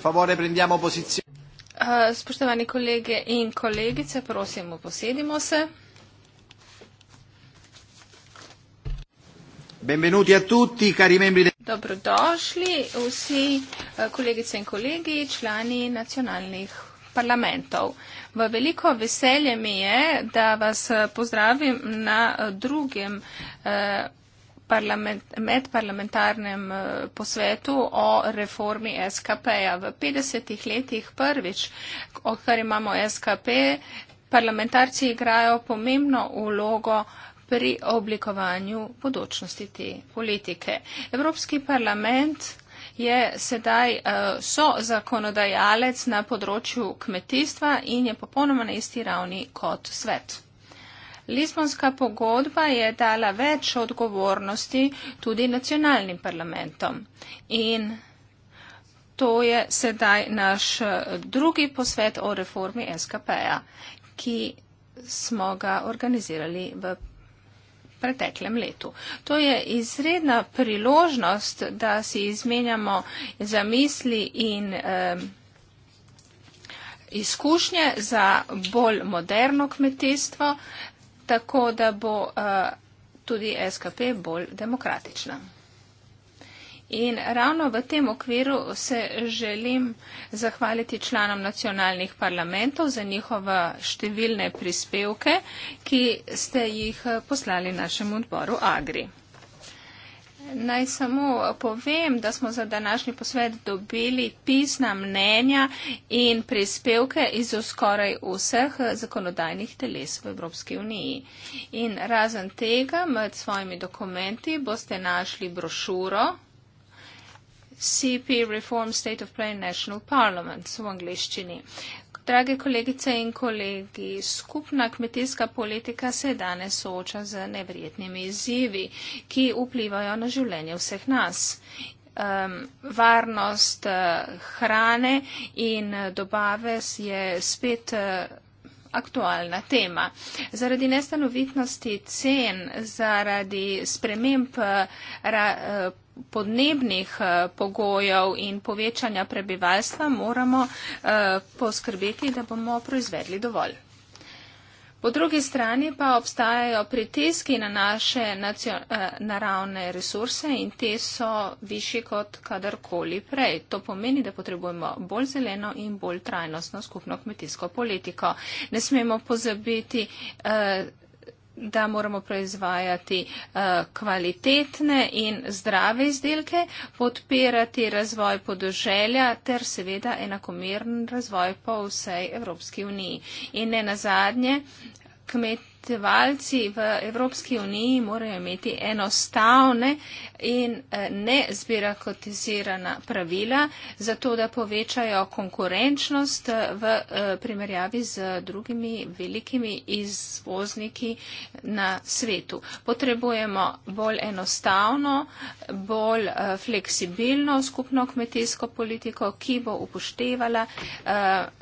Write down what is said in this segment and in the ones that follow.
Per favore prendiamo posizione. Uh, spoštovani kolege in kolegice, prosim, posedimo se. Benvenuti a tutti, cari membri del... Dobrodošli vsi eh, kolegice in kolegi, člani nacionalnih parlamentov. V veliko veselje mi je, da vas eh, pozdravim na drugem eh, parlament, medparlamentarnem eh, posvetu o reformi SKP-ja. V 50 letih prvič, odkar imamo SKP, parlamentarci igrajo pomembno ulogo pri oblikovanju podočnosti te politike. Evropski parlament je sedaj eh, so zakonodajalec na področju kmetijstva in je popolnoma na isti ravni kot svet. Lizbonska pogodba je dala več odgovornosti tudi nacionalnim parlamentom. In to je sedaj naš eh, drugi posvet o reformi SKP-ja, ki smo ga organizirali v preteklem letu. To je izredna priložnost, da si izmenjamo zamisli in eh, izkušnje za bolj moderno kmetijstvo, tako da bo uh, tudi SKP bolj demokratična. In ravno v tem okviru se želim zahvaliti članom nacionalnih parlamentov za njihove številne prispevke, ki ste jih eh, poslali našemu odboru Agri. Naj samo povem, da smo za današnji posvet dobili pisna mnenja in prispevke iz skoraj vseh zakonodajnih teles v Evropski uniji. In razen tega med svojimi dokumenti boste našli brošuro CP Reform State of Play National Parliaments v angliščini, Drage kolegice in kolegi, skupna kmetijska politika se danes sooča z nevrjetnimi izzivi, ki vplivajo na življenje vseh nas. Um, varnost uh, hrane in eh, dobave je spet. Uh, aktualna tema. Zaradi nestanovitnosti cen, zaradi sprememb ra, podnebnih eh, pogojev in povečanja prebivalstva moramo eh, poskrbeti, da bomo proizvedli dovolj. Po drugi strani pa obstajajo pritiski na naše eh, naravne resurse in te so višji kot kadarkoli prej. To pomeni, da potrebujemo bolj zeleno in bolj trajnostno skupno kmetijsko politiko. Ne smemo pozabiti. Eh, da moramo proizvajati eh, kvalitetne in zdrave izdelke, podpirati razvoj podoželja ter seveda enakomeren razvoj po vsej Evropski uniji. In ne nazadnje, kmet upoštevalci v Evropski uniji morajo imeti enostavne in eh, ne zbirakotizirana pravila, zato da povečajo konkurenčnost eh, v eh, primerjavi z drugimi velikimi izvozniki na svetu. Potrebujemo bolj enostavno, bolj fleksibilno skupno kmetijsko politiko, ki bo upoštevala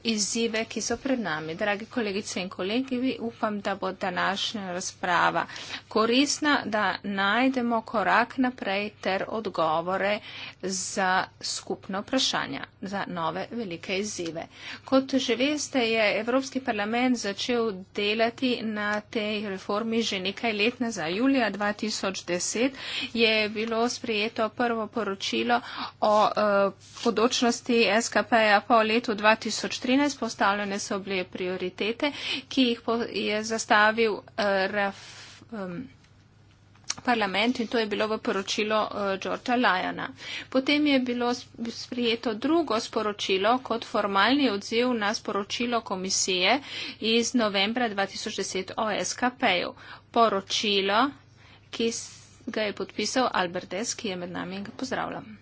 izzive, ki so pred nami. Dragi kolegice in kolegi, upam, da bo danes današnja razprava koristna, da najdemo korak naprej ter odgovore za skupno vprašanja, za nove velike izzive. Kot že veste, je Evropski parlament začel delati na tej reformi že nekaj let nazaj. Julija 2010 je bilo sprejeto prvo poročilo o podočnosti eh, SKP-ja po letu 2013. Postavljene so bile prioritete, ki jih je zastavil del uh, eh, RAF um, parlamentu in to je bilo v poročilo uh, Georgea Lyona. Potem je bilo sprijeto drugo sporočilo kot formalni odziv na sporočilo komisije iz novembra 2010 o SKP-ju. Poročilo, ki ga je podpisal Albert S., ki je med nami in ga pozdravljam.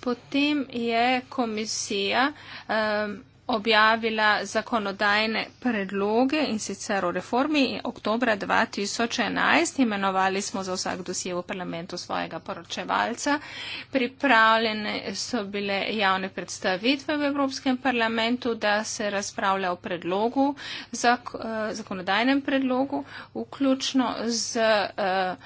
Potem je komisija. Um, objavila zakonodajne predloge in sicer o reformi oktobra 2011. Imenovali smo za vsak dosje v parlamentu svojega poročevalca. Pripravljene so bile javne predstavitve v Evropskem parlamentu, da se razpravlja o predlogu, zak, eh, zakonodajnem predlogu, vključno z. Uh,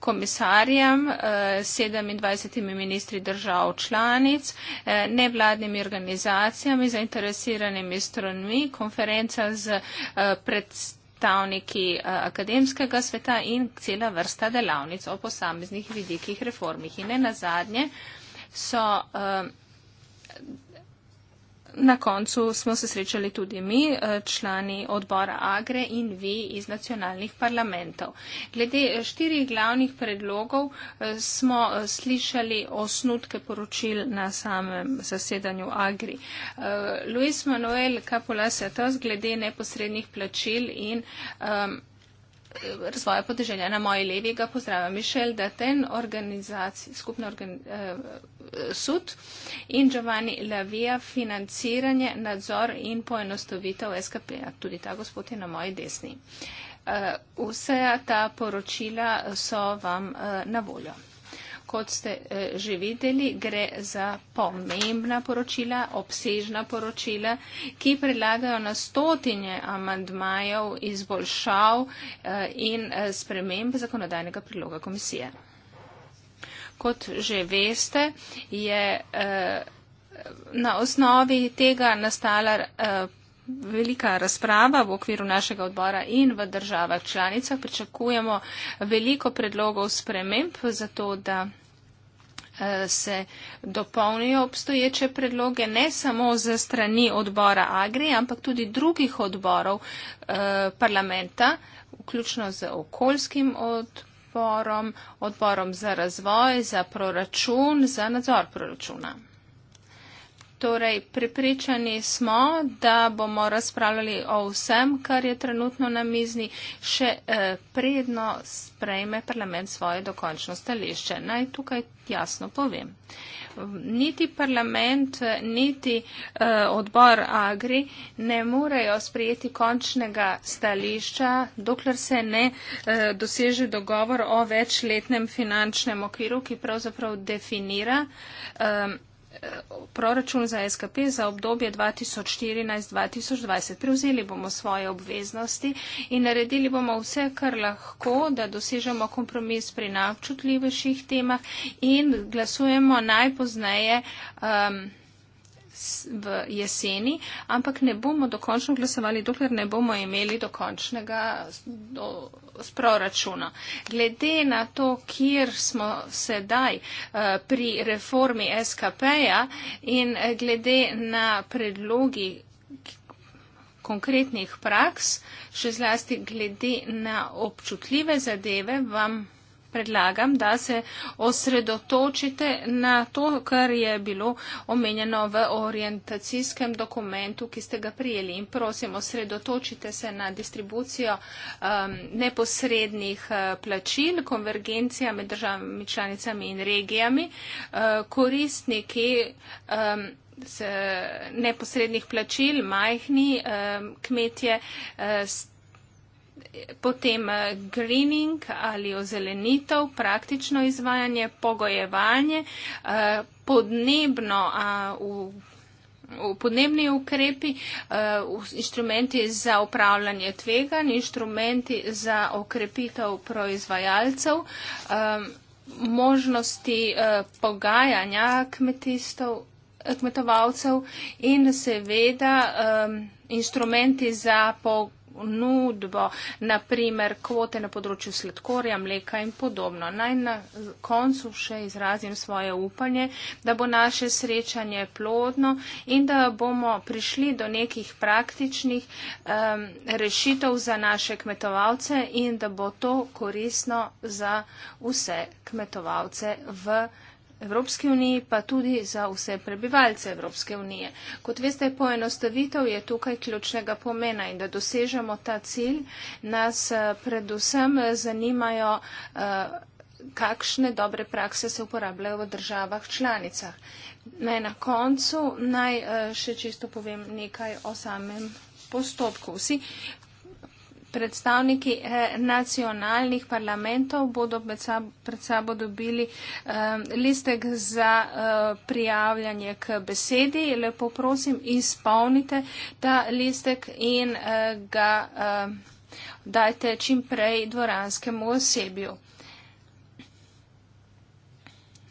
komisarjem, 27 eh, ministri držav članic, eh, nevladnimi organizacijami, zainteresiranimi stranmi, konferenca z eh, predstavniki akademskega sveta in cela vrsta delavnic o posameznih vidikih reformih. In ne nazadnje so na koncu smo se srečali tudi mi, eh, člani odbora Agre in vi iz nacionalnih parlamentov. Glede eh, štirih glavnih predlogov eh, smo slišali osnutke poročil na samem zasedanju Agri. Luis Manuel Capola Setos glede neposrednih plačil in um, razvoja podeželja. Na moji levi ga pozdravljam Mišel Daten, skupna organi, eh, sud in Giovanni Lavija, financiranje, nadzor in poenostavitev SKP. -a. Tudi ta gospod je na moji desni. Eh, vse ta poročila so vam eh, na voljo kot ste eh, že videli, gre za pomembna poročila, obsežna poročila, ki predlagajo na stotinje amandmajev, izboljšav eh, in eh, sprememb zakonodajnega priloga komisije. Kot že veste, je na osnovi tega nastala velika razprava v okviru našega odbora in v državah članicah. Pričakujemo veliko predlogov sprememb za to, da eh, se dopolnijo obstoječe predloge ne samo ze strani odbora Agri, ampak tudi drugih odborov eh, parlamenta, vključno z okoljskim odborom, odborom za razvoj, za proračun, za nadzor proračuna. Torej, prepričani smo, da bomo razpravljali o vsem, kar je trenutno na mizni, še eh, predno sprejme parlament svoje dokončno stališče. Naj tukaj jasno povem. Niti parlament, niti eh, odbor Agri ne morejo sprejeti končnega stališča, dokler se ne eh, doseže dogovor o večletnem finančnem okviru, ki pravzaprav definira. Eh, proračun za SKP za obdobje 2014-2020. Prevzeli bomo svoje obveznosti in naredili bomo vse, kar lahko, da dosežemo kompromis pri najobčutljivejših temah in glasujemo najpoznaje. Um, v jeseni, ampak ne bomo dokončno glasovali, dokler ne bomo imeli dokončnega sproračuna. Glede na to, kjer smo sedaj eh, pri reformi SKP-ja in eh, glede na predlogi konkretnih praks, še zlasti glede na občutljive zadeve, vam predlagam, da se osredotočite na to, kar je bilo omenjeno v orientacijskem dokumentu, ki ste ga prijeli. In prosim, osredotočite se na distribucijo um, neposrednih uh, plačil, konvergencija med državami, članicami in regijami, uh, koristniki. Um, neposrednih plačil, majhni eh, kmetje, eh, potem eh, greening ali ozelenitev, praktično izvajanje, pogojevanje, eh, podnebno v. Podnebni ukrepi, eh, inštrumenti za upravljanje tveganj, inštrumenti za okrepitev proizvajalcev, možnosti pogajanja kmetistov, kmetovalcev in seveda inštrumenti za pogajanje ponudbo, naprimer kvote na področju sladkorja, mleka in podobno. Naj na koncu še izrazim svoje upanje, da bo naše srečanje plodno in da bomo prišli do nekih praktičnih um, rešitev za naše kmetovalce in da bo to koristno za vse kmetovalce v Sloveniji. Evropske unije, pa tudi za vse prebivalce Evropske unije. Kot veste, poenostavitev je tukaj ključnega pomena in da dosežemo ta cilj, nas eh, predvsem eh, zanimajo, eh, kakšne dobre prakse se uporabljajo v državah članicah. Naj na koncu, naj še čisto povem nekaj o samem postopku. Vsi predstavniki eh, nacionalnih parlamentov bodo pred sabo dobili eh, listek za eh, prijavljanje k besedi. Lepo prosim, izpolnite ta listek in ga dajte čim prej dvoranskemu osebju.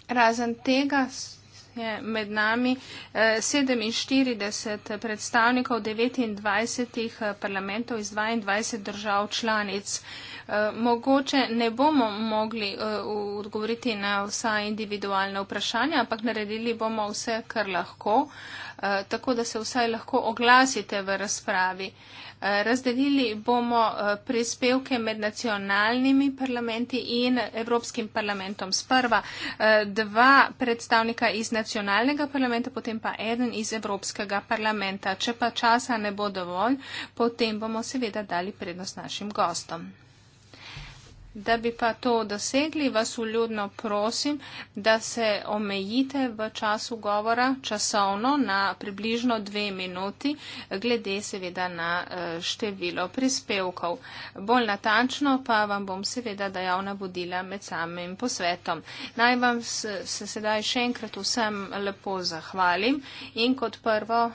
Razen tega je med nami 47 eh, predstavnikov 29 eh, parlamentov iz 22 držav članic. Eh, mogoče ne bomo mogli odgovoriti na vsa individualna vprašanja, ampak naredili bomo vse, kar lahko, tako da se vsaj lahko oglasite v razpravi. Razdelili bomo eh, prispevke med nacionalnimi parlamenti in Evropskim parlamentom. Sprva eh, dva predstavnika iz nacionalnega parlamenta, potem pa eden iz Evropskega parlamenta. Če pa časa ne bo dovolj, potem bomo seveda dali prednost našim gostom. Da bi pa to dosegli, vas uljudno prosim, da se omejite v času govora časovno na približno dve minuti, glede seveda na eh, število prispevkov. Bolj natančno pa vam bom seveda dajal navodila med samim posvetom. Naj vam se sedaj še enkrat vsem lepo zahvalim in kot prvo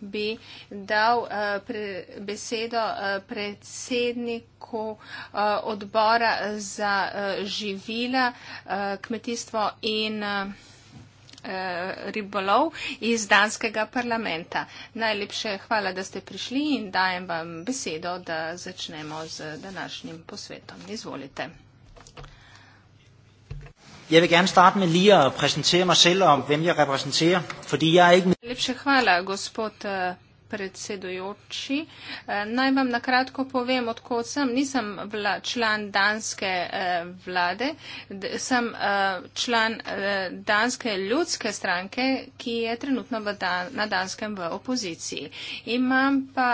bi dal uh, pre, besedo uh, predsedniku uh, odbora za uh, živila, uh, kmetijstvo in uh, ribolov iz Danskega parlamenta. Najlepše hvala, da ste prišli in dajem vam besedo, da začnemo z današnjim posvetom. Izvolite. Jeg vil gerne starte med lige at præsentere mig selv og hvem jeg repræsenterer, fordi jeg er ikke... Lepše hvala, gospod eh, predsedujoči. Eh, naj vam nakratko povem, odkot sem. Nisem vla, član danske eh, vlade, sem eh, član danske ljudske stranke, ki je trenutno dan, na danskem v opoziciji. Imam pa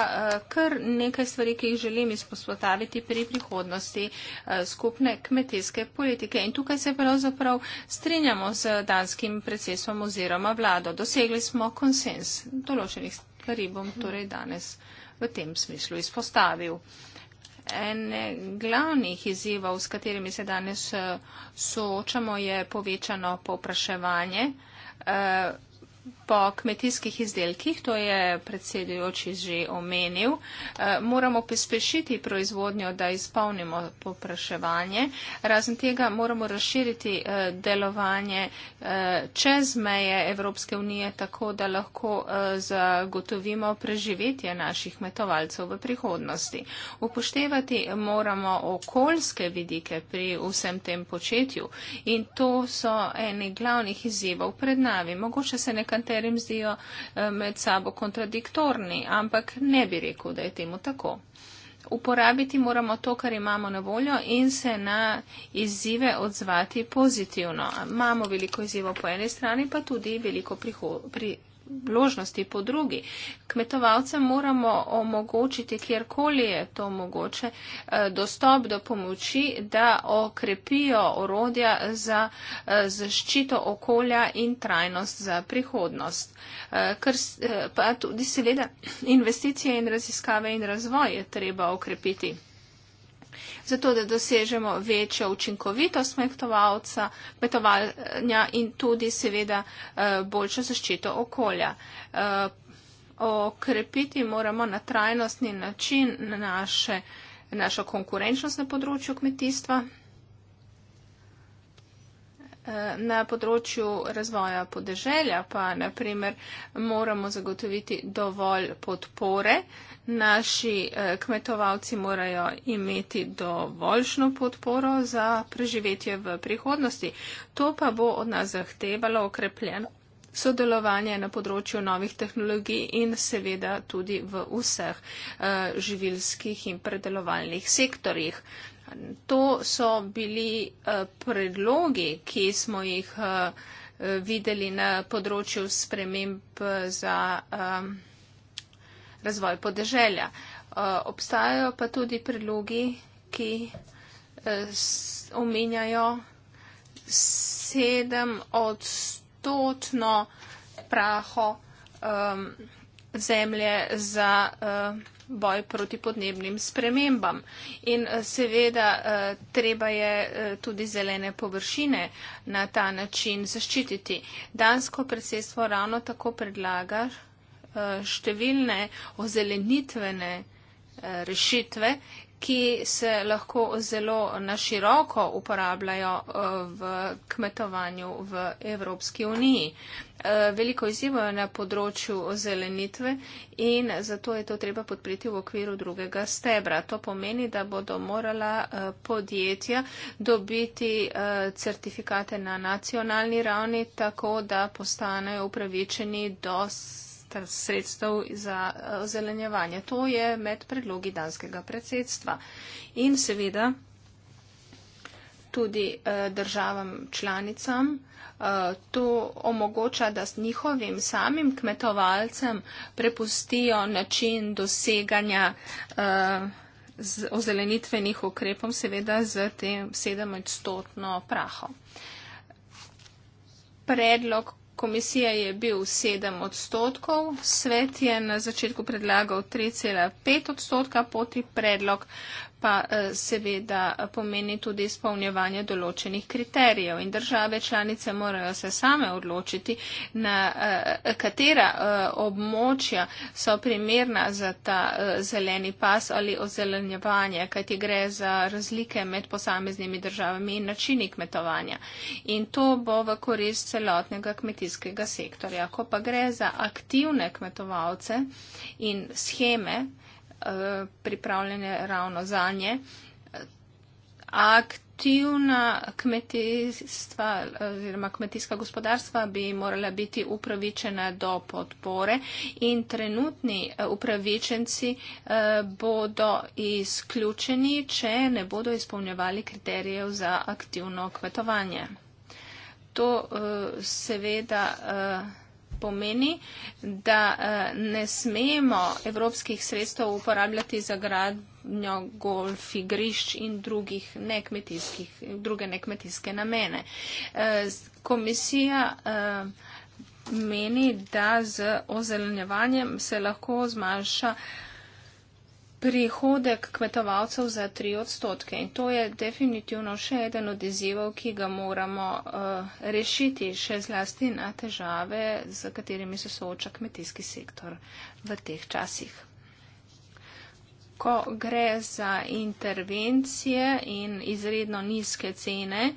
kar nekaj stvari, ki jih želim izpostaviti pri prihodnosti skupne kmetijske politike. In tukaj se pravzaprav strinjamo z danskim predsedstvom oziroma vlado. Dosegli smo konsens določenih stvari. Karibom torej danes v tem smislu izpostavil. En glavnih izzivov, s katerimi se danes eh, soočamo, je povečano povpraševanje. Eh, po kmetijskih izdelkih, to je predsedujoči že omenil, eh, moramo pospešiti proizvodnjo, da izpolnimo popraševanje. Razen tega moramo razširiti eh, delovanje eh, čez meje Evropske unije, tako da lahko zagotovimo preživetje naših metovalcev v prihodnosti. Upoštevati moramo okoljske vidike pri vsem tem početju in to so eni glavnih izzivov pred nami. Mogoče se nekatere nekaterim zdijo eh, med sabo kontradiktorni, ampak ne bi rekel, da je temu tako. Uporabiti moramo to, kar imamo na voljo in se na izzive odzvati pozitivno. Imamo veliko izzivo po eni strani, pa tudi veliko priho, pri, možnosti po drugi. Kmetovalcem moramo omogočiti, kjerkoli je to mogoče, eh, dostop do pomoči, da okrepijo orodja za eh, zaščito okolja in trajnost za prihodnost. Eh, Ker pa tudi seveda investicije in raziskave in razvoj je treba okrepiti zato da dosežemo večjo učinkovitost kmetovalca, kmetovanja in tudi seveda eh, boljšo zaščito okolja. Eh, okrepiti moramo na trajnostni način naše, našo konkurenčnost na področju kmetijstva, eh, na področju razvoja podeželja pa naprimer moramo zagotoviti dovolj podpore naši eh, kmetovalci morajo imeti dovoljšno podporo za preživetje v prihodnosti. To pa bo od nas zahtevalo okrepljeno sodelovanje na področju novih tehnologij in seveda tudi v vseh eh, živilskih in predelovalnih sektorjih. To so bili eh, predlogi, ki smo jih videli na področju sprememb za um, razvoj podeželja. Eh, obstajajo pa tudi predlogi, ki eh, omenjajo sedem odstotno praho um, zemlje za uh, boj proti podnebnim spremembam. In seveda uh, treba je uh, tudi zelene površine na ta način zaščititi. Dansko predsedstvo ravno tako predlaga, Eh, številne ozelenitvene eh, rešitve, ki se lahko zelo naširoko uporabljajo eh, v kmetovanju v Evropski uniji. Veliko izzivo je na področju ozelenitve in zato je to treba podpreti v okviru drugega stebra. To pomeni, da bodo morala podjetja dobiti certifikate na nacionalni ravni, tako da postanejo upravičeni do ter sredstev za eh, zelenjevanje. To je med predlogi danskega predsedstva. In seveda tudi eh, državam članicam eh, to omogoča, da s njihovim samim kmetovalcem prepustijo način doseganja z ozelenitvenih ukrepom, seveda z tem sedemodstotno praho. Predlog komisije je bil 7 odstotkov, svet je na začetku predlagal 3,5 odstotka, poti predlog pa eh, seveda pomeni tudi izpolnjevanje določenih kriterijev in države članice morajo se same odločiti, na eh, katera eh, območja so primerna za ta zeleni pas ali ozelenjevanje, kajti gre za razlike med posameznimi državami in načini kmetovanja. In to bo v korist celotnega kmetijskega sektorja. Ko pa gre za aktivne kmetovalce in scheme, Eh, pripravljene ravno za nje. Aktivna kmetijstva oziroma kmetijska gospodarstva bi morala biti upravičena do podpore in trenutni eh, upravičenci eh, bodo izključeni, če ne bodo izpolnjevali kriterijev za aktivno kmetovanje. To seveda pomeni, da eh, ne smemo evropskih sredstev uporabljati za gradnjo golf igrišč in drugih nekmetijskih, druge nekmetijske namene. Eh, komisija eh, meni, da z ozelenjevanjem se lahko zmanjša prihodek kmetovalcev za tri odstotke. In to je definitivno še eden od izzivov, ki ga moramo uh, rešiti, še zlasti na težave, z katerimi se sooča kmetijski sektor v teh časih ko gre za intervencije in izredno nizke cene,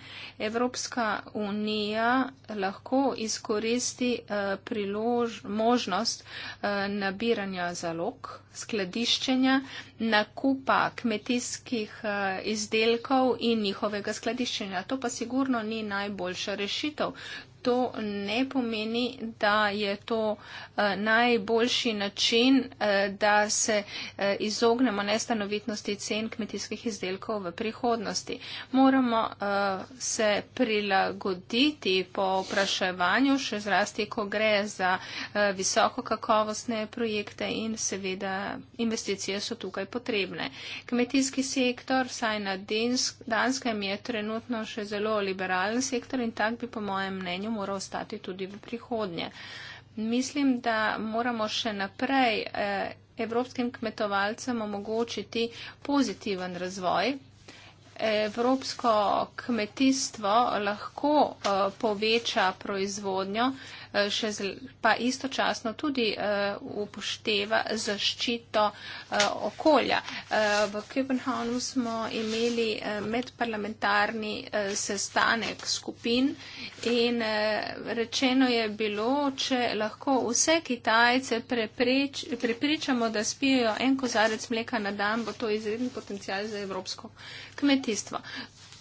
Evropska unija lahko izkoristi eh, prilož, možnost eh, nabiranja zalog, skladiščenja, nakupa kmetijskih eh, izdelkov in njihovega skladiščenja. To pa sigurno ni najboljša rešitev to ne pomeni, da je to eh, najboljši način, eh, da se eh, izognemo nestanovitnosti cen kmetijskih izdelkov v prihodnosti. Moramo se prilagoditi po vpraševanju, še zrasti, ko gre za visoko kakovostne projekte in seveda investicije so tukaj potrebne. Kmetijski sektor, saj na Danskem, je trenutno še zelo liberalen sektor in tak bi po mojem mnenju stanju mora ostati tudi v prihodnje. Mislim, da moramo še naprej eh, evropskim kmetovalcem omogočiti pozitiven razvoj. Evropsko kmetijstvo lahko eh, poveča proizvodnjo, Eh, še pa istočasno tudi eh, upošteva zaščito eh, okolja. V Kopenhavnu smo imeli medparlamentarni sestanek skupin in rečeno je bilo, če lahko vse Kitajce prepričamo, da spijo en kozarec mleka na dan, bo to izreden potencial za evropsko kmetijstvo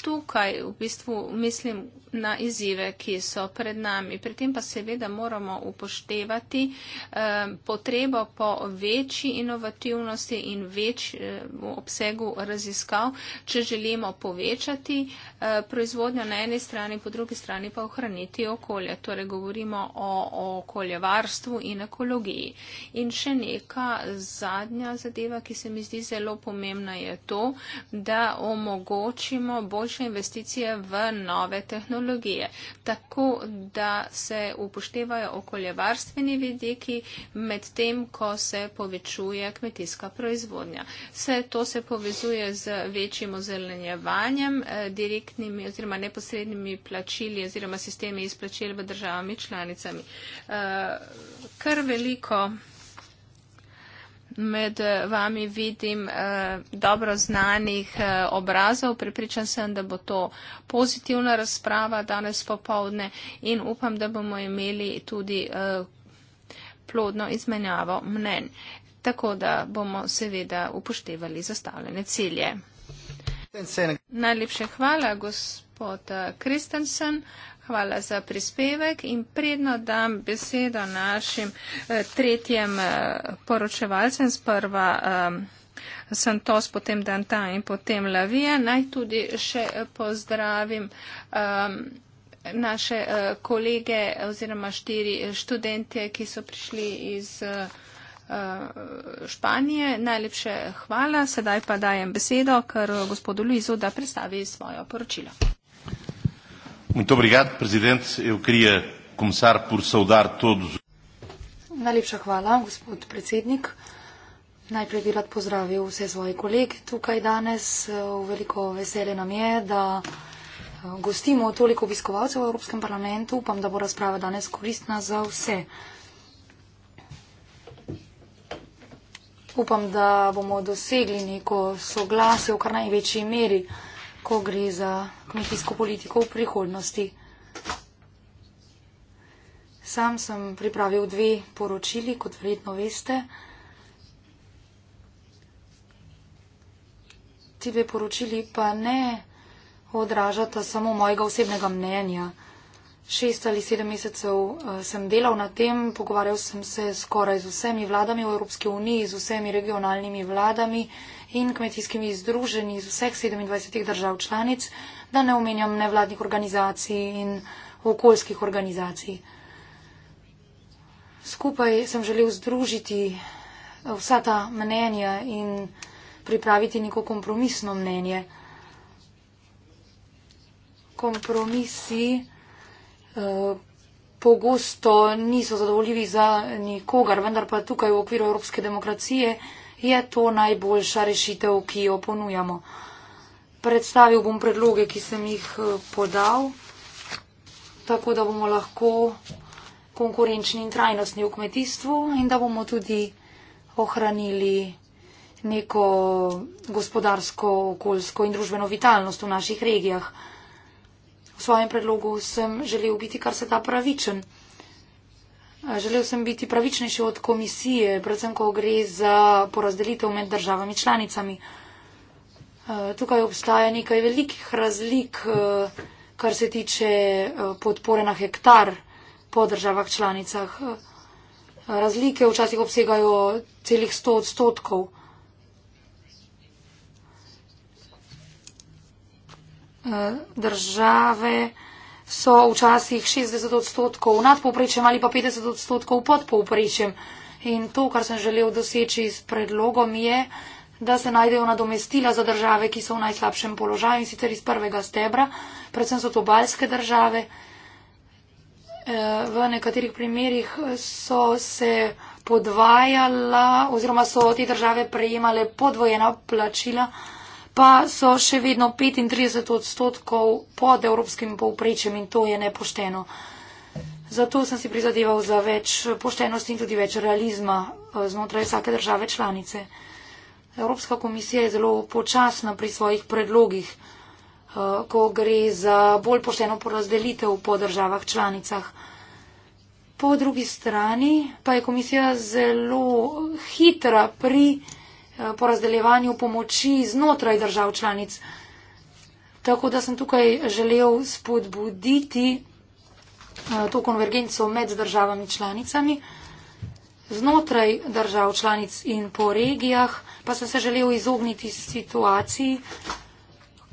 tukaj v bistvu mislim na izzive, ki so pred nami. Pri tem pa seveda moramo upoštevati eh, potrebo po večji inovativnosti in več eh, v obsegu raziskav, če želimo povečati eh, proizvodnjo na eni strani, po drugi strani pa ohraniti okolje. Torej govorimo o, o okoljevarstvu in ekologiji. In še neka zadnja zadeva, ki se mi zdi zelo pomembna, je to, da omogočimo boljši naše investicije v nove tehnologije, tako da se upoštevajo okoljevarstveni vidiki med tem, ko se povečuje kmetijska proizvodnja. Vse to se povezuje z večjim ozelenjevanjem, eh, direktnimi oziroma neposrednimi plačili oziroma sistemi izplačil v državami članicami. Eh, kar veliko med eh, vami vidim eh, dobro znanih eh, obrazov. Pripričan sem, da bo to pozitivna razprava danes popovdne in upam, da bomo imeli tudi eh, plodno izmenjavo mnen. Tako da bomo seveda upoštevali zastavljene cilje. Najlepše hvala, gospod eh, Kristensen. Eh, Hvala za prispevek in predno dam besedo našim eh, tretjem eh, poročevalcem sprva. Eh, Santos, potem Danta in potem Lavija. Naj tudi še pozdravim um, naše uh, kolege oziroma štiri študente, ki so prišli iz uh, Španije. Najlepše hvala. Sedaj pa dajem besedo, ker gospodu Luizu, da predstavi svojo poročilo. Muito obrigado, presidente. Eu queria começar por saudar todos. Najlepša hvala, gospod predsednik. Najprej bi rad pozdravil vse svoje kolege tukaj danes. Veliko veselje nam je, da eh, gostimo toliko obiskovalcev v Evropskem parlamentu. Upam, da bo razprava danes koristna za vse. Upam, da bomo dosegli neko soglasje v kar največji meri ko gre za kmetijsko politiko v prihodnosti. Sam sem pripravil dve poročili, kot verjetno veste. Ti dve poročili pa ne odražata samo mojega osebnega mnenja. Šest ali sedem mesecev eh, sem delal na tem, pogovarjal sem se skoraj z vsemi vladami v Evropski uniji, z vsemi regionalnimi vladami in kmetijskimi združenji iz vseh 27 držav članic, da ne omenjam nevladnih organizacij in okoljskih organizacij. Skupaj sem želel združiti eh, vsa ta mnenja in pripraviti neko kompromisno mnenje. Kompromisi uh, pogosto niso zadovoljivi za nikogar, vendar pa tukaj v okviru evropske demokracije uh, je to najboljša rešitev, ki jo ponujamo. Predstavil bom predloge, ki sem jih eh, podal, tako da bomo lahko konkurenčni in trajnostni v kmetijstvu in da bomo tudi ohranili neko gospodarsko, okoljsko in družbeno vitalnost v naših regijah. V svojem predlogu sem želel biti kar se da pravičen. Želel sem biti pravičnejši od komisije, predvsem, ko gre za porazdelitev med državami članicami. Tukaj obstaja nekaj velikih razlik, kar se tiče podpore na hektar po državah članicah. Razlike včasih obsegajo celih 100 odstotkov. Države so včasih 60 odstotkov nad povprečjem ali pa 50 odstotkov pod povprečjem. In to, kar sem želel doseči s predlogom, je, da se najdejo nadomestila za države, ki so v najslabšem položaju in sicer iz prvega stebra. Predvsem so to balske države. Eh, v nekaterih primerjih so se podvajala oziroma so te države prejemale podvojena plačila pa so še vedno 35 odstotkov pod evropskim povprečjem in to je nepošteno. Zato sem si prizadeval za več poštenosti in tudi več realizma eh, znotraj vsake države članice. Evropska komisija je zelo počasna pri svojih predlogih, eh, ko gre za bolj pošteno porazdelitev po državah članicah. Po drugi strani pa je komisija zelo hitra pri Eh, po razdeljevanju pomoči znotraj držav članic. Tako da sem tukaj želel spodbuditi eh, to konvergenco med državami članicami, znotraj držav članic in po regijah, pa sem se želel izogniti situaciji,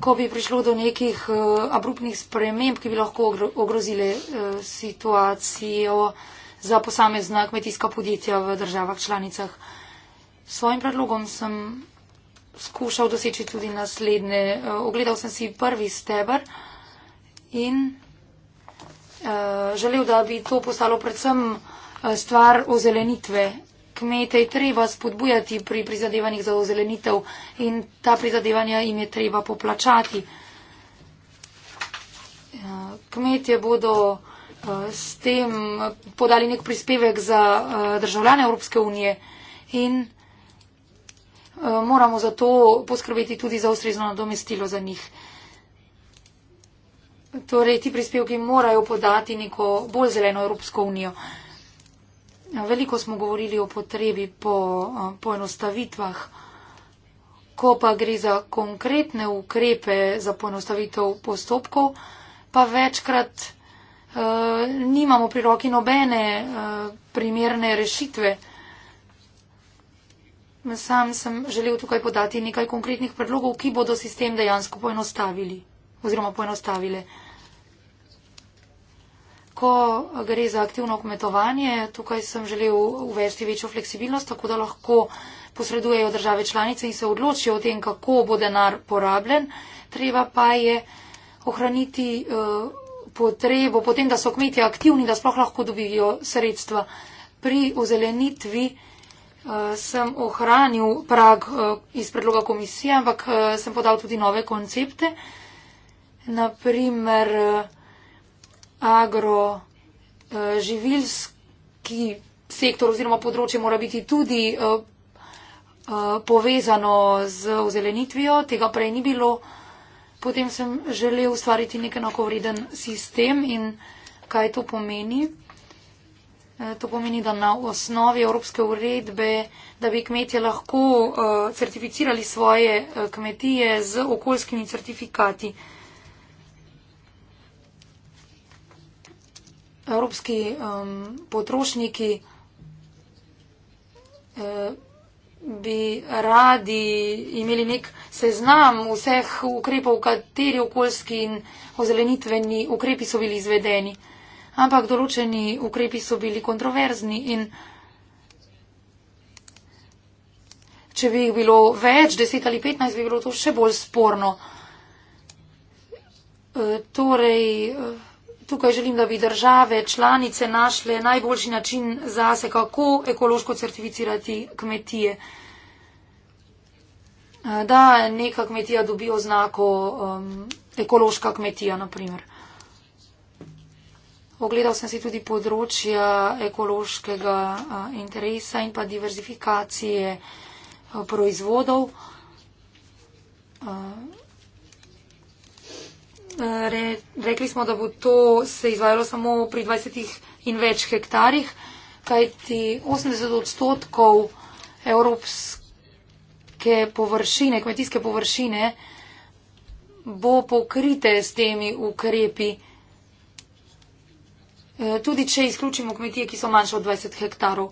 ko bi prišlo do nekih eh, abruptnih sprememb, ki bi lahko ogrozile situacijo za posamezna kmetijska podjetja v državah članicah. S svojim predlogom sem skušal doseči tudi naslednje. E, ogledal sem si prvi stebr in e, želel, da bi to postalo predvsem e, stvar ozelenitve. Kmete je treba spodbujati pri prizadevanjih za ozelenitev in ta prizadevanja jim je treba poplačati. Kmetje bodo s tem podali nek prispevek za državljane Evropske unije in Eh, moramo zato poskrbeti tudi za ustrezno nadomestilo za njih. Torej, ti prispevki morajo podati neko bolj zeleno Evropsko unijo. Eh, veliko smo govorili o potrebi po eh, poenostavitvah. Ko pa gre za konkretne ukrepe za poenostavitev postopkov, pa večkrat uh, nimamo pri roki nobene uh, primerne rešitve. Uh, Sam sem želel tukaj podati nekaj konkretnih predlogov, ki bodo sistem dejansko poenostavili oziroma poenostavile. Ko gre za aktivno kmetovanje, tukaj sem želel uvesti večjo fleksibilnost, tako da lahko posredujejo države članice in se odločijo o tem, kako bo denar porabljen. Treba pa je ohraniti eh, potrebo potem, da so kmetje aktivni, da sploh lahko dobijo sredstva pri ozelenitvi. Eh, sem ohranil prag eh, iz predloga komisije, ampak eh, sem podal tudi nove koncepte, naprimer agroživilski sektor oziroma področje mora biti tudi povezano z ozelenitvijo, tega prej ni bilo. Potem sem želel ustvariti nek enakovreden sistem in kaj to pomeni. Eh, to pomeni, da na osnovi Evropske uredbe, da bi kmetje lahko eh, certificirali svoje eh, kmetije z okoljskimi certifikati. Evropski um, potrošniki bi radi imeli nek seznam vseh ukrepov, kateri okoljski in ozelenitveni ukrepi so bili izvedeni ampak določeni ukrepi so bili kontroverzni in če bi jih bilo več, 10 ali 15, bi bilo to še bolj sporno. E, torej, e, tukaj želim, da bi države članice našle najboljši način za se, kako ekološko certificirati kmetije. E, da neka kmetija dobi oznako um, ekološka kmetija, na primer. Ogledal sem si tudi področja ekološkega interesa in pa diverzifikacije proizvodov. Re, rekli smo, da bo to se izvajalo samo pri 20 in več hektarjih, kajti 80 odstotkov evropske površine, kmetijske površine, bo pokrite s temi ukrepi. Eh, tudi če izključimo kmetije, ki so manjše od 20 hektarov.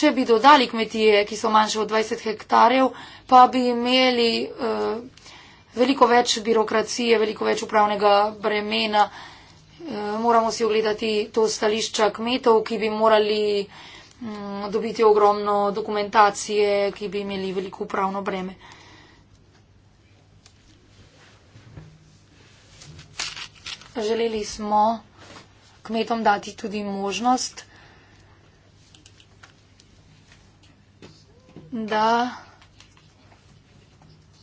Če bi dodali kmetije, ki so manjše od 20 hektarjev, pa bi imeli uh, veliko več birokracije, veliko več upravnega bremena. Uh, moramo si ogledati to stališča kmetov, ki bi morali um, dobiti ogromno dokumentacije, ki bi imeli veliko upravno breme. Uh, Želeli smo kmetom dati tudi možnost, da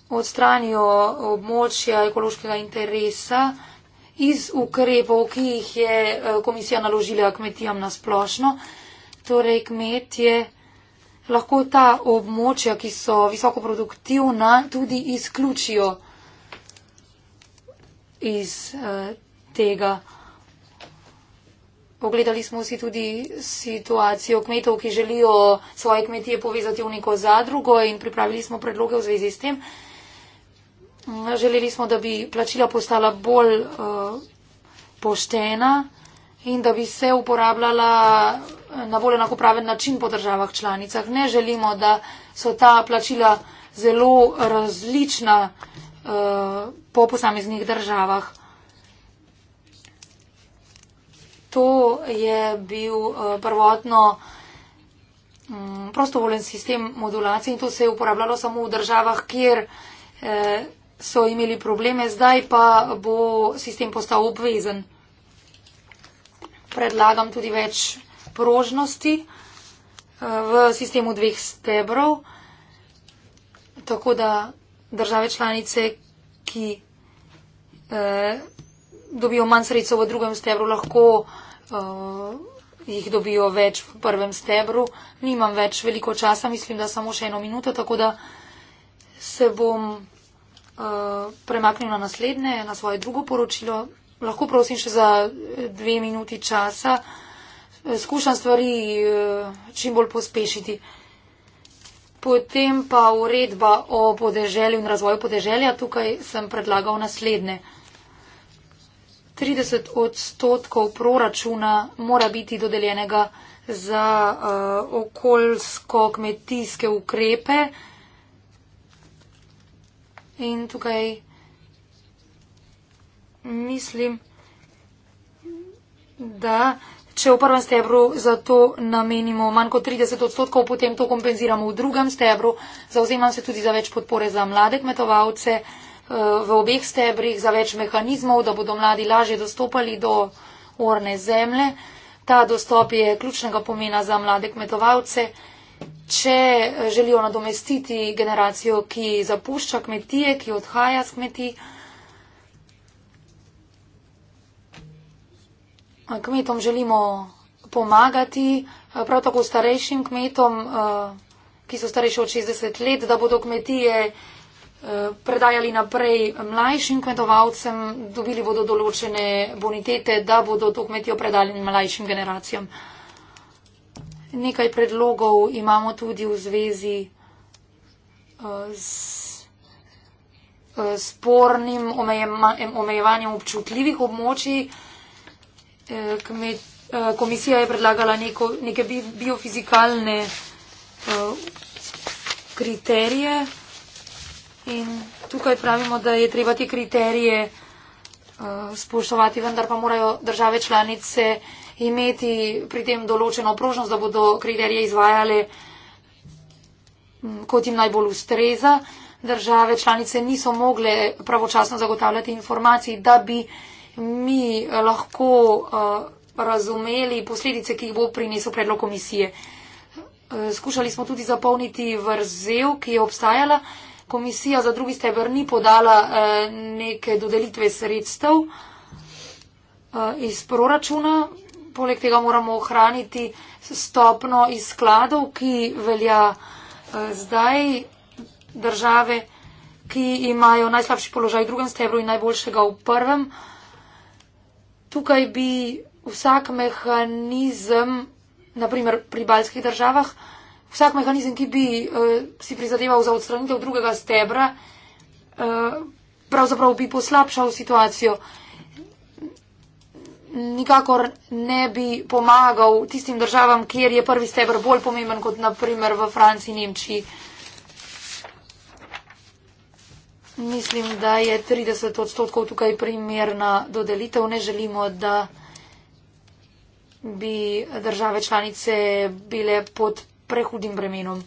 odstranijo območja ekološkega interesa iz ukrepov, ki jih je eh, komisija naložila kmetijam na splošno. Torej, kmet je lahko ta območja, ki so visoko produktivna, tudi izključijo iz. Eh, tega. Ogledali smo si tudi situacijo kmetov, ki želijo svoje kmetije povezati v neko zadrugo in pripravili smo predloge v zvezi s tem. Želeli smo, da bi plačila postala bolj uh, poštena in da bi se uporabljala na bolj enakopraven način po državah članicah. Ne želimo, da so ta plačila zelo različna uh, po posameznih državah. to je bil eh, prvotno mm, prostovoljen sistem modulacije in to se je uporabljalo samo v državah, kjer eh, so imeli probleme, zdaj pa bo sistem postal obvezen. Predlagam tudi več prožnosti eh, v sistemu dveh stebrov, tako da države članice, ki eh, dobijo manj sredstev v drugem stebru, lahko eh, uh, jih dobijo več v prvem stebru. Nimam več veliko časa, mislim, da samo še eno minuto, tako da se bom uh, premaknil na naslednje, na svoje drugo poročilo. Lahko prosim še za eh, dve minuti časa. Skušam stvari čim bolj pospešiti. Potem pa uredba o podeželju in razvoju podeželja. Tukaj sem predlagal naslednje. 30 odstotkov proračuna mora biti dodeljenega za uh, eh, okoljsko-kmetijske ukrepe. In tukaj mislim, da če v prvem stebru za to namenimo manj kot 30 odstotkov, potem to kompenziramo v drugem stebru. Zauzemam se tudi za več podpore za mlade kmetovalce. Uh, v obeh stebrih za več mehanizmov, da bodo mladi lažje dostopali do orne zemlje. Ta dostop je ključnega pomena za mlade kmetovalce, če eh, želijo nadomestiti generacijo, ki zapušča kmetije, ki odhaja z kmetij. Eh, kmetom želimo pomagati, eh, prav tako starejšim kmetom, ki so starejši od 60 let, da bodo kmetije predajali naprej mlajšim kmetovalcem, dobili bodo določene bonitete, da bodo to kmetijo predali mlajšim generacijam. Nekaj predlogov imamo tudi v zvezi eh, s eh, spornim omejevanjem občutljivih območij. Eh, komisija je predlagala neko, neke biofizikalne kriterije. In tukaj pravimo, da je treba te kriterije uh, spoštovati, vendar pa morajo države članice imeti pri tem določeno prožnost, da bodo kriterije izvajale, mm, kot jim najbolj ustreza. Države članice niso mogle pravočasno zagotavljati informacij, da bi mi lahko uh, razumeli posledice, ki jih bo prinesel predlog komisije. Uh, skušali smo tudi zapolniti vrzel, ki je obstajala komisija za drugi stebr ni podala eh, neke dodelitve sredstev eh, iz proračuna. Poleg tega moramo ohraniti stopno iz skladov, ki velja eh, zdaj države, ki imajo najslabši položaj v drugem stebru in najboljšega v prvem. Tukaj bi vsak mehanizem, naprimer pri baljskih državah, vsak mehanizem, ki bi uh, si prizadeval za odstranitev drugega stebra, uh, pravzaprav bi poslabšal situacijo. Nikakor ne bi pomagal tistim državam, kjer je prvi stebr bolj pomemben kot naprimer v Franciji, Nemčiji. Mislim, da je 30 odstotkov tukaj primerna dodelitev. Ne želimo, da bi države članice bile pod prehudim bremenom.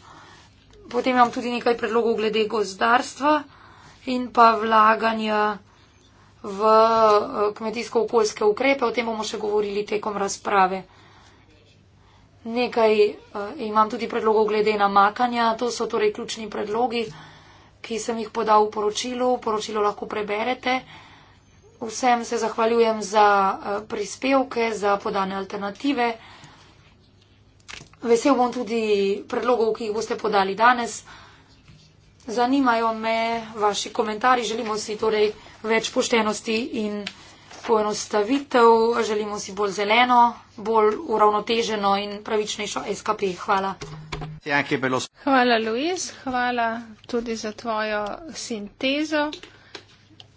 Potem imam tudi nekaj predlogov glede gozdarstva in pa vlaganja v eh, kmetijsko-okoljske ukrepe. O tem bomo še govorili tekom razprave. Nekaj eh, imam tudi predlogov glede namakanja. To so torej ključni predlogi, ki sem jih podal v poročilu. V poročilu lahko preberete. Vsem se zahvaljujem za eh, prispevke, za podane alternative. Vesel bom tudi predlogov, ki jih boste podali danes. Zanimajo me vaši komentarji. Želimo si torej več poštenosti in poenostavitev. Želimo si bolj zeleno, bolj uravnoteženo in pravičnejšo SKP. Hvala. Hvala, Luis. Hvala tudi za tvojo sintezo.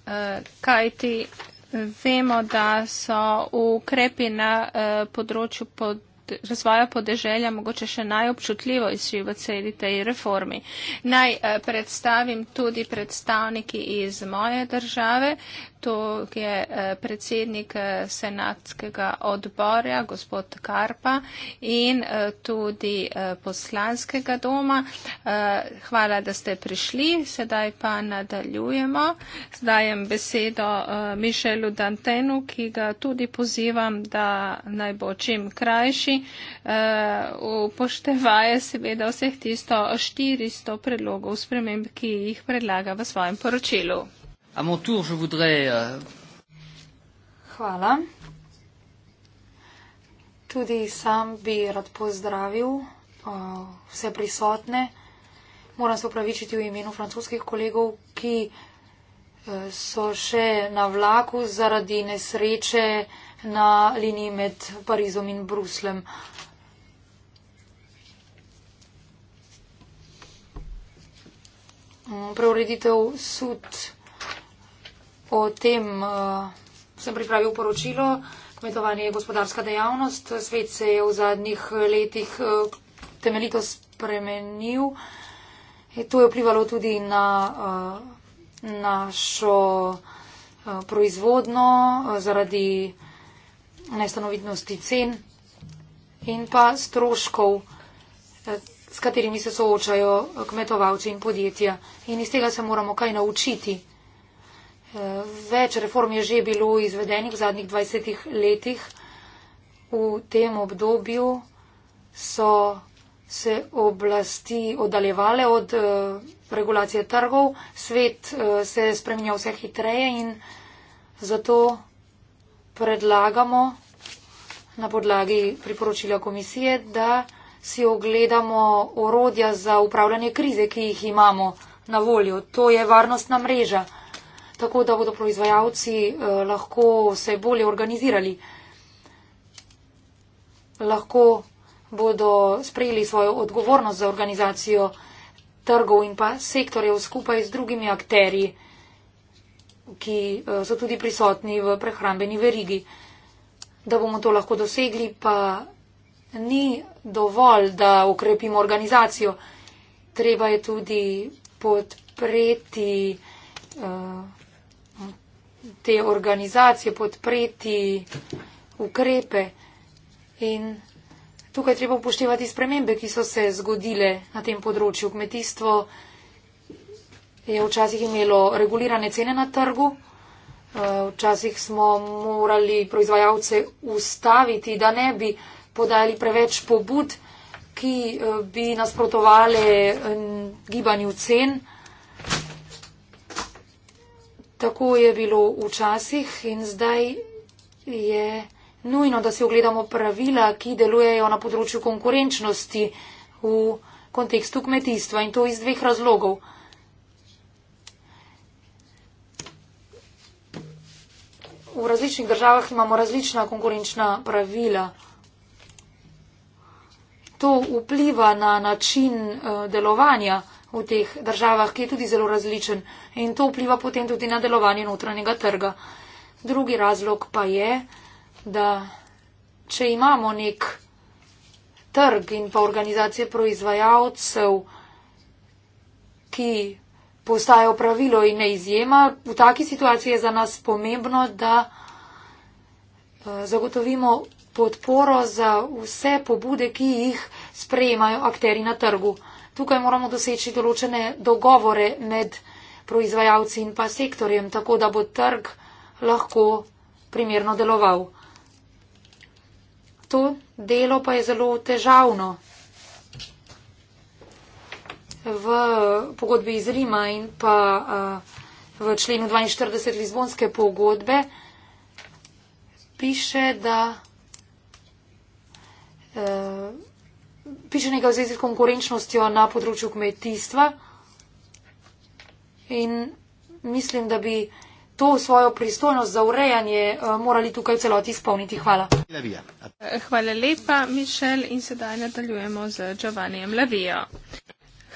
Eh, Kaj ti vemo, da so ukrepi na eh, področju podnebja razvoja podeželja mogoče še najobčutljivejši v celi tej reformi. Naj eh, predstavim tudi predstavniki iz moje države, to je eh, predsednik eh, senatskega odbora, gospod Karpa, in eh, tudi poslanskega doma. Hvala, da ste prišli. Sedaj pa nadaljujemo. Zdajem besedo Mišelu Dantenu, ki ga tudi pozivam, da naj bo čim krajši. Upoštevaje seveda vseh tisto 400 predlogov sprememb, ki jih predlaga v svojem poročilu. À mon tour, je voudrais. Euh... Voilà. Tudi sam bi rad pozdravil uh, vse prisotne. Moram se upravičiti v imenu francoskih kolegov, ki uh, so še na vlaku zaradi nesreče na liniji med Parizom in Bruslem. Um, preureditev sud. Potem uh, eh, sem pripravil poročilo, kmetovanje je gospodarska dejavnost, svet se je v zadnjih letih uh, temeljito spremenil. E to je vplivalo tudi na uh, našo uh, proizvodno uh, zaradi nestanovitnosti cen in pa stroškov, s katerimi se soočajo kmetovalci in podjetja. In iz tega se moramo kaj naučiti. Več reform je že bilo izvedenih v zadnjih 20 letih. V tem obdobju so se oblasti oddaljevale od eh, regulacije trgov, svet eh, se je spremenjal vse hitreje in zato predlagamo na podlagi priporočila komisije, da si ogledamo orodja za upravljanje krize, ki jih imamo na voljo. To je varnostna mreža tako da bodo proizvajalci eh, lahko se bolje organizirali. Lahko bodo sprejeli svojo odgovornost za organizacijo trgov in pa sektorjev skupaj z drugimi akteri, ki eh, so tudi prisotni v prehrambeni verigi. Da bomo to lahko dosegli, pa ni dovolj, da ukrepimo organizacijo. Treba je tudi podpreti uh, te organizacije, podpreti ukrepe. In tukaj treba upoštevati spremembe, ki so se zgodile na tem področju. Kmetijstvo je včasih imelo regulirane cene na trgu, eh, včasih smo morali proizvajalce ustaviti, da ne bi podali preveč pobud, ki eh, bi nasprotovali gibanju cen. Tako je bilo včasih in zdaj je nujno, da si ogledamo pravila, ki delujejo na področju konkurenčnosti v kontekstu kmetijstva in to iz dveh razlogov. V različnih državah imamo različna konkurenčna pravila. To vpliva na način eh, delovanja v teh državah, ki je tudi zelo različen in to vpliva potem tudi na delovanje notranjega trga. Drugi razlog pa je, da če imamo nek trg in pa organizacije proizvajalcev, ki postajajo pravilo in ne izjema, v taki situaciji je za nas pomembno, da eh, zagotovimo podporo za vse pobude, ki jih sprejemajo akteri na trgu tukaj moramo doseči določene dogovore med proizvajalci in pa sektorjem, tako da bo trg lahko primerno deloval. To delo pa je zelo težavno. V pogodbi iz Rima in pa v členu 42 Lizbonske pogodbe piše, da piše nekaj v zvezi s konkurenčnostjo na področju kmetijstva. In mislim, da bi to svojo pristojnost za urejanje eh, morali tukaj v celoti izpolniti. Hvala. Hvala lepa, Mišel, in sedaj nadaljujemo z Giovannijem Lavijo.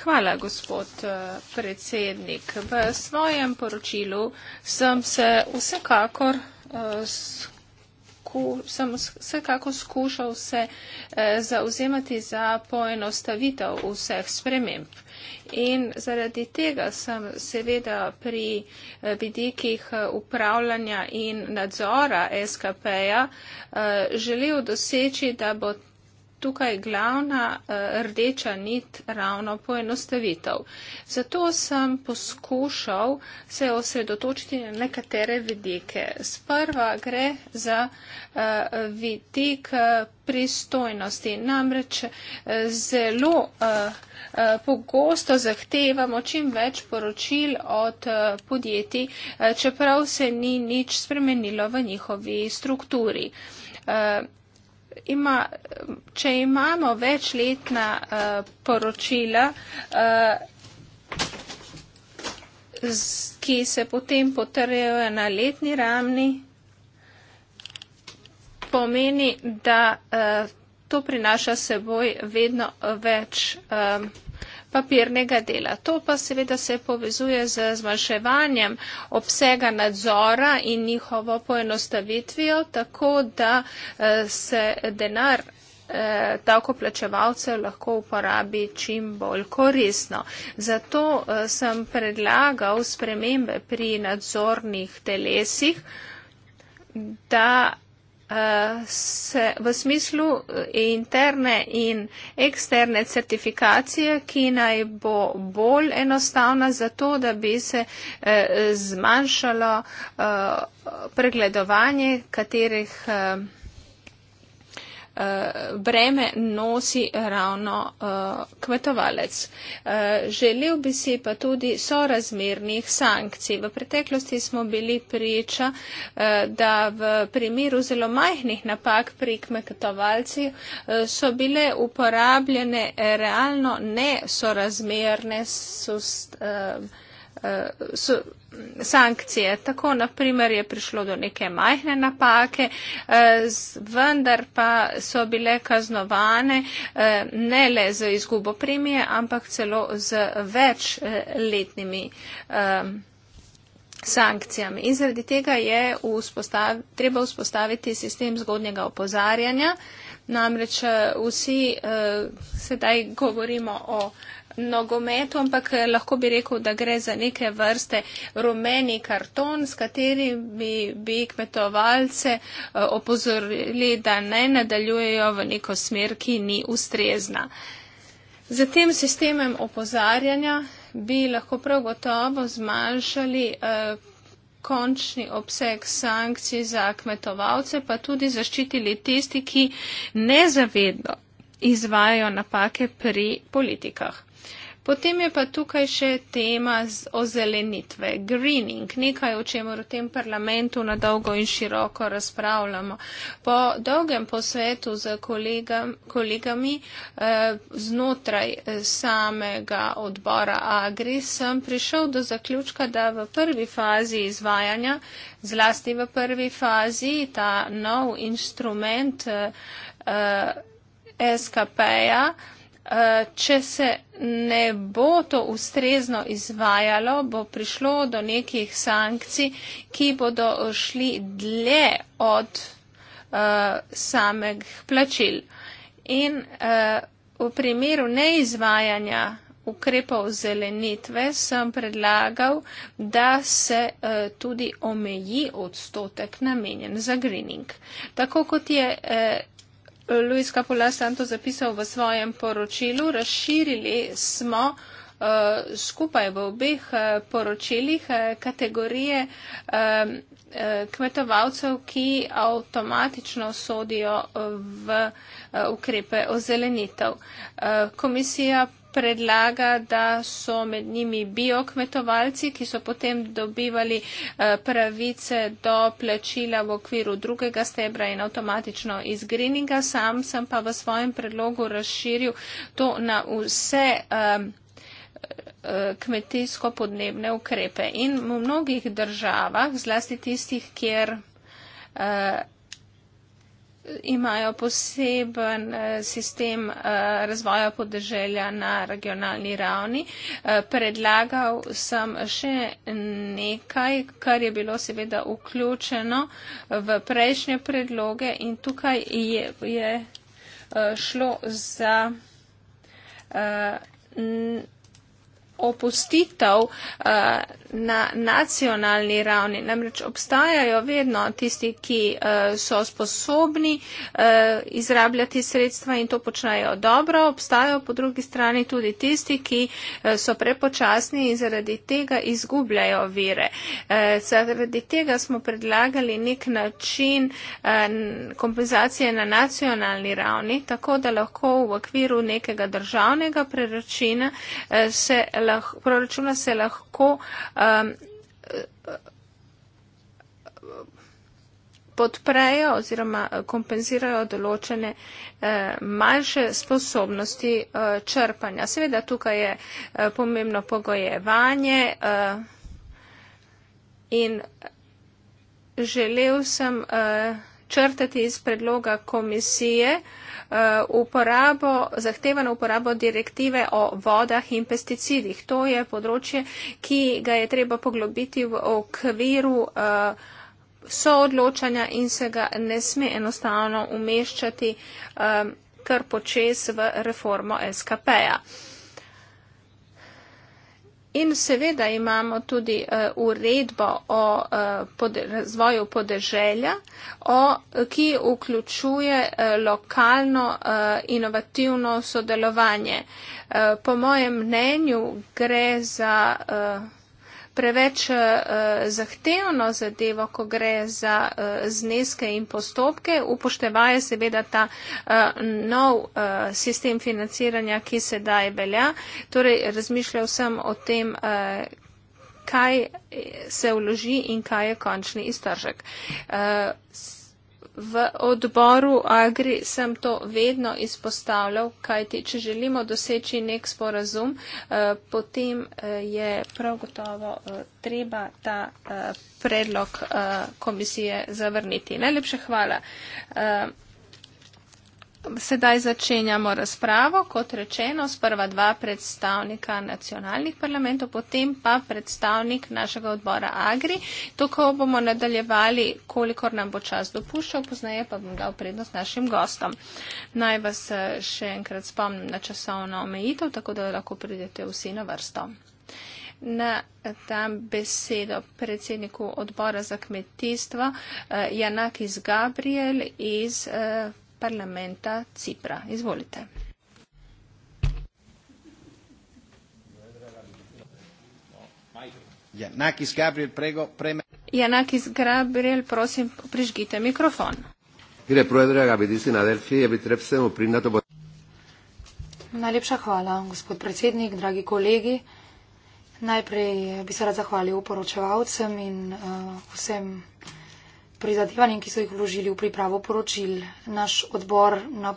Hvala, gospod eh, predsednik. V svojem poročilu sem se vsekakor uh, ku, sem vsekako skušal se eh, zauzemati za poenostavitev vseh sprememb. In zaradi tega sem seveda pri eh, vidikih eh, upravljanja in nadzora SKP-ja eh, želel doseči, da bo tukaj glavna eh, rdeča nit ravno poenostavitev. Zato sem poskušal se osredotočiti na nekatere vidike. Sprva gre za eh, vidik eh, pristojnosti. Namreč zelo pogosto zahtevamo čim več poročil od podjetij, čeprav se ni nič spremenilo v njihovi strukturi ima, če imamo večletna uh, poročila, uh, z, ki se potem potrjajo na letni ravni, pomeni, da uh, to prinaša seboj vedno več. Uh, papirnega dela. To pa seveda se povezuje z zmanjševanjem obsega nadzora in njihovo poenostavitvijo, tako da eh, se denar eh, davkoplačevalcev lahko uporabi čim bolj korisno. Zato eh, sem predlagal spremembe pri nadzornih telesih, da se v smislu eh, interne in eksterne certifikacije, ki naj bo bolj enostavna za to, da bi se eh, zmanjšalo eh, pregledovanje katerih Eh, breme nosi ravno eh, kmetovalec. Eh, želel bi si pa tudi sorazmernih sankcij. V preteklosti smo bili priča, da v primeru zelo majhnih napak pri kmetovalci so bile uporabljene realno nesorazmerne sankcije. So, sankcije. Tako naprimer je prišlo do neke majhne napake, eh, vendar pa so bile kaznovane eh, ne le z izgubo premije, ampak celo z večletnimi eh, sankcijami. In zaradi tega je vzpostav, treba vzpostaviti sistem zgodnjega opozarjanja. Namreč vsi eh, sedaj govorimo o eh, nogometu, ampak eh, lahko bi rekel, da gre za neke vrste rumeni karton, s katerim bi, bi kmetovalce eh, opozorili, da ne nadaljujejo v neko smer, ki ni ustrezna. Z tem sistemem opozarjanja bi lahko prav gotovo zmanjšali eh, končni obseg sankcij za kmetovalce, pa tudi zaščitili tisti, ki nezavedno izvajajo napake pri politikah. Potem je pa tukaj še tema z ozelenitve, greening, nekaj, o čemer v tem parlamentu na dolgo in široko razpravljamo. Po dolgem posvetu z kolegam, kolegami eh, znotraj eh, samega odbora Agri sem prišel do zaključka, da v prvi fazi izvajanja, zlasti v prvi fazi, ta nov instrument eh, eh, SKP-ja, če se ne bo to ustrezno izvajalo, bo prišlo do nekih sankcij, ki bodo šli dlje od eh, samih plačil. In eh, v primeru neizvajanja ukrepov zelenitve sem predlagal, da se eh, tudi omeji odstotek namenjen za greening. Tako kot je Luis Capola Santo zapisal v svojem poročilu, razširili smo eh, skupaj v obeh eh, poročilih eh, kategorije kmetovalcev, ki avtomatično sodijo v ukrepe ozelenitev. Komisija predlaga, da so med njimi biokmetovalci, ki so potem dobivali eh, pravice do plačila v okviru drugega stebra in avtomatično iz greeninga. Sam sem pa v svojem predlogu razširil to na vse eh, eh, kmetijsko podnebne ukrepe. In v mnogih državah, zlasti tistih, kjer imajo poseben eh, sistem eh, razvoja podeželja na regionalni ravni. Eh, predlagal sem še nekaj, kar je bilo seveda vključeno v prejšnje predloge in tukaj je, je šlo za opustitev eh, na nacionalni ravni. Namreč obstajajo vedno tisti, ki eh, so sposobni eh, izrabljati sredstva in to počnejo dobro. Obstajajo po drugi strani tudi tisti, ki so prepočasni in zaradi tega izgubljajo vire. Zaradi tega smo predlagali nek način kompenzacije na nacionalni ravni, tako da lahko v okviru nekega državnega preračina se lahko, proračuna se lahko um, podprejo oziroma kompenzirajo določene eh, manjše sposobnosti eh, črpanja. Seveda tukaj je eh, pomembno pogojevanje eh, in želel sem eh, črtati iz predloga komisije eh, Eh, uporabo, zahtevano uporabo direktive o vodah in pesticidih. To je področje, ki ga je treba poglobiti v okviru eh, soodločanja in se ga ne sme enostavno umeščati eh, kar počes v reformo SKP-ja. In seveda imamo tudi uh, uredbo o uh, pod, razvoju podeželja, o, ki vključuje uh, lokalno uh, inovativno sodelovanje. Uh, po mojem mnenju gre za. Uh, preveč eh, zahtevno zadevo, ko gre za eh, zneske in postopke. Upoštevaje seveda ta eh, nov sistem financiranja, ki sedaj velja. Torej, razmišljal sem o tem, kaj se vloži in kaj je končni iztržek. V odboru Agri sem to vedno izpostavljal, kajti če želimo doseči nek sporazum, eh, potem eh, je prav gotovo eh, treba ta predlog komisije zavrniti. Najlepše hvala. Sedaj začenjamo razpravo, kot rečeno, s prva dva predstavnika nacionalnih parlamentov, potem pa predstavnik našega odbora Agri. Tako bomo nadaljevali, kolikor nam bo čas dopuščal, poznaje pa bom dal prednost našim gostom. Naj vas eh, še enkrat spomnim na časovno omejitev, tako da lahko pridete vsi na vrsto. Na eh, dam besedo predsedniku odbora za kmetijstvo eh, Janakis Gabriel iz. Eh, parlamenta Cipra. Izvolite. Janakis Gabriel, prego, preme... Janakis Gabriel, prosim, prižgite mikrofon. Gre, proedre, gabitisti na Delfi, je bi trebse mu prina to bo... Najlepša hvala, gospod predsednik, dragi kolegi. Najprej bi se rad zahvalil poročevalcem in uh, vsem prizadevanjem, ki so jih vložili v pripravo poročil. Naš odbor na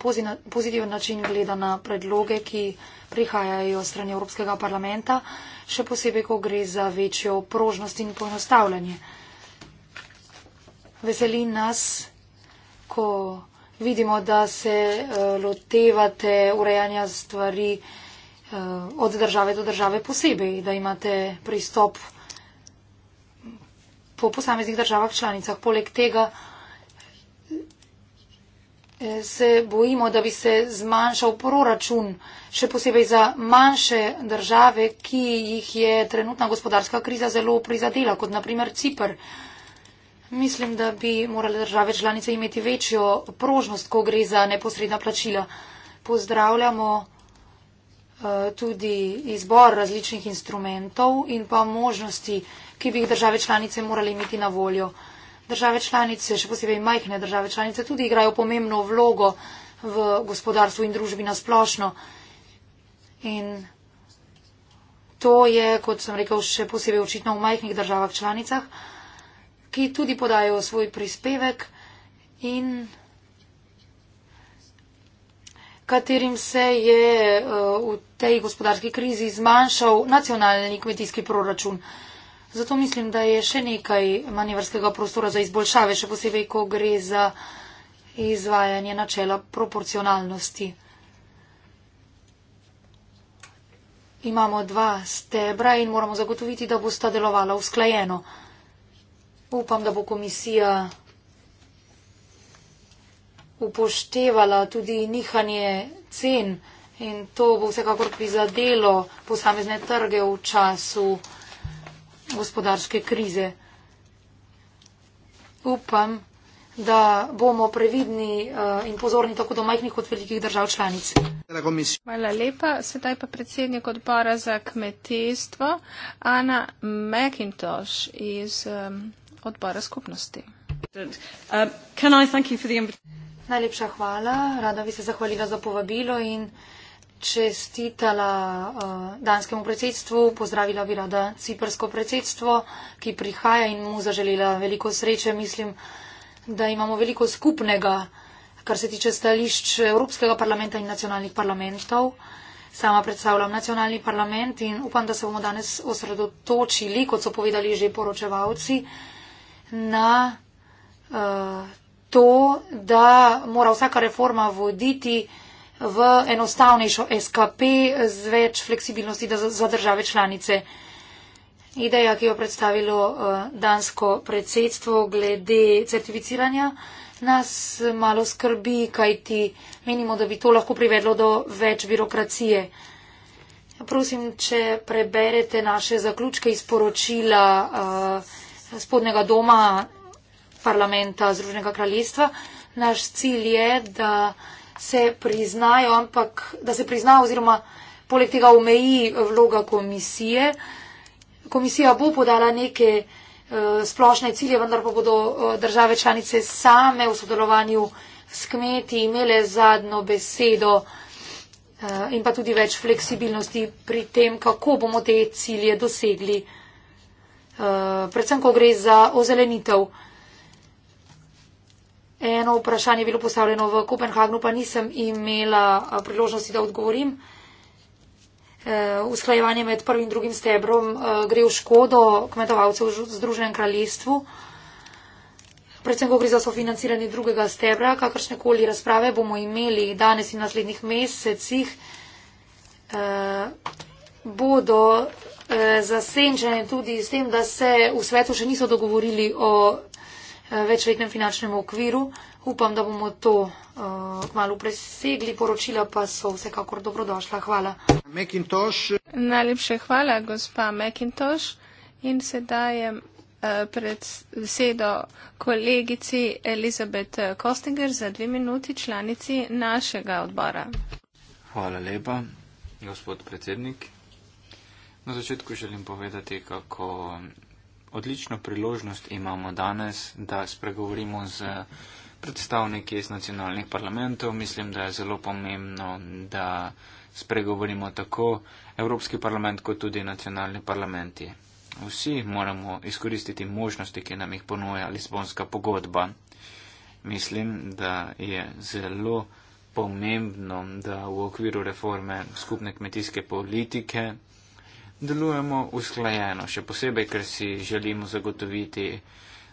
pozitiven način gleda na predloge, ki prihajajo strani Evropskega parlamenta, še posebej, ko gre za večjo prožnost in poenostavljanje. Veseli nas, ko vidimo, da se eh, lotevate urejanja stvari eh, od države do države posebej, da imate pristop po posameznih državah članicah. Poleg tega eh, se bojimo, da bi se zmanjšal proračun, še posebej za manjše države, ki jih je trenutna gospodarska kriza zelo prizadela, kot naprimer Cipr. Mislim, da bi morale države članice imeti večjo prožnost, ko gre za neposredna plačila. Pozdravljamo. Eh, tudi izbor različnih instrumentov in pa možnosti, ki bi jih države članice morali imeti na voljo. Države članice, še posebej majhne države članice, tudi igrajo pomembno vlogo v gospodarstvu in družbi na splošno. In to je, kot sem rekel, še posebej očitno v majhnih državah članicah, ki tudi podajo svoj prispevek in katerim se je eh, v tej gospodarski krizi zmanjšal nacionalni kmetijski proračun. Zato mislim, da je še nekaj manevrskega prostora za izboljšave, še posebej, ko gre za izvajanje načela proporcionalnosti. Imamo dva stebra in moramo zagotoviti, da bo sta delovala usklajeno. Upam, da bo komisija upoštevala tudi nihanje cen in to bo vsekakor prizadelo posamezne trge v času gospodarske krize. Upam, da bomo previdni eh, in pozorni tako do majhnih kot velikih držav članic. Hvala lepa. Sedaj pa predsednik odbora za kmetijstvo Ana McIntosh iz um, odbora skupnosti. Um, Najlepša hvala. Rada bi se zahvalila za povabilo in čestitala uh, danskemu predsedstvu. Pozdravila bi rada ciprsko predsedstvo, ki prihaja in mu zaželila veliko sreče. Mislim, da imamo veliko skupnega, kar se tiče stališč Evropskega parlamenta in nacionalnih parlamentov. Sama predstavljam nacionalni parlament in upam, da se bomo danes osredotočili, kot so povedali že poročevalci, na uh, to, da mora vsaka reforma voditi v enostavnejšo SKP z več fleksibilnosti za države članice. Ideja, ki jo predstavilo eh, dansko predsedstvo glede certificiranja, nas malo skrbi, kajti menimo, da bi to lahko privedlo do več birokracije. Prosim, če preberete naše zaključke iz poročila uh, eh, spodnega doma parlamenta Združenega kraljestva. Naš cilj je, da se priznajo, ampak da se prizna oziroma poleg tega omeji vloga komisije. Komisija bo podala neke eh, splošne cilje, vendar pa bodo eh, države članice same v sodelovanju s kmeti imele zadnjo besedo eh, in pa tudi več fleksibilnosti pri tem, kako bomo te cilje dosegli. Predvsem, ko gre za ozelenitev. Eno vprašanje je bilo postavljeno v Kopenhagnu, pa nisem imela eh, priložnosti, da odgovorim. Eh, usklajevanje med prvim in drugim stebrom eh, gre v škodo kmetovalcev v Združenem kraljestvu. Predvsem, ko gre za sofinanciranje drugega stebra, kakršne koli razprave bomo imeli danes in naslednjih mesecih, bodo zasenčene tudi s tem, da se v svetu še niso dogovorili o večletnem finančnem okviru. Upam, da bomo to uh, eh, malo presegli, poročila pa so vsekakor dobrodošla. Hvala. McIntosh. Najlepše hvala, gospa McIntosh. In sedaj je uh, predsedo kolegici Elizabeth Kostinger za dve minuti članici našega odbora. Hvala lepa, gospod predsednik. Na začetku želim povedati, kako odlično priložnost imamo danes, da spregovorimo z predstavniki iz nacionalnih parlamentov. Mislim, da je zelo pomembno, da spregovorimo tako Evropski parlament, kot tudi nacionalni parlamenti. Vsi moramo izkoristiti možnosti, ki nam jih ponuja Lisbonska pogodba. Mislim, da je zelo pomembno, da v okviru reforme skupne kmetijske politike delujemo usklajeno, še posebej, ker si želimo zagotoviti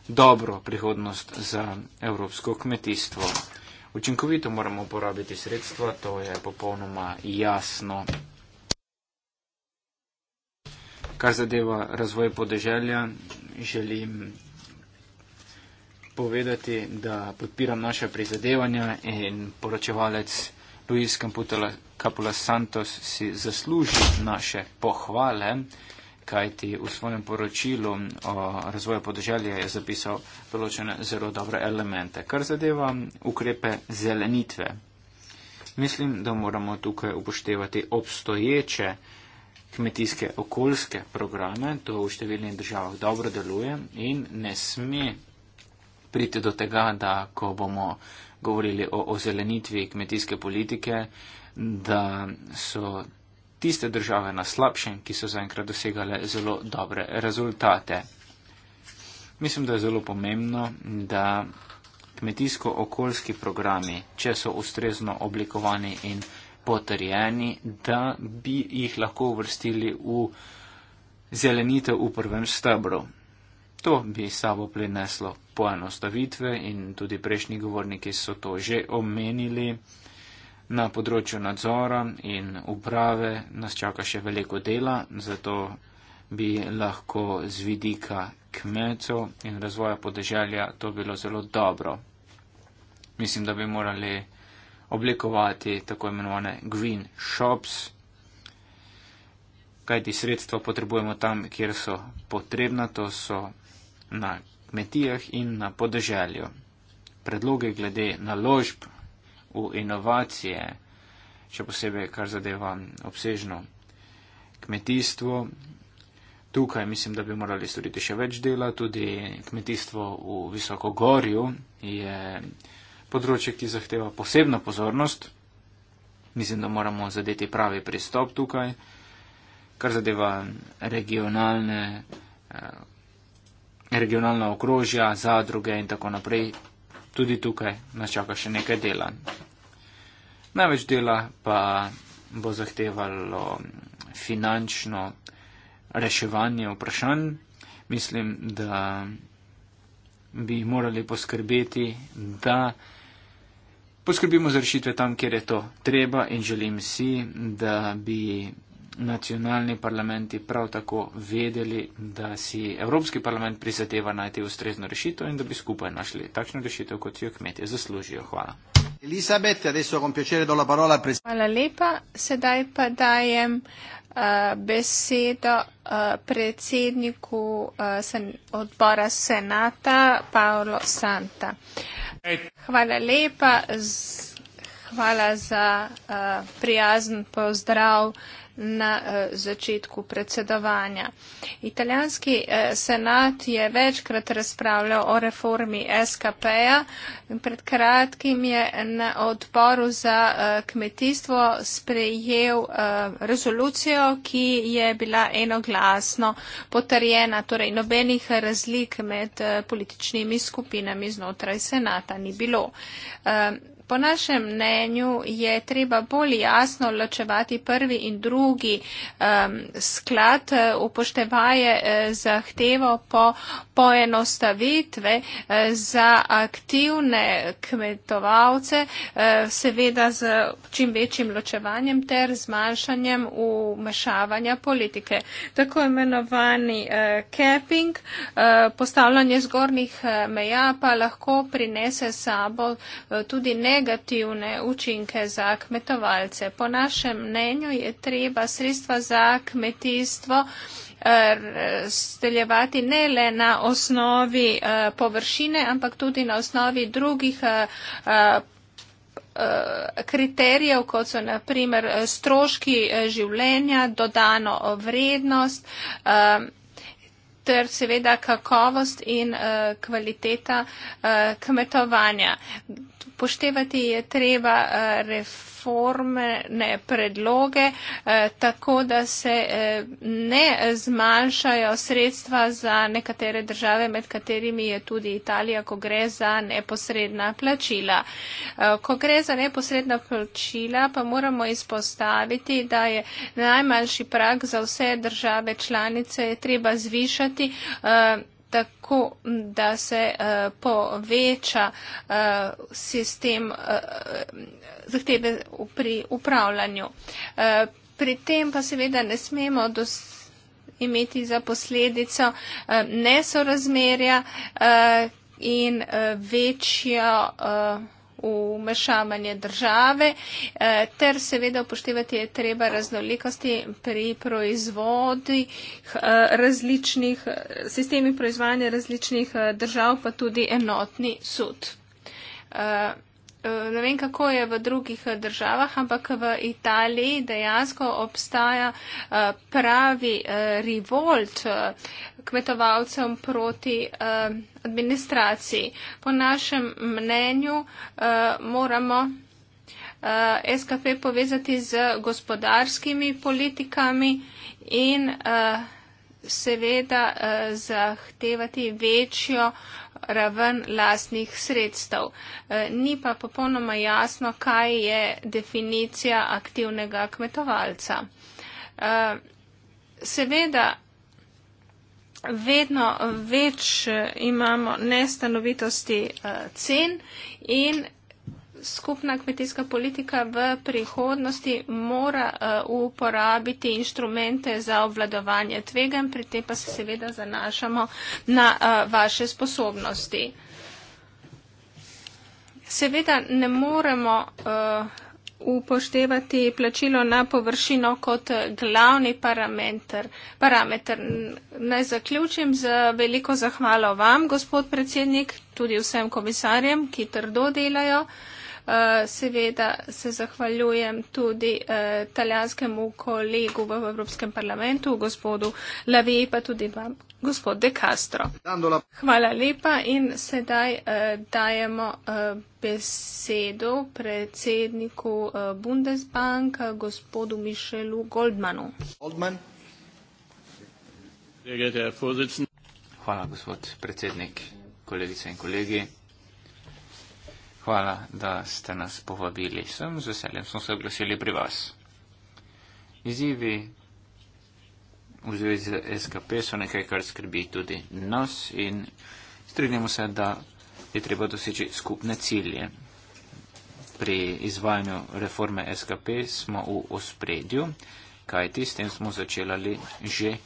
dobro prihodnost za evropsko kmetijstvo. Učinkovito moramo uporabiti sredstva, to je popolnoma jasno. Kar zadeva razvoj podeželja, želim povedati, da podpiram naše prizadevanja in poročevalec. Luis Campotela Capula Santos si zasluži naše pohvale, kajti v svojem poročilu o razvoju podeželja je zapisal določene zelo dobre elemente, kar zadeva ukrepe zelenitve. Mislim, da moramo tukaj upoštevati obstoječe kmetijske okoljske programe, to v številnih državah dobro deluje in ne sme priti do tega, da ko bomo govorili o ozelenitvi kmetijske politike, da so tiste države na slabšem, ki so zaenkrat dosegale zelo dobre rezultate. Mislim, da je zelo pomembno, da kmetijsko-okoljski programi, če so ustrezno oblikovani in potrjeni, da bi jih lahko uvrstili v zelenitev v prvem stebru. To bi sabo prineslo poenostavitve in tudi prejšnji govorniki so to že omenili. Na področju nadzora in uprave nas čaka še veliko dela, zato bi lahko z vidika kmetov in razvoja podeželja to bilo zelo dobro. Mislim, da bi morali oblikovati tako imenovane green shops, kajti sredstva potrebujemo tam, kjer so potrebna, to so na kmetijah in na podeželju. Predloge glede naložb v inovacije, še posebej kar zadeva obsežno kmetijstvo. Tukaj mislim, da bi morali storiti še več dela, tudi kmetijstvo v Visokogorju je področje, ki zahteva posebno pozornost. Mislim, da moramo zadeti pravi pristop tukaj, kar zadeva regionalne. Eh, regionalna okrožja, zadruge in tako naprej. Tudi tukaj nas čaka še nekaj dela. Največ dela pa bo zahtevalo finančno reševanje vprašanj. Mislim, da bi morali poskrbeti, da poskrbimo za rešitve tam, kjer je to treba in želim si, da bi nacionalni parlamenti prav tako vedeli, da si Evropski parlament prizadeva najti ustrezno rešitev in da bi skupaj našli takšno rešitev, kot jo kmetje zaslužijo. Hvala. Hvala lepa. Sedaj pa dajem uh, besedo uh, predsedniku uh, sen, odbora senata Paolo Santa. Hvala lepa. Z, hvala za uh, prijazen pozdrav na eh, začetku predsedovanja. Italijanski eh, senat je večkrat razpravljal o reformi SKP-ja. Pred kratkim je na odboru za eh, kmetijstvo sprejel rezolucijo, ki je bila enoglasno potrjena, torej nobenih razlik med političnimi skupinami znotraj senata ni bilo. Po našem mnenju je treba bolj jasno ločevati prvi in drugi um, sklad, uh, upoštevaje uh, zahtevo po poenostavitve eh, za aktivne kmetovalce, eh, seveda z čim večjim ločevanjem ter zmanjšanjem umešavanja politike. Tako imenovani eh, capping, postavljanje zgornjih meja pa lahko prinese sabo tudi negativne učinke za kmetovalce. Po našem mnenju je treba sredstva za kmetijstvo steljevati ne le na osnovi eh, površine, ampak tudi na osnovi drugih eh, eh, kriterijev, kot so na primer stroški življenja, dodano vrednost ter seveda kakovost in kvaliteta kmetovanja. Poštevati je treba eh, reformne predloge, eh, tako da se eh, ne zmanjšajo sredstva za nekatere države, med katerimi je tudi Italija, ko gre za neposredna plačila. Ko gre za neposredna plačila, pa moramo izpostaviti, da je najmanjši prag za vse države članice treba zvišati tako, da se uh, poveča uh, sistem uh, zahteve pri upravljanju. Uh, pri tem pa seveda ne smemo imeti za posledico uh, nesorazmerja uh, in uh, večjo. Uh, vmešavanje države, eh, ter seveda upoštevati je treba raznolikosti pri proizvodih eh, različnih, eh, sistemih proizvajanja različnih držav, pa tudi enotni sud. Eh, ne vem, kako je v drugih eh, državah, ampak v Italiji dejansko obstaja eh, pravi revolt kmetovalcem proti administraciji. Po našem mnenju moramo. Uh, SKP povezati z gospodarskimi politikami in uh, seveda uh, zahtevati večjo uh, raven lastnih sredstev. E, ni pa popolnoma jasno, kaj je definicija aktivnega kmetovalca. E, seveda, vedno več e, imamo nestanovitosti cen in skupna kmetijska politika v prihodnosti mora uh, uporabiti inštrumente za obvladovanje tvegan, pri tem pa se seveda zanašamo na uh, vaše sposobnosti. Seveda ne moremo uh, upoštevati plačilo na površino kot glavni parameter. parameter. Naj zaključim z veliko zahvalo vam, gospod predsednik, tudi vsem komisarjem, ki trdo delajo. Eh, seveda se zahvaljujem tudi eh, italijanskemu kolegu v Evropskem parlamentu, gospodu Lavi, pa tudi vam, gospod De Castro. Hvala lepa in sedaj eh, dajemo besedo predsedniku Bundesbank, gospodu Mišelu Goldmanu. Goldman. Hvala, gospod predsednik, kolegice in kolegi hvala, da ste nas povabili. Sem z veseljem, smo se oglasili pri vas. Izzivi v zvezi z SKP so nekaj, kar skrbi tudi nas in strinjamo se, da je treba doseči skupne cilje. Pri izvajanju reforme SKP smo v ospredju, kajti s tem smo začelali že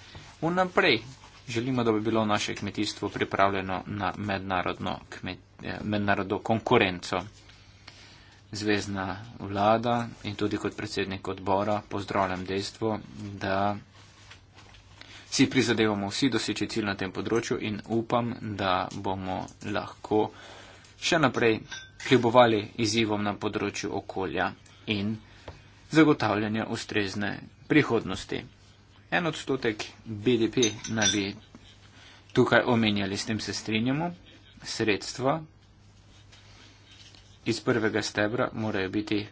vnaprej. Želimo, da bi bilo naše kmetijstvo pripravljeno na mednarodno kmetijstvo. Ja, mednarodno konkurenco. Zvezdna vlada in tudi kot predsednik odbora pozdravljam dejstvo, da si prizadevamo vsi doseči cilj na tem področju in upam, da bomo lahko še naprej kljubovali izzivom na področju okolja in zagotavljanja ustrezne prihodnosti. En odstotek BDP naj bi tukaj omenjali, s tem se strinjamo. Sredstva, iz prvega stebra morajo biti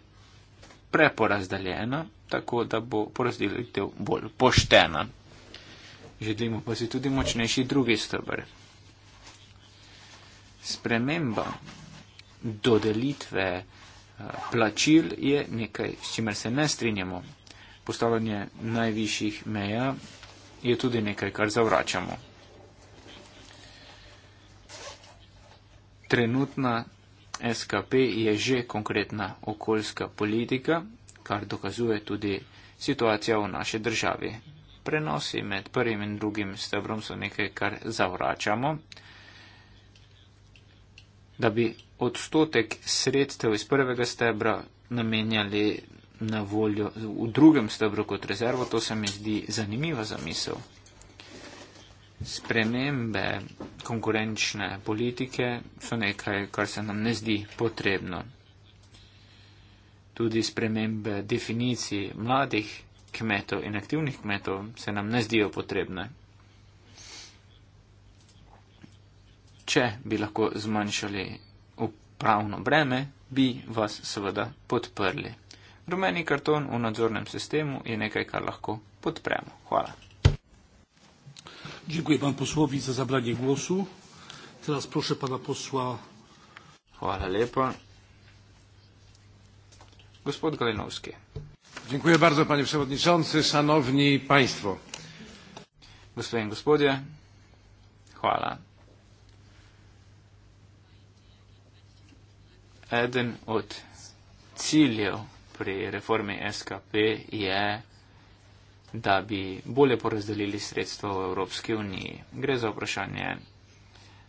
preporazdeljena, tako da bo porazdelitev bolj poštena. Želimo pa si tudi močnejši drugi stebr. Sprememba dodelitve eh, plačil je nekaj, s čimer se ne strinjamo. Postavljanje najvišjih meja je tudi nekaj, kar zavračamo. Trenutna SKP je že konkretna okoljska politika, kar dokazuje tudi situacija v naši državi. Prenosi med prvim in drugim stebrom so nekaj, kar zavračamo. Da bi odstotek sredstev iz prvega stebra namenjali na voljo v drugem stebru kot rezervo, to se mi zdi zanimiva zamisel spremembe konkurenčne politike so nekaj, kar se nam ne zdi potrebno. Tudi spremembe definicij mladih kmetov in aktivnih kmetov se nam ne zdijo potrebne. Če bi lahko zmanjšali upravno breme, bi vas seveda podprli. Rumeni karton v nadzornem sistemu je nekaj, kar lahko podpremo. Hvala. Dziękuję panu posłowi za zabranie głosu. Teraz proszę pana posła. Hvala lepa. Gospod Galinowski. Dziękuję bardzo panie przewodniczący, szanowni państwo. Gospodin gospodzie, hvala. Eden od ciljev pri reformi SKP je da bi bolje porazdelili sredstvo v Evropski uniji. Gre za vprašanje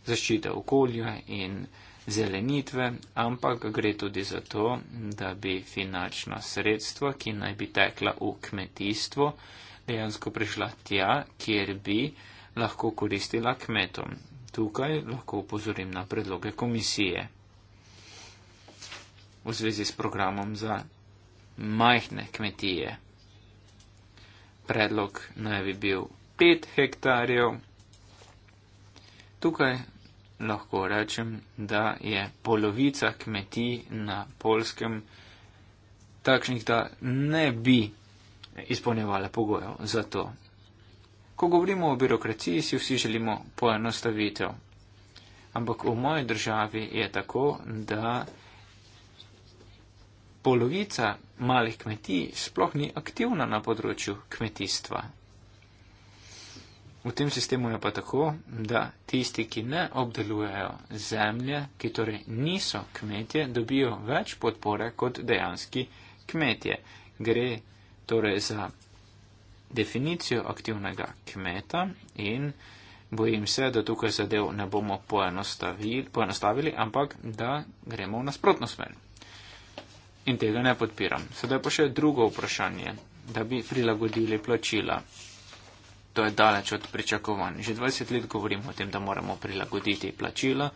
zaščite okolja in zelenitve, ampak gre tudi za to, da bi finančna sredstva, ki naj bi tekla v kmetijstvo, dejansko prišla tja, kjer bi lahko koristila kmetom. Tukaj lahko upozorim na predloge komisije v zvezi s programom za majhne kmetije predlog naj bi bil 5 hektarjev. Tukaj lahko rečem, da je polovica kmetij na polskem takšnih, da ne bi izpolnjevala pogojev za to. Ko govorimo o birokraciji, si vsi želimo poenostavitev. Ampak v moji državi je tako, da polovica malih kmetij sploh ni aktivna na področju kmetijstva. V tem sistemu je pa tako, da tisti, ki ne obdelujejo zemlje, ki torej niso kmetje, dobijo več podpore kot dejanski kmetje. Gre torej za definicijo aktivnega kmeta in bojim se, da tukaj zadev ne bomo poenostavili, poenostavili ampak da gremo v nasprotno smer in tega ne podpiram. Sedaj pa še drugo vprašanje, da bi prilagodili plačila. To je daleč od pričakovanj. Že 20 let govorimo o tem, da moramo prilagoditi plačila.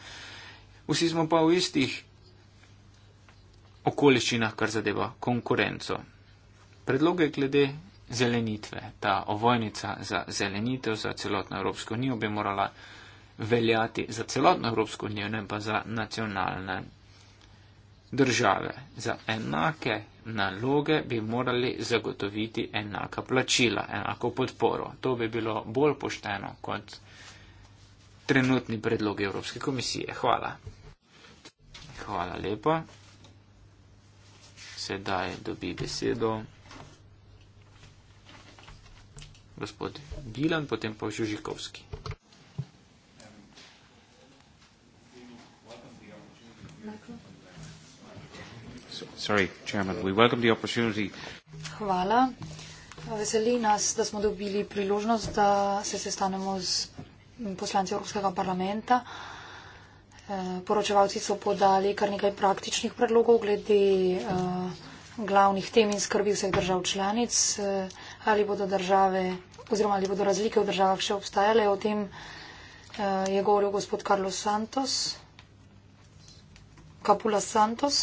Vsi smo pa v istih okoliščinah, kar zadeva konkurenco. Predloge glede zelenitve, ta ovojnica za zelenitev za celotno Evropsko unijo bi morala veljati za celotno Evropsko unijo, ne pa za nacionalne države. Za enake naloge bi morali zagotoviti enaka plačila, enako podporo. To bi bilo bolj pošteno kot trenutni predlog Evropske komisije. Hvala. Hvala lepa. Sedaj dobi besedo gospod Gilan, potem pa Žužikovski. Sorry, Chairman. We welcome the opportunity. Hvala. Veseli nas, da smo dobili priložnost, da se sestanemo z poslanci Evropskega parlamenta. Eh, poročevalci so podali kar nekaj praktičnih predlogov glede eh, glavnih tem in skrbi vseh držav članic. Eh, ali bodo države oziroma ali bodo razlike v državah še obstajale, o tem je govoril gospod Carlos Santos, Kapula Santos.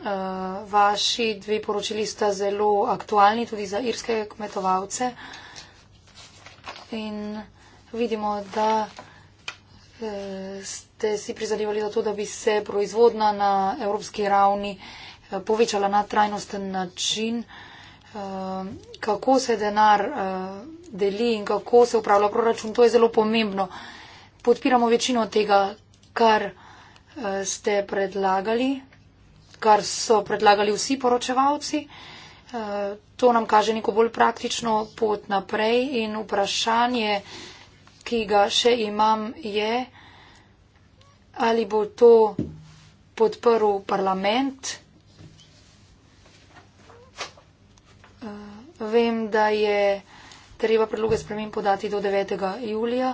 Uh, vaši dve poročili sta zelo aktualni tudi za irske kmetovalce in vidimo, da uh, ste si prizadevali za to, da bi se proizvodna na evropski ravni eh, povečala na trajnosten način, uh, kako se denar uh, deli in kako se upravlja proračun. To je zelo pomembno. Podpiramo večino tega, kar uh, ste predlagali kar so predlagali vsi poročevalci. Eh, to nam kaže neko bolj praktično pot naprej in vprašanje, ki ga še imam, je, ali bo to podprl parlament. Eh, vem, da je treba predloge spremem podati do 9. julija,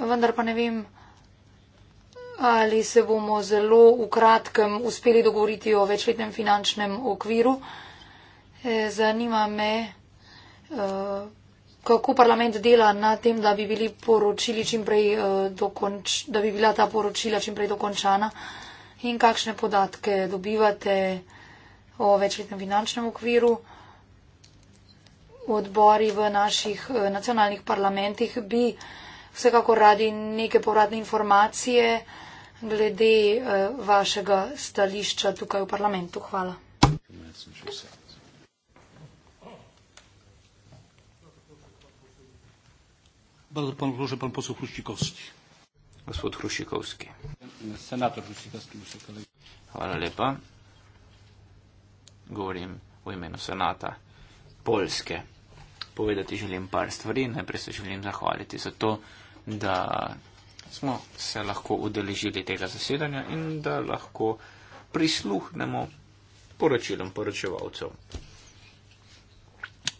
vendar pa ne vem, ali se bomo zelo v kratkem uspeli dogovoriti o večletnem finančnem okviru. E, zanima me, e, kako parlament dela na tem, da bi, bili poročili prej, e, da bi bila ta poročila čimprej dokončana in kakšne podatke dobivate o večletnem finančnem okviru. Odbori v naših nacionalnih parlamentih bi vsekako radi neke povratne informacije glede eh, vašega stališča tukaj v parlamentu. Hvala. Gospod Hrušikovski. Hvala lepa. Govorim v imenu senata Polske. Povedati želim par stvari. Najprej se želim zahvaliti za to, da smo se lahko udeležili tega zasedanja in da lahko prisluhnemo poročilom poročevalcev.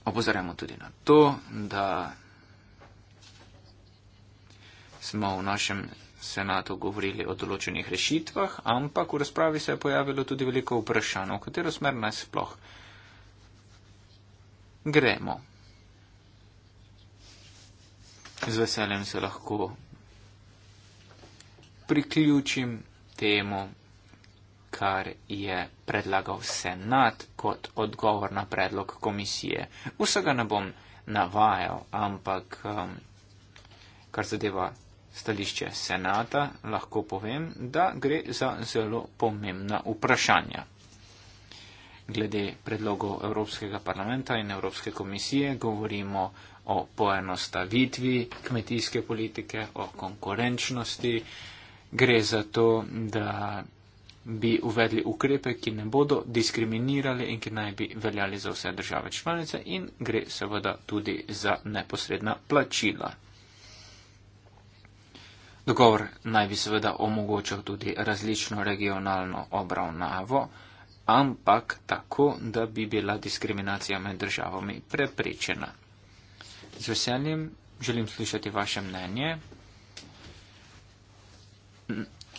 Opozarjamo tudi na to, da smo v našem senatu govorili o določenih rešitvah, ampak v razpravi se je pojavilo tudi veliko vprašanj, v katero smer naj sploh gremo. Z veseljem se lahko priključim temu, kar je predlagal senat kot odgovor na predlog komisije. Vsega ne bom navajal, ampak um, kar zadeva stališče senata, lahko povem, da gre za zelo pomembna vprašanja. Glede predlogov Evropskega parlamenta in Evropske komisije govorimo o poenostavitvi kmetijske politike, o konkurenčnosti, gre za to, da bi uvedli ukrepe, ki ne bodo diskriminirali in ki naj bi veljali za vse države članice in gre seveda tudi za neposredna plačila. Dogovor naj bi seveda omogočal tudi različno regionalno obravnavo, ampak tako, da bi bila diskriminacija med državami preprečena. Z veseljem želim slišati vaše mnenje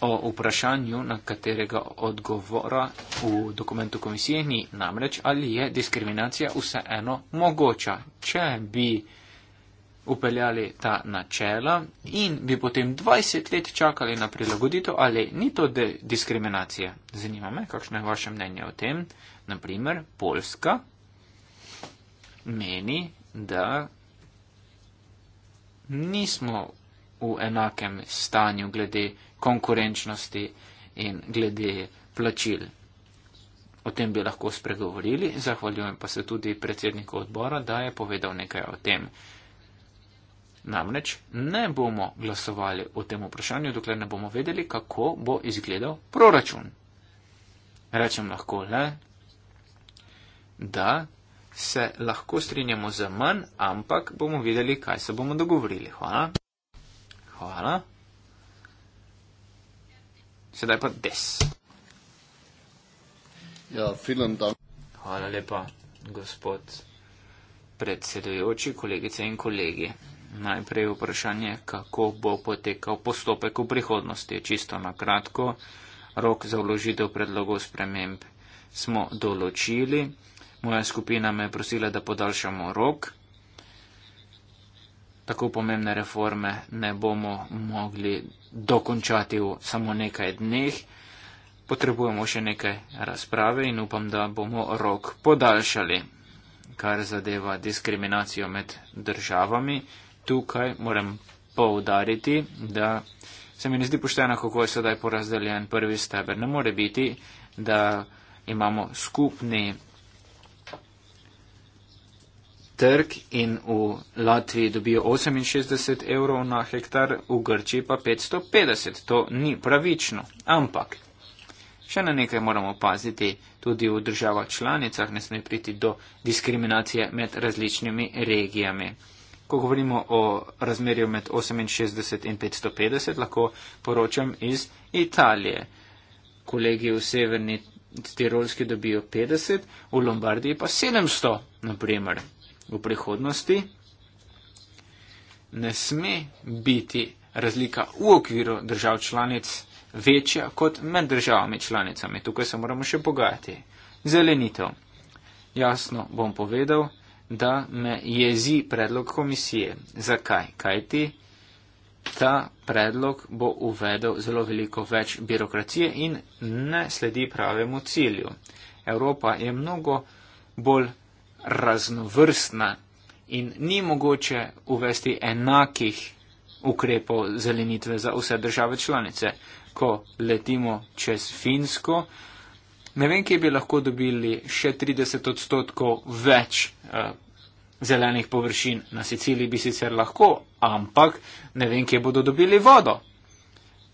o vprašanju, na katerega odgovora v dokumentu komisije ni namreč, ali je diskriminacija vseeno mogoča. Če bi upeljali ta načela in bi potem 20 let čakali na prilagoditev, ali ni to de diskriminacija. Zanima me, kakšno je vaše mnenje o tem. Naprimer, Poljska meni, da nismo v enakem stanju glede konkurenčnosti in glede plačil. O tem bi lahko spregovorili, zahvaljujem pa se tudi predsedniku odbora, da je povedal nekaj o tem. Namreč ne bomo glasovali o tem vprašanju, dokler ne bomo vedeli, kako bo izgledal proračun. Rečem lahko le, da se lahko strinjamo za manj, ampak bomo videli, kaj se bomo dogovorili. Hvala. Hvala. Sedaj pa des. Ja, film tam. Hvala lepa, gospod predsedujoči, kolegice in kolegi. Najprej vprašanje, kako bo potekal postopek v prihodnosti. Čisto na kratko, rok za vložitev predlogov sprememb smo določili. Moja skupina me je prosila, da podaljšamo rok tako pomembne reforme ne bomo mogli dokončati v samo nekaj dneh. Potrebujemo še nekaj razprave in upam, da bomo rok podaljšali, kar zadeva diskriminacijo med državami. Tukaj moram poudariti, da se mi ne zdi pošteno, kako je sedaj porazdeljen prvi steber. Ne more biti, da imamo skupni trg in v Latviji dobijo 68 evrov na hektar, v Grčiji pa 550. To ni pravično. Ampak še na nekaj moramo paziti, tudi v državah članicah ne sme priti do diskriminacije med različnimi regijami. Ko govorimo o razmerju med 68 in 550, lahko poročam iz Italije. Kolegi v severni Tirolski dobijo 50, v Lombardiji pa 700, naprimer v prihodnosti, ne sme biti razlika v okviru držav članic večja kot med državami članicami. Tukaj se moramo še pogajati. Zelenitev. Jasno bom povedal, da me jezi predlog komisije. Zakaj? Kaj ti? Ta predlog bo uvedel zelo veliko več birokracije in ne sledi pravemu cilju. Evropa je mnogo bolj raznovrstna in ni mogoče uvesti enakih ukrepov zelenitve za vse države članice. Ko letimo čez Finsko, ne vem, kje bi lahko dobili še 30 odstotkov več uh, zelenih površin. Na Siciliji bi sicer lahko, ampak ne vem, kje bodo dobili vodo.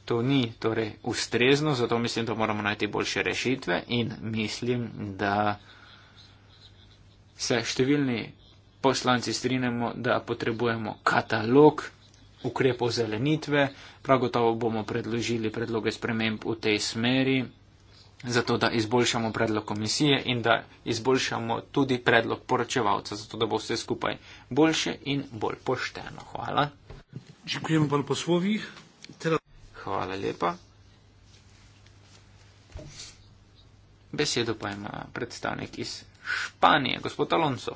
To ni torej ustrezno, zato mislim, da moramo najti boljše rešitve in mislim, da se številni poslanci strinjamo, da potrebujemo katalog ukrepov zelenitve. Prav gotovo bomo predložili predloge sprememb v tej smeri, zato da izboljšamo predlog komisije in da izboljšamo tudi predlog poročevalca, zato da bo vse skupaj boljše in bolj pošteno. Hvala. Hvala lepa. Besedo pa ima predstavnik iz Španije. Gospod Alonso.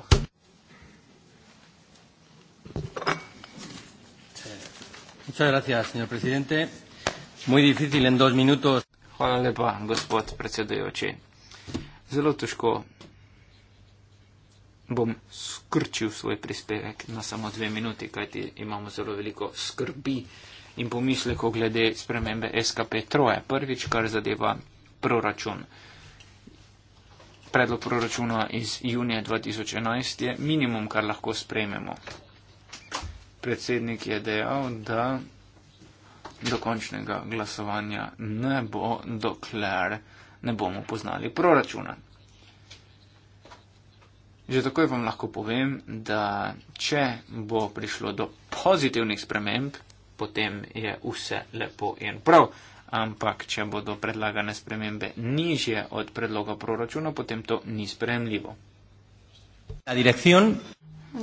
Hvala lepa, gospod predsedujoči. Zelo težko bom skrčil svoj prispevek na samo dve minuti, kajti imamo zelo veliko skrbi in pomisleko glede spremembe SKP troje. Prvič, kar zadeva proračun predlog proračuna iz junija 2011 je minimum, kar lahko sprejmemo. Predsednik je dejal, da do končnega glasovanja ne bo, dokler ne bomo poznali proračuna. Že takoj vam lahko povem, da če bo prišlo do pozitivnih sprememb, potem je vse lepo in prav ampak če bodo predlagane spremembe nižje od predloga proračuna, potem to ni spremljivo.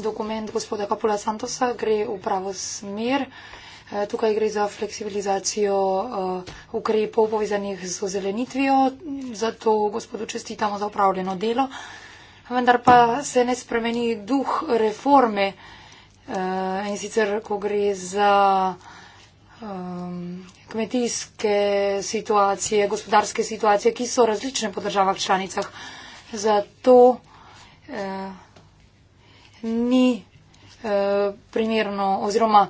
Dokument gospoda Kapula Santosa gre v pravo smer. Eh, tukaj gre za fleksibilizacijo uh, ukrepov povezanih z ozelenitvijo, zato gospodu čestitamo za upravljeno delo. Vendar pa se ne spremeni duh reforme uh, in sicer, ko gre za um, kmetijske situacije, gospodarske situacije, ki so različne po državah članicah. Zato eh, ni eh, primerno oziroma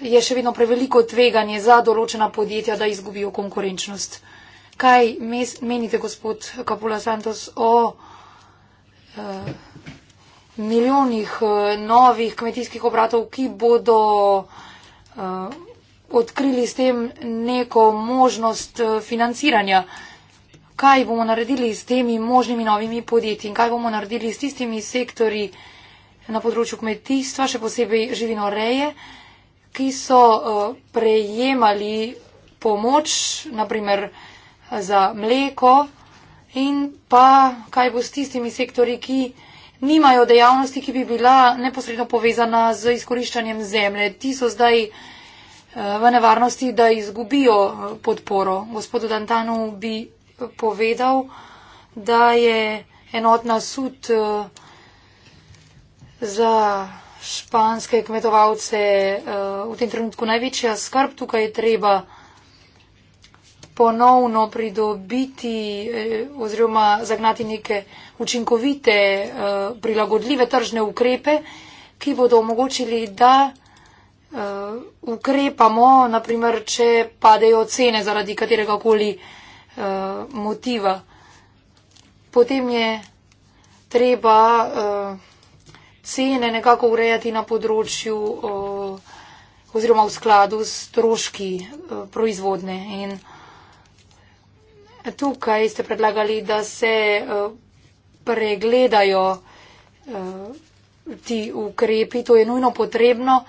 je še vedno preveliko tveganje za določena podjetja, da izgubijo konkurenčnost. Kaj mes, menite, gospod Kapula Santos, o eh, milijonih eh, novih kmetijskih obratov, ki bodo eh, odkrili s tem neko možnost eh, financiranja. Kaj bomo naredili s temi možnimi novimi podjetji in kaj bomo naredili s tistimi sektori na področju kmetijstva, še posebej živinoreje, ki so eh, prejemali pomoč, naprimer za mleko in pa kaj bo s tistimi sektori, ki nimajo dejavnosti, ki bi bila neposredno povezana z izkoriščanjem zemlje. Ti so zdaj v nevarnosti, da izgubijo podporo. Gospodu Dantanu bi povedal, da je enotna sud eh, za španske kmetovalce eh, v tem trenutku največja skrb. Tukaj je treba ponovno pridobiti eh, oziroma zagnati neke učinkovite, prilagodljive tržne ukrepe, ki bodo omogočili, da uh, ukrepamo, naprimer, če padejo cene zaradi katerega koli uh, eh, motiva. Potem je treba uh, cene nekako urejati na področju uh, oziroma v skladu s troški uh, proizvodne. In tukaj ste predlagali, da se uh, pregledajo uh, ti ukrepi, to je nujno potrebno. Uh,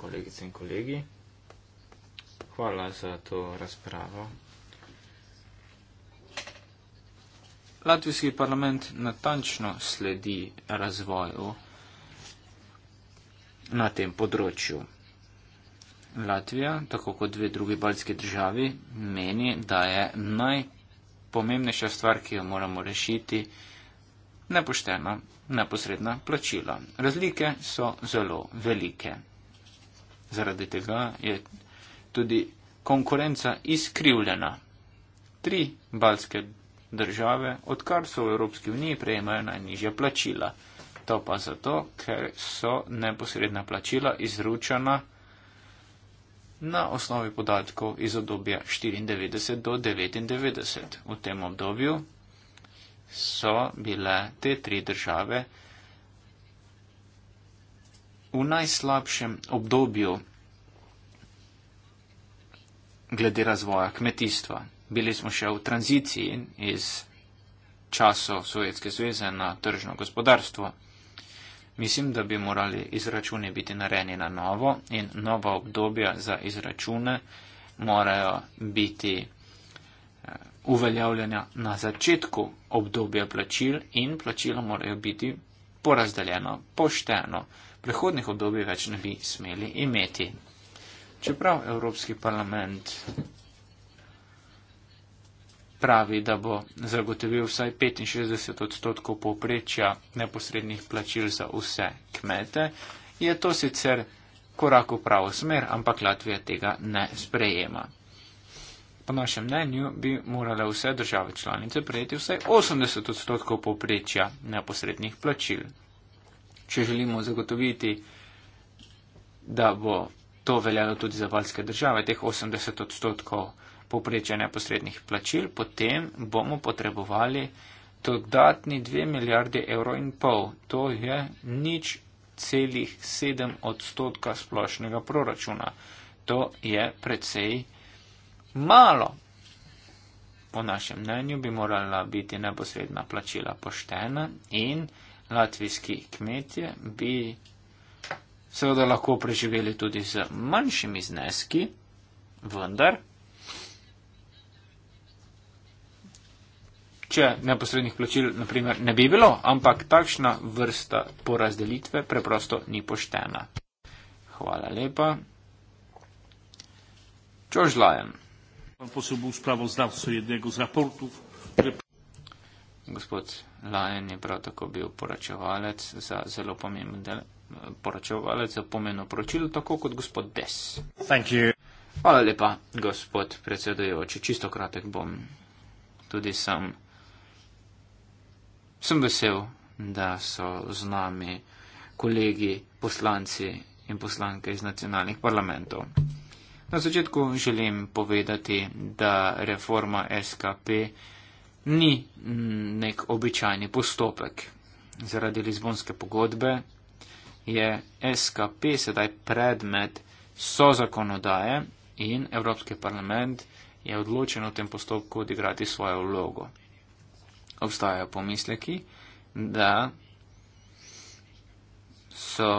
kolegice in kolegi. Hvala za to razpravo. Latvijski parlament natančno sledi razvoju na tem področju. Latvija, tako kot dve drugi baljski državi, meni, da je najpomembnejša stvar, ki jo moramo rešiti, nepoštena, neposredna plačila. Razlike so zelo velike. Zaradi tega je tudi konkurenca izkrivljena. Tri balske države, odkar so v Evropski uniji, prejemajo najnižja plačila. To pa zato, ker so neposredna plačila izručena na osnovi podatkov iz obdobja 94 do 99. V tem obdobju so bile te tri države v najslabšem obdobju glede razvoja kmetijstva. Bili smo še v tranziciji iz časov Sovjetske zveze na tržno gospodarstvo. Mislim, da bi morali izračuni biti narejeni na novo in nova obdobja za izračune morajo biti eh, uveljavljena na začetku obdobja plačil in plačila morajo biti porazdeljena pošteno prehodnih obdobij več ne bi smeli imeti. Čeprav Evropski parlament pravi, da bo zagotovil vsaj 65 odstotkov povprečja neposrednih plačil za vse kmete, je to sicer korak v pravo smer, ampak Latvija tega ne sprejema. Po našem mnenju bi morale vse države članice prejeti vsaj 80 odstotkov povprečja neposrednih plačil če želimo zagotoviti, da bo to veljalo tudi za balske države, teh 80 odstotkov povprečja neposrednih plačil, potem bomo potrebovali dodatni 2 milijarde evrov in pol. To je nič celih 7 odstotka splošnega proračuna. To je precej malo. Po našem mnenju bi morala biti neposredna plačila poštena in latvijski kmetje bi seveda lahko preživeli tudi z manjšimi zneski, vendar, če neposrednih plačil naprimer ne bi bilo, ampak takšna vrsta porazdelitve preprosto ni poštena. Hvala lepa. George Lyon. Pan poseł był sprawozdawcą jednego z raportów gospod Lajen je prav tako bil poročevalec za zelo pomemben del, poročevalec za pomeno poročilo, tako kot gospod Des. Thank you. Hvala lepa, gospod predsedujoči. Čisto kratek bom. Tudi sam sem vesel, da so z nami kolegi, poslanci in poslanke iz nacionalnih parlamentov. Na začetku želim povedati, da reforma SKP ni mm, nek običajni postopek. Zaradi Lizbonske pogodbe je SKP sedaj predmet so zakonodaje in Evropski parlament je odločen v tem postopku odigrati svojo vlogo. Obstajajo pomisleki, da so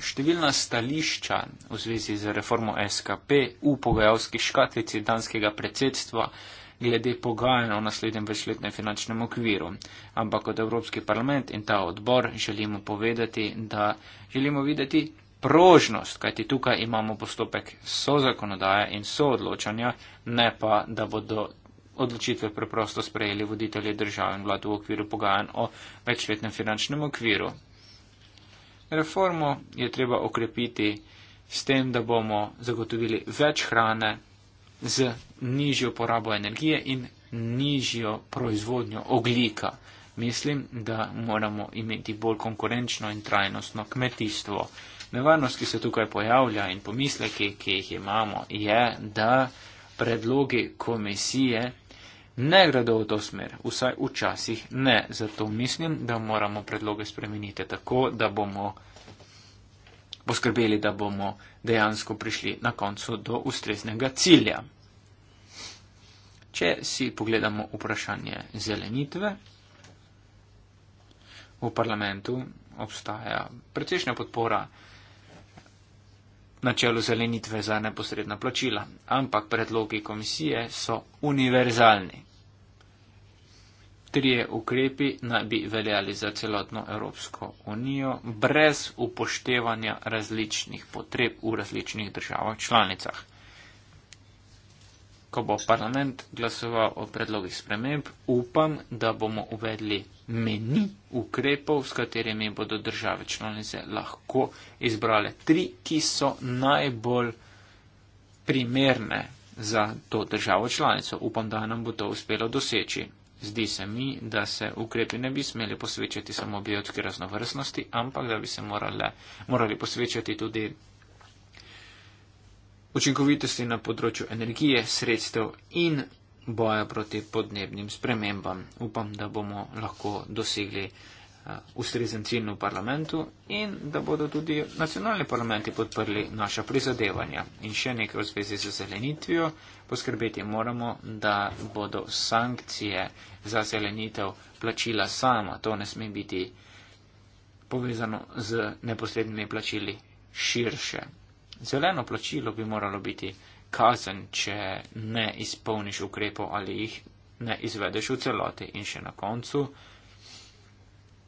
številna stališča v zvezi z reformo SKP v pogajalski škatlici danskega predsedstva glede pogajanj o naslednjem večletnem finančnem okviru. Ampak kot Evropski parlament in ta odbor želimo povedati, da želimo videti prožnost, kajti tukaj imamo postopek so zakonodaje in so odločanja, ne pa, da bodo odločitve preprosto sprejeli voditelji države in vlad v okviru pogajanj o večletnem finančnem okviru. Reformo je treba okrepiti s tem, da bomo zagotovili več hrane z nižjo porabo energije in nižjo proizvodnjo oglika. Mislim, da moramo imeti bolj konkurenčno in trajnostno kmetijstvo. Nevarnost, ki se tukaj pojavlja in pomisleki, ki jih imamo, je, da predlogi komisije ne gredo v to smer, vsaj včasih ne. Zato mislim, da moramo predloge spremeniti tako, da bomo poskrbeli, da bomo dejansko prišli na koncu do ustreznega cilja. Če si pogledamo vprašanje zelenitve, v parlamentu obstaja precejšnja podpora načelu zelenitve za neposredna plačila, ampak predlogi komisije so univerzalni. Trije ukrepi naj bi veljali za celotno Evropsko unijo brez upoštevanja različnih potreb v različnih državah članicah. Ko bo parlament glasoval o predlogih sprememb, upam, da bomo uvedli meni ukrepov, s katerimi bodo države članice lahko izbrale tri, ki so najbolj primerne za to državo članico. Upam, da nam bo to uspelo doseči. Zdi se mi, da se ukrepi ne bi smeli posvečati samo biotski raznovrstnosti, ampak da bi se morale, morali posvečati tudi učinkovitosti na področju energije, sredstev in boja proti podnebnim spremembam. Upam, da bomo lahko dosegli Uh, ustrezen cilj v parlamentu in da bodo tudi nacionalni parlamenti podprli naša prizadevanja. In še nekaj v zvezi z zelenitvijo. Poskrbeti moramo, da bodo sankcije za zelenitev plačila sama. To ne sme biti povezano z neposrednimi plačili širše. Zeleno plačilo bi moralo biti kazen, če ne izpolniš ukrepov ali jih ne izvedeš v celoti. In še na koncu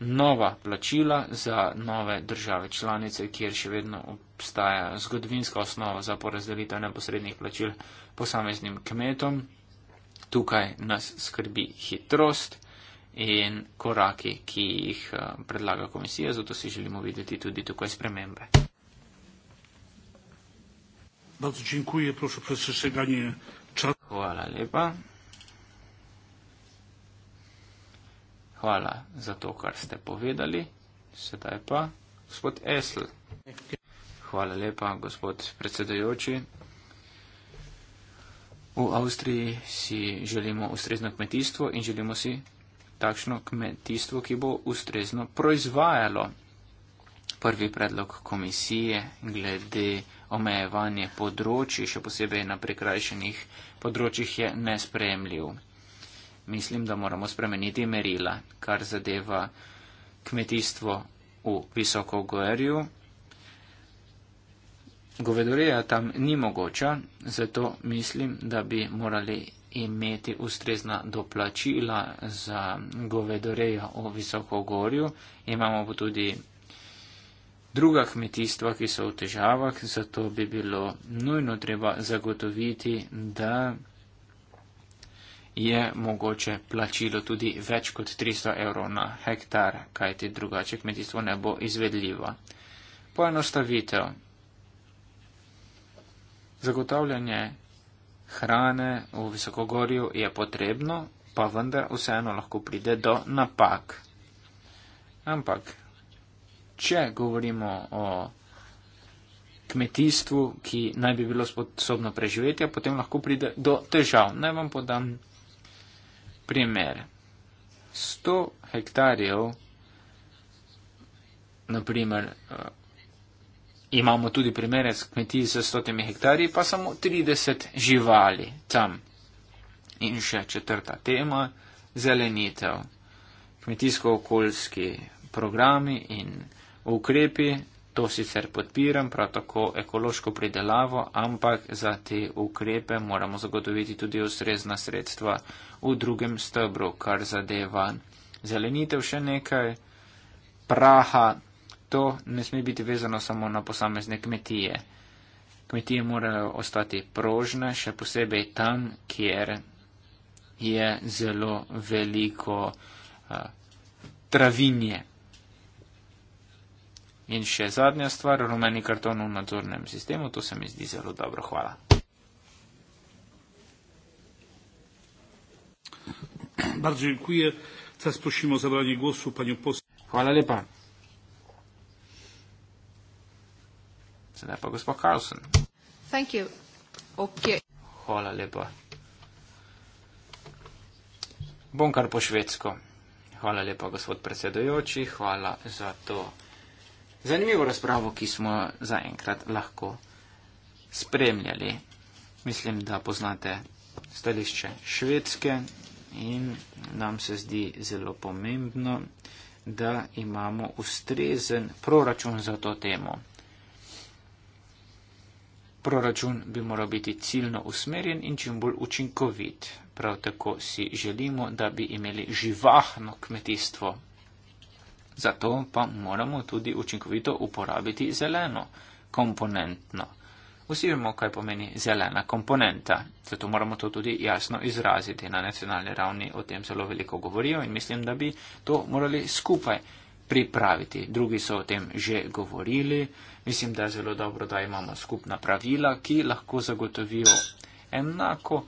nova plačila za nove države članice, kjer še vedno obstaja zgodovinska osnova za porazdelitev neposrednih plačil posameznim kmetom. Tukaj nas skrbi hitrost in koraki, ki jih eh, predlaga komisija, zato si želimo videti tudi tukaj spremembe. Hvala lepa. Hvala za to, kar ste povedali. Sedaj pa gospod Esl. Hvala lepa, gospod predsedajoči. V Avstriji si želimo ustrezno kmetijstvo in želimo si takšno kmetijstvo, ki bo ustrezno proizvajalo. Prvi predlog komisije glede omejevanje področji, še posebej na prikrajšenih področjih, je nespremljiv mislim, da moramo spremeniti merila, kar zadeva kmetijstvo v visokogorju. Govedoreja tam ni mogoča, zato mislim, da bi morali imeti ustrezna doplačila za govedorejo v visokogorju. Imamo pa tudi druga kmetijstva, ki so v težavah, zato bi bilo nujno treba zagotoviti, da je mogoče plačilo tudi več kot 300 evrov na hektar, kajti drugače kmetijstvo ne bo izvedljivo. Poenostavitev. Zagotavljanje hrane v visokogorju je potrebno, pa vendar vseeno lahko pride do napak. Ampak, če govorimo o kmetijstvu, ki naj bi bilo sposobno preživetja, potem lahko pride do težav. Naj vam podam Primer. 100 hektarjev, naprimer, uh, eh, imamo tudi primere s kmetij z 100 hektarji, pa samo 30 živali tam. In še četrta tema, zelenitev. Kmetijsko-okoljski programi in ukrepi, to sicer podpiram, prav tako ekološko pridelavo, ampak za te ukrepe moramo zagotoviti tudi ustrezna sredstva v drugem stebru, kar zadeva zelenitev še nekaj praha. To ne sme biti vezano samo na posamezne kmetije. Kmetije morajo ostati prožne, še posebej tam, kjer je zelo veliko uh, travinje. In še zadnja stvar, rumeni karton v nadzornem sistemu, to se mi zdi zelo dobro. Hvala. Bardzo dziękuję. Teraz prosimy o zabranie głosu panią poseł. Hvala lepa. Sedaj pa gospod Carlson. Thank you. Okay. Hvala lepa. Bom kar po švedsko. Hvala lepa, gospod predsedojoči. Hvala za to zanimivo razpravo, ki smo zaenkrat lahko spremljali. Mislim, da poznate stališče švedske in nam se zdi zelo pomembno, da imamo ustrezen proračun za to temo. Proračun bi moral biti ciljno usmerjen in čim bolj učinkovit. Prav tako si želimo, da bi imeli živahno kmetijstvo. Zato pa moramo tudi učinkovito uporabiti zeleno komponentno Vsi vemo, kaj pomeni zelena komponenta, zato moramo to tudi jasno izraziti na nacionalni ravni. O tem zelo veliko govorijo in mislim, da bi to morali skupaj pripraviti. Drugi so o tem že govorili. Mislim, da je zelo dobro, da imamo skupna pravila, ki lahko zagotovijo enako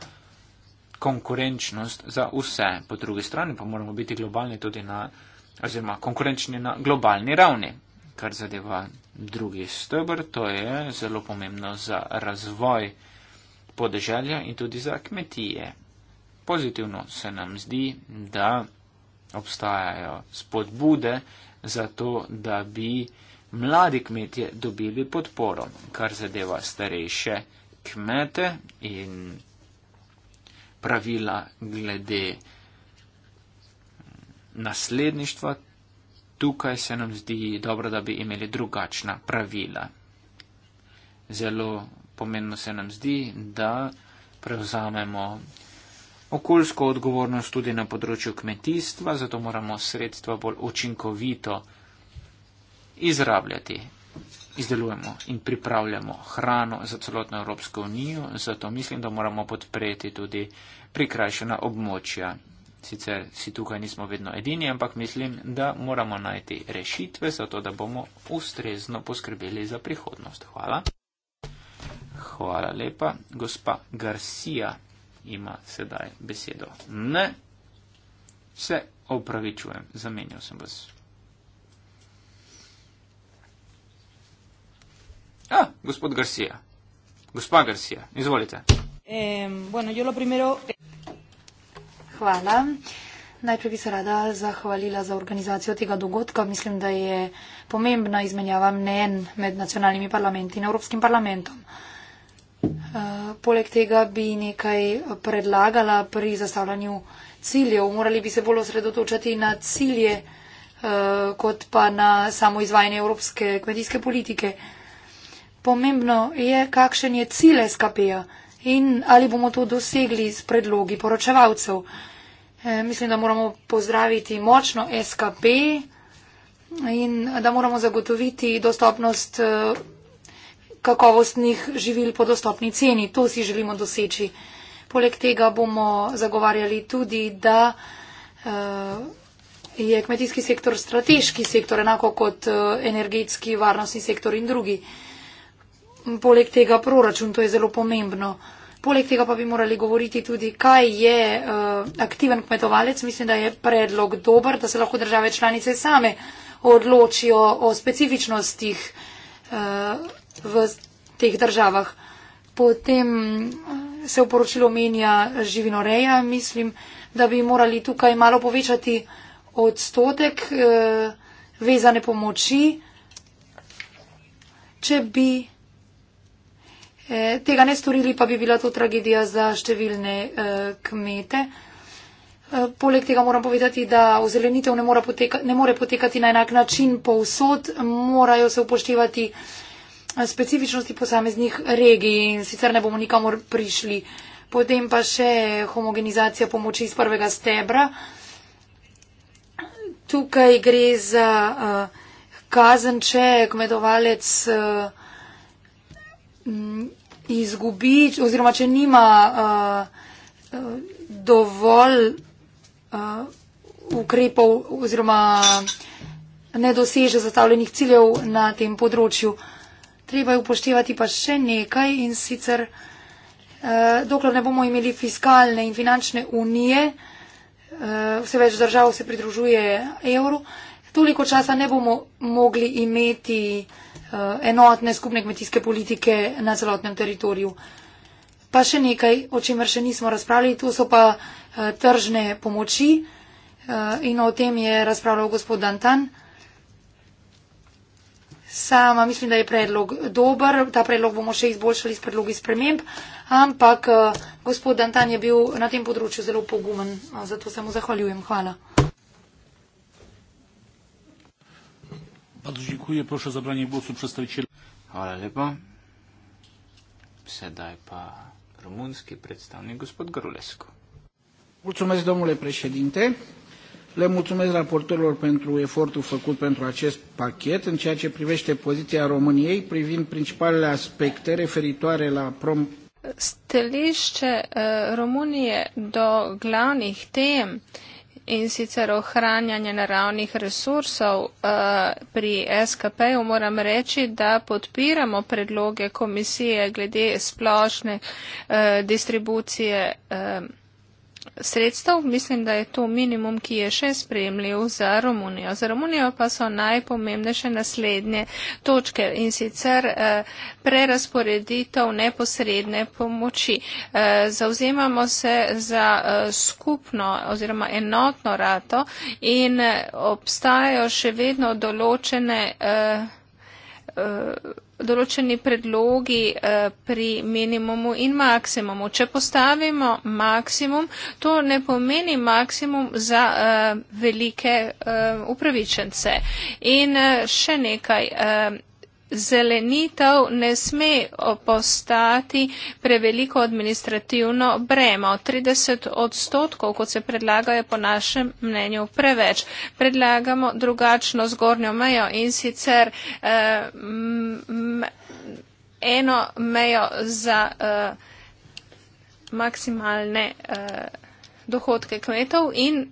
konkurenčnost za vse. Po drugi strani pa moramo biti globalni tudi na, oziroma konkurenčni na globalni ravni, kar zadeva drugi stebr, to je zelo pomembno za razvoj podeželja in tudi za kmetije. Pozitivno se nam zdi, da obstajajo spodbude za to, da bi mladi kmetje dobili podporo, kar zadeva starejše kmete in pravila glede nasledništva, tukaj se nam zdi dobro, da bi imeli drugačna pravila. Zelo pomembno se nam zdi, da prevzamemo okoljsko odgovornost tudi na področju kmetijstva, zato moramo sredstva bolj učinkovito izrabljati. Izdelujemo in pripravljamo hrano za celotno Evropsko unijo, zato mislim, da moramo podpreti tudi prikrajšena območja sicer si tukaj nismo vedno edini, ampak mislim, da moramo najti rešitve, zato da bomo ustrezno poskrbeli za prihodnost. Hvala. Hvala lepa. Gospa Garcia ima sedaj besedo. Ne, se opravičujem, zamenjal sem vas. A, ah, gospod Garcia. Gospa Garcia, izvolite. Eh, bueno, hvala. Najprej bi se rada zahvalila za organizacijo tega dogodka. Mislim, da je pomembna izmenjava mnen med nacionalnimi parlamenti in Evropskim parlamentom. Eh, poleg tega bi nekaj predlagala pri zastavljanju ciljev. Morali bi se bolj osredotočati na cilje eh, kot pa na samo izvajanje evropske kmetijske politike. Pomembno je, kakšen je cilj SKP-ja in ali bomo to dosegli s predlogi poročevalcev. Eh, mislim, da moramo pozdraviti močno SKP in da moramo zagotoviti dostopnost eh, kakovostnih živil po dostopni ceni. To si želimo doseči. Poleg tega bomo zagovarjali tudi, da eh, je kmetijski sektor strateški sektor, enako kot energetski, varnostni sektor in drugi. Poleg tega proračun, to je zelo pomembno. Poleg tega pa bi morali govoriti tudi, kaj je uh, aktiven kmetovalec. Mislim, da je predlog dober, da se lahko države članice same odločijo o specifičnostih uh, v teh državah. Potem eh, se v poročilu menja živinoreja. Mislim, da bi morali tukaj malo povečati odstotek uh, vezane pomoči, če bi. E, tega ne storili, pa bi bila to tragedija za številne e, kmete. E, poleg tega moram povedati, da ozelenitev ne, poteka, ne more potekati na enak način povsod, morajo se upoštevati specifičnosti posameznih regij in sicer ne bomo nikamor prišli. Potem pa še homogenizacija pomoči iz prvega stebra. Tukaj gre za uh, kazen, če kmetovalec uh, izgubi, oziroma če nima uh, dovolj uh, ukrepov oziroma ne doseže zastavljenih ciljev na tem področju. Treba je upoštevati pa še nekaj in sicer, eh, dokler ne bomo imeli fiskalne in finančne unije, eh, vse več držav se pridružuje evru, toliko časa ne bomo mogli imeti eh, Eh, enotne skupne kmetijske politike na celotnem teritoriju. Pa še nekaj, o čemer še nismo razpravljali, to so pa eh, tržne pomoči eh, in o tem je razpravljal gospod Dantan. Sama mislim, da je predlog dober, ta predlog bomo še izboljšali s predlogi sprememb, ampak gospod Dantan je bil na tem področju zelo pogumen, zato se mu zahvaljujem. Hvala. Bardzo dziękuję. Proszę o zabranie głosu przedstawiciela. Ale lepo. Sedaj pa rumunski predstavnik gospod Gorulescu. Mulțumesc, domnule președinte. Le mulțumesc raportorilor pentru efortul făcut pentru acest pachet în ceea ce privește poziția României privind principalele aspecte referitoare la prom... Stelișce uh, Românie do glavnih tem uh, in sicer ohranjanje naravnih resursov eh, pri SKP-ju, moram reči, da podpiramo predloge komisije glede splošne eh, distribucije. Eh, sredstev. Mislim, da je to minimum, ki je še spremljiv za Romunijo. Za Romunijo pa so najpomembnejše naslednje točke in sicer eh, prerasporeditev neposredne pomoči. Eh, zauzemamo se za eh, skupno oziroma enotno rato in eh, obstajajo še vedno določene. Eh, Eh, določeni predlogi eh, pri minimumu in maksimumu. Če postavimo maksimum, to ne pomeni maksimum za eh, velike upravičence. In še nekaj zelenitev ne sme postati preveliko administrativno bremo. 30 odstotkov, kot se predlaga, je po našem mnenju preveč. Predlagamo drugačno zgornjo mejo in sicer eh, eno mejo za eh, maksimalne eh, dohodke kmetov in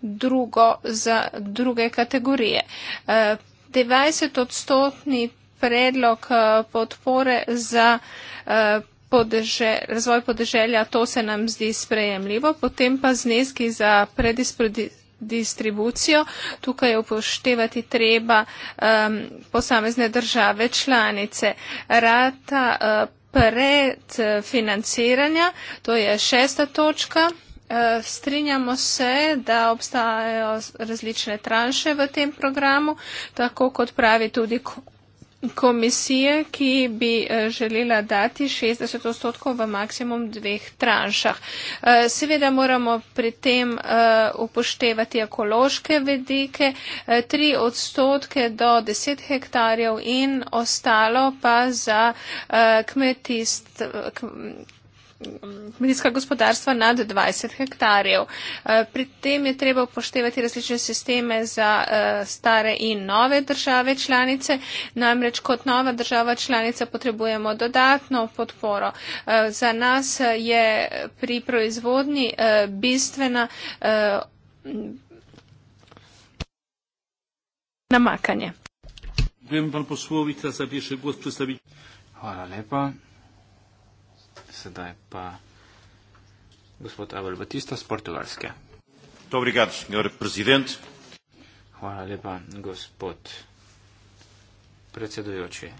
drugo za druge kategorije. Eh, 90 odstotni predlog eh, podpore za eh, podeže, razvoj podeželja, to se nam zdi sprejemljivo, potem pa zneski za predistribucijo, tukaj upoštevati treba um, posamezne države članice. Rata uh, predfinanciranja, to je šesta točka. Eh, strinjamo se, da obstajajo različne tranše v tem programu, tako kot pravi tudi komisija, ki bi eh, želela dati 60 odstotkov v maksimum dveh tranšah. Eh, seveda moramo pri tem upoštevati ekološke vedike, 3 odstotke do 10 hektarjev in ostalo pa za kmetijstvo kmetijska gospodarstva nad 20 hektarjev. Eh, pri tem je treba upoštevati različne sisteme za eh, stare in nove države članice. Namreč kot nova država članica potrebujemo dodatno podporo. Eh, za nas je pri proizvodnji bistvena namakanje. Hvala lepa. Sedaj pa gospod Abel Batista z Portugalske. Obrigado, senhor prezident. Hvala lepa, gospod predsedujoči.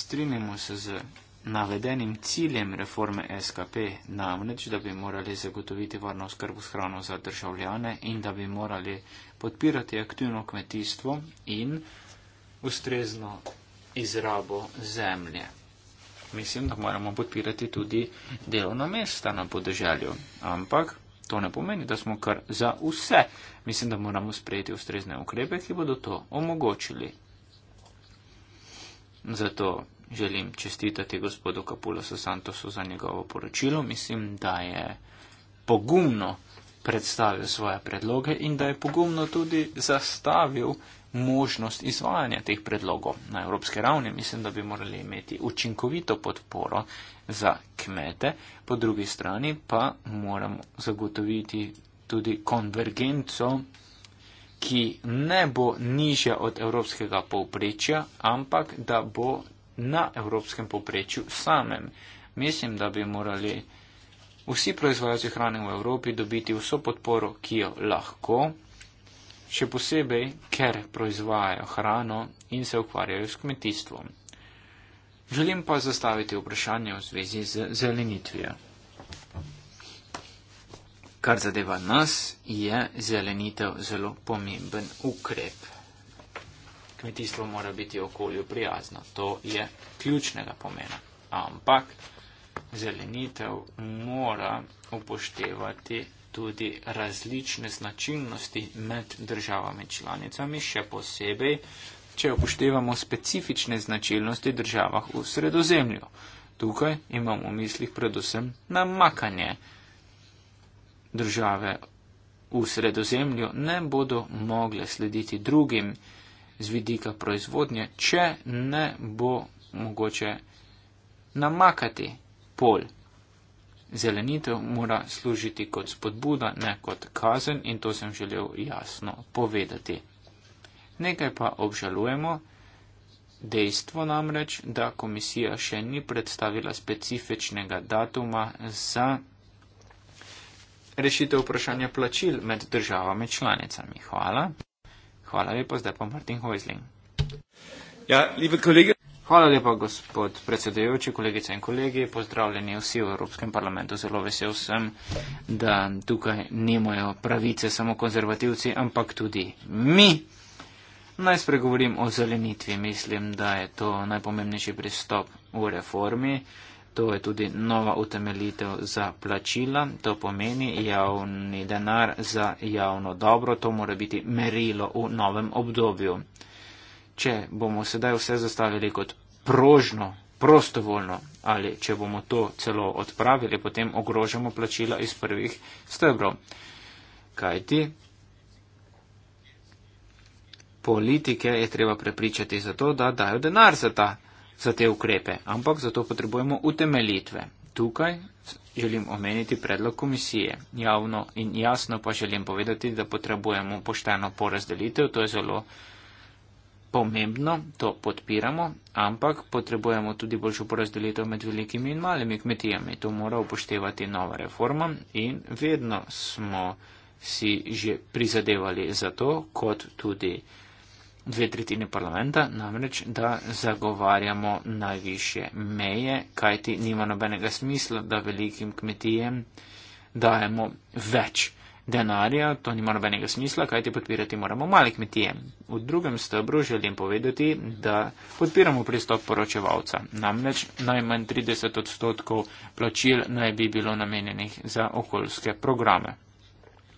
Strinjamo se z navedenim ciljem reforme SKP, namreč, da bi morali zagotoviti varno skrb s hrano za državljane in da bi morali podpirati aktivno kmetijstvo in ustrezno izrabo zemlje. Mislim, da moramo podpirati tudi delovna mesta na podeželju, ampak to ne pomeni, da smo kar za vse. Mislim, da moramo sprejeti ustrezne ukrepe, ki bodo to omogočili. Zato želim čestitati gospodu Kapulosu Santosu za njegovo poročilo. Mislim, da je pogumno predstavil svoje predloge in da je pogumno tudi zastavil možnost izvajanja teh predlogov na evropske ravni. Mislim, da bi morali imeti učinkovito podporo za kmete, po drugi strani pa moramo zagotoviti tudi konvergenco, ki ne bo nižja od evropskega povprečja, ampak da bo na evropskem povprečju samem. Mislim, da bi morali vsi proizvajalci hrane v Evropi dobiti vso podporo, ki jo lahko še posebej, ker proizvajajo hrano in se ukvarjajo s kmetijstvom. Želim pa zastaviti vprašanje v zvezi z zelenitvijo. Kar zadeva nas, je zelenitev zelo pomemben ukrep. Kmetijstvo mora biti okolju prijazno, to je ključnega pomena. Ampak zelenitev mora upoštevati tudi različne značilnosti med državami članicami, še posebej, če upoštevamo specifične značilnosti državah v sredozemlju. Tukaj imamo v mislih predvsem namakanje. Države v sredozemlju ne bodo mogle slediti drugim z vidika proizvodnje, če ne bo mogoče namakati pol zelenitev mora služiti kot spodbuda, ne kot kazen in to sem želel jasno povedati. Nekaj pa obžalujemo, dejstvo namreč, da komisija še ni predstavila specifičnega datuma za rešitev vprašanja plačil med državami članicami. Hvala. Hvala lepa, zdaj pa Martin Hojzling. Ja, liebe Kollegin. Hvala lepa, gospod predsedujoči, kolegice in kolegi. Pozdravljeni vsi v Evropskem parlamentu. Zelo vesel sem, da tukaj nimajo pravice samo konzervativci, ampak tudi mi. Naj spregovorim o zelenitvi. Mislim, da je to najpomembnejši pristop v reformi. To je tudi nova utemeljitev za plačila. To pomeni javni denar za javno dobro. To mora biti merilo v novem obdobju če bomo sedaj vse zastavili kot prožno, prostovoljno ali če bomo to celo odpravili, potem ogrožamo plačila iz prvih stebrov. Kaj ti? Politike je treba prepričati za to, da dajo denar za, ta, za te ukrepe, ampak zato potrebujemo utemelitve. Tukaj želim omeniti predlog komisije. Javno in jasno pa želim povedati, da potrebujemo pošteno porazdelitev, to je zelo pomembno, to podpiramo, ampak potrebujemo tudi boljšo porazdelitev med velikimi in malimi kmetijami. To mora upoštevati nova reforma in vedno smo si že prizadevali za to, kot tudi dve tretjine parlamenta, namreč, da zagovarjamo najviše meje, kajti nima nobenega smisla, da velikim kmetijem dajemo več denarja, to nima nobenega smisla, kajti podpirati moramo male kmetije. V drugem stebru želim povedati, da podpiramo pristop poročevalca. Namreč najmanj 30 odstotkov plačil naj bi bilo namenjenih za okoljske programe.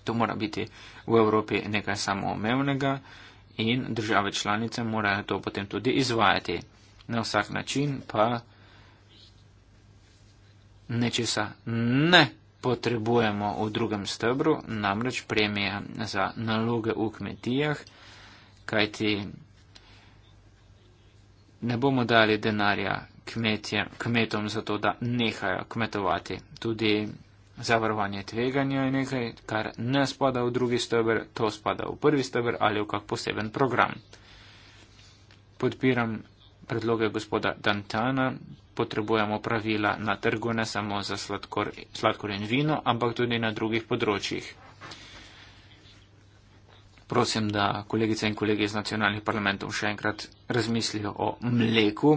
To mora biti v Evropi nekaj samoumevnega in države članice morajo to potem tudi izvajati. Na vsak način pa nečesa ne potrebujemo v drugem stebru, namreč premija za naloge v kmetijah, kajti ne bomo dali denarja kmetje, kmetom za to, da nehajo kmetovati. Tudi zavarovanje tveganja je nekaj, kar ne spada v drugi stebr, to spada v prvi stebr ali v kak poseben program. Podpiram predloge gospoda Dantana, potrebujemo pravila na trgu, ne samo za sladkor, sladkor in vino, ampak tudi na drugih področjih. Prosim, da kolegice in kolege iz nacionalnih parlamentov še enkrat razmislijo o mleku.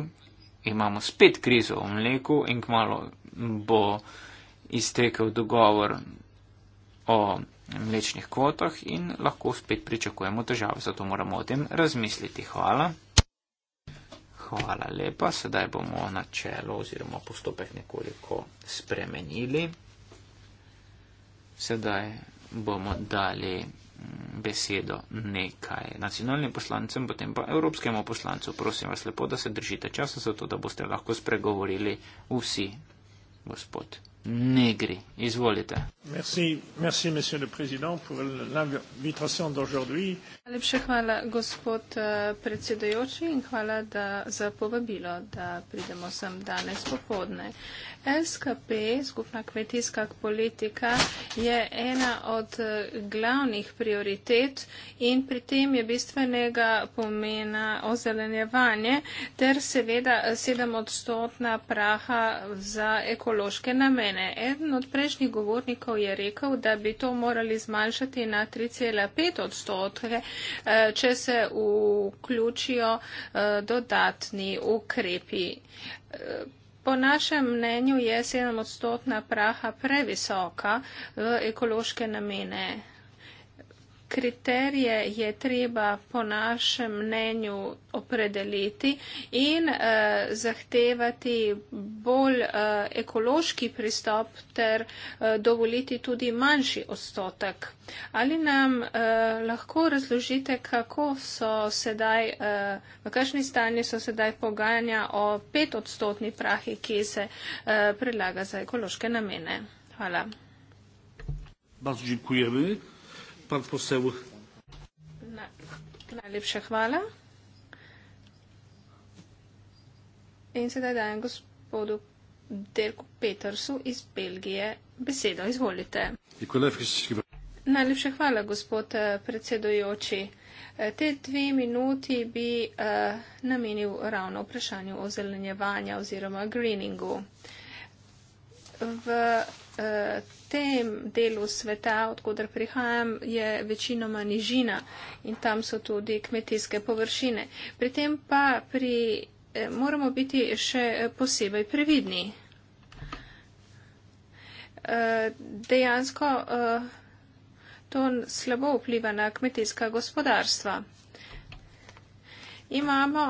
Imamo spet krizo o mleku in kmalo bo iztekel dogovor o mlečnih kvotah in lahko spet pričakujemo težave. Zato moramo o tem razmisliti. Hvala. Hvala lepa. Sedaj bomo načelo oziroma postopek nekoliko spremenili. Sedaj bomo dali mm, besedo nekaj nacionalnim poslancem, potem pa evropskemu poslancu. Prosim vas lepo, da se držite časa, zato da boste lahko spregovorili vsi, gospod Negri. Izvolite. Lepše hvala, gospod eh, predsedajoči, in hvala da, za povabilo, da pridemo sem danes popovdne. Uh, SKP, skupna kmetijska politika, je ena od eh, glavnih prioritet in pri tem je bistvenega pomena ozelenjevanje ter seveda sedem odstotna praha za ekološke namene. Eden od prejšnjih govornikov je rekel, da bi to morali zmanjšati na 3,5 odstotke, eh, če se vključijo eh, dodatni ukrepi. Po našem mnenju je 7-odstotna praha previsoka v ekološke namene kriterije je treba po našem mnenju opredeliti in eh, zahtevati bolj eh, ekološki pristop ter eh, dovoliti tudi manjši odstotek. Ali nam eh, lahko razložite, kako so sedaj, eh, v kakšni stanje so sedaj pogajanja o pet odstotni prahi, ki se eh, predlaga za ekološke namene? Hvala. Bardzo dziękujemy pa posebu. Najlepša hvala. In sedaj dajem gospodu Delku Petersu iz Belgije besedo. Izvolite. Najlepša hvala, gospod eh, predsedojoči. Eh, te dve minuti bi uh, namenil ravno vprašanju o zelenjevanju oziroma greeningu. V tem delu sveta, odkudar prihajam, je večinoma nižina in tam so tudi kmetijske površine. Pri tem pa pri, eh, moramo biti še posebej previdni. Eh, dejansko eh, to slabo vpliva na kmetijska gospodarstva. Imamo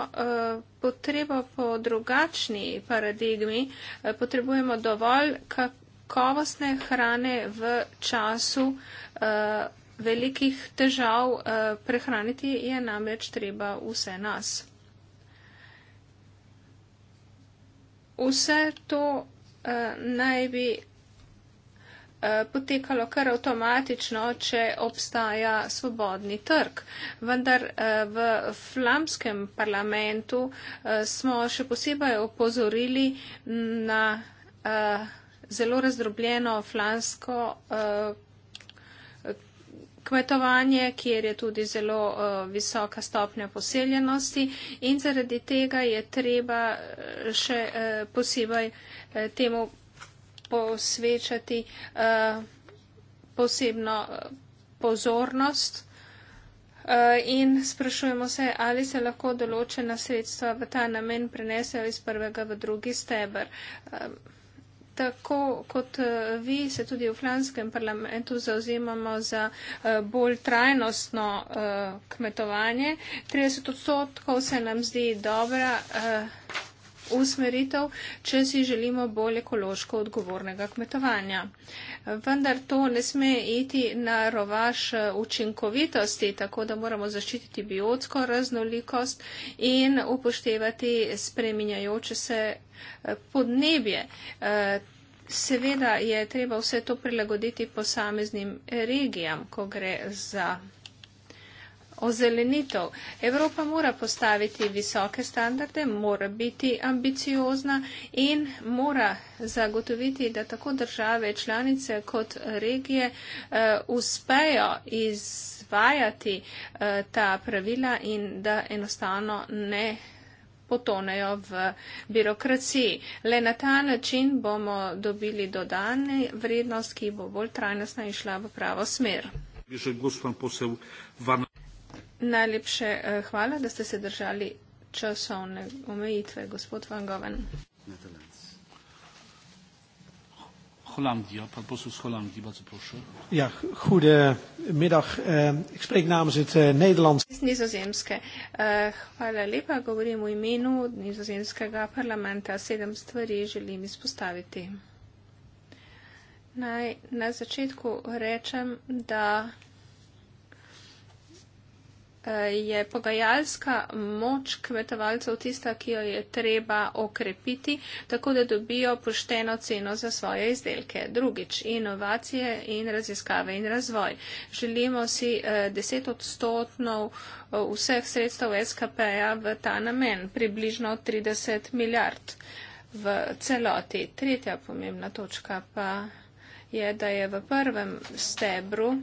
potrebo po drugačni paradigmi, potrebujemo dovolj, kako kakovostne hrane v času uh, velikih težav uh, prehraniti je namreč treba vse nas. Vse to uh, naj bi potekalo kar avtomatično, če obstaja svobodni trg. Vendar v flamskem parlamentu smo še posebej opozorili na zelo razdrobljeno flansko eh, kmetovanje, kjer je tudi zelo eh, visoka stopnja poseljenosti in zaradi tega je treba eh, še posebej temu posvečati posebno pozornost. In sprašujemo se, ali se lahko določena sredstva v ta namen prenesejo iz prvega v drugi stebr. Tako kot eh, vi se tudi v flanskem parlamentu zauzemamo za eh, bolj trajnostno eh, kmetovanje. 30 odstotkov se nam zdi dobra usmeritev, če si želimo bolj ekološko odgovornega kmetovanja. Vendar to ne sme iti na rovaš eh, učinkovitosti, tako da moramo zaščititi biotsko raznolikost in upoštevati spreminjajoče se eh, podnebje. Eh, seveda je treba vse to prilagoditi posameznim regijam, ko gre za ozelenitev. Evropa mora postaviti visoke standarde, mora biti ambiciozna in mora zagotoviti, da tako države članice kot regije uh, uspejo izvajati uh, ta pravila in da enostavno ne potonejo v birokraciji. Le na ta način bomo dobili dodane vrednost, ki bo bolj trajnostna in šla v pravo smer. Že gospod posel vam. Najlepše eh, hvala, da ste se držali časovne omejitve, gospod Van Goven. Ja, goedemiddag. Eh, ik spreek namens het eh, Nederlands. Hvala lepa, govorim v imenu nizozemskega parlamenta. Sedem stvari želim izpostaviti. Naj na začetku rečem, da je pogajalska moč kmetovalcev tista, ki jo je treba okrepiti, tako da dobijo pošteno ceno za svoje izdelke. Drugič, inovacije in raziskave in razvoj. Želimo si eh, deset odstotkov eh, vseh sredstev SKP-ja v ta namen, približno 30 milijard v celoti. Tretja pomembna točka pa je, da je v prvem stebru,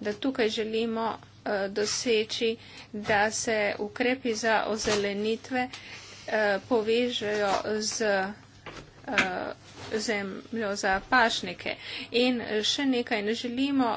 da tukaj želimo Eh, doseči, da se ukrepi za ozelenitve eh, povežejo z eh, zemljo za pašnike. In še nekaj, ne želimo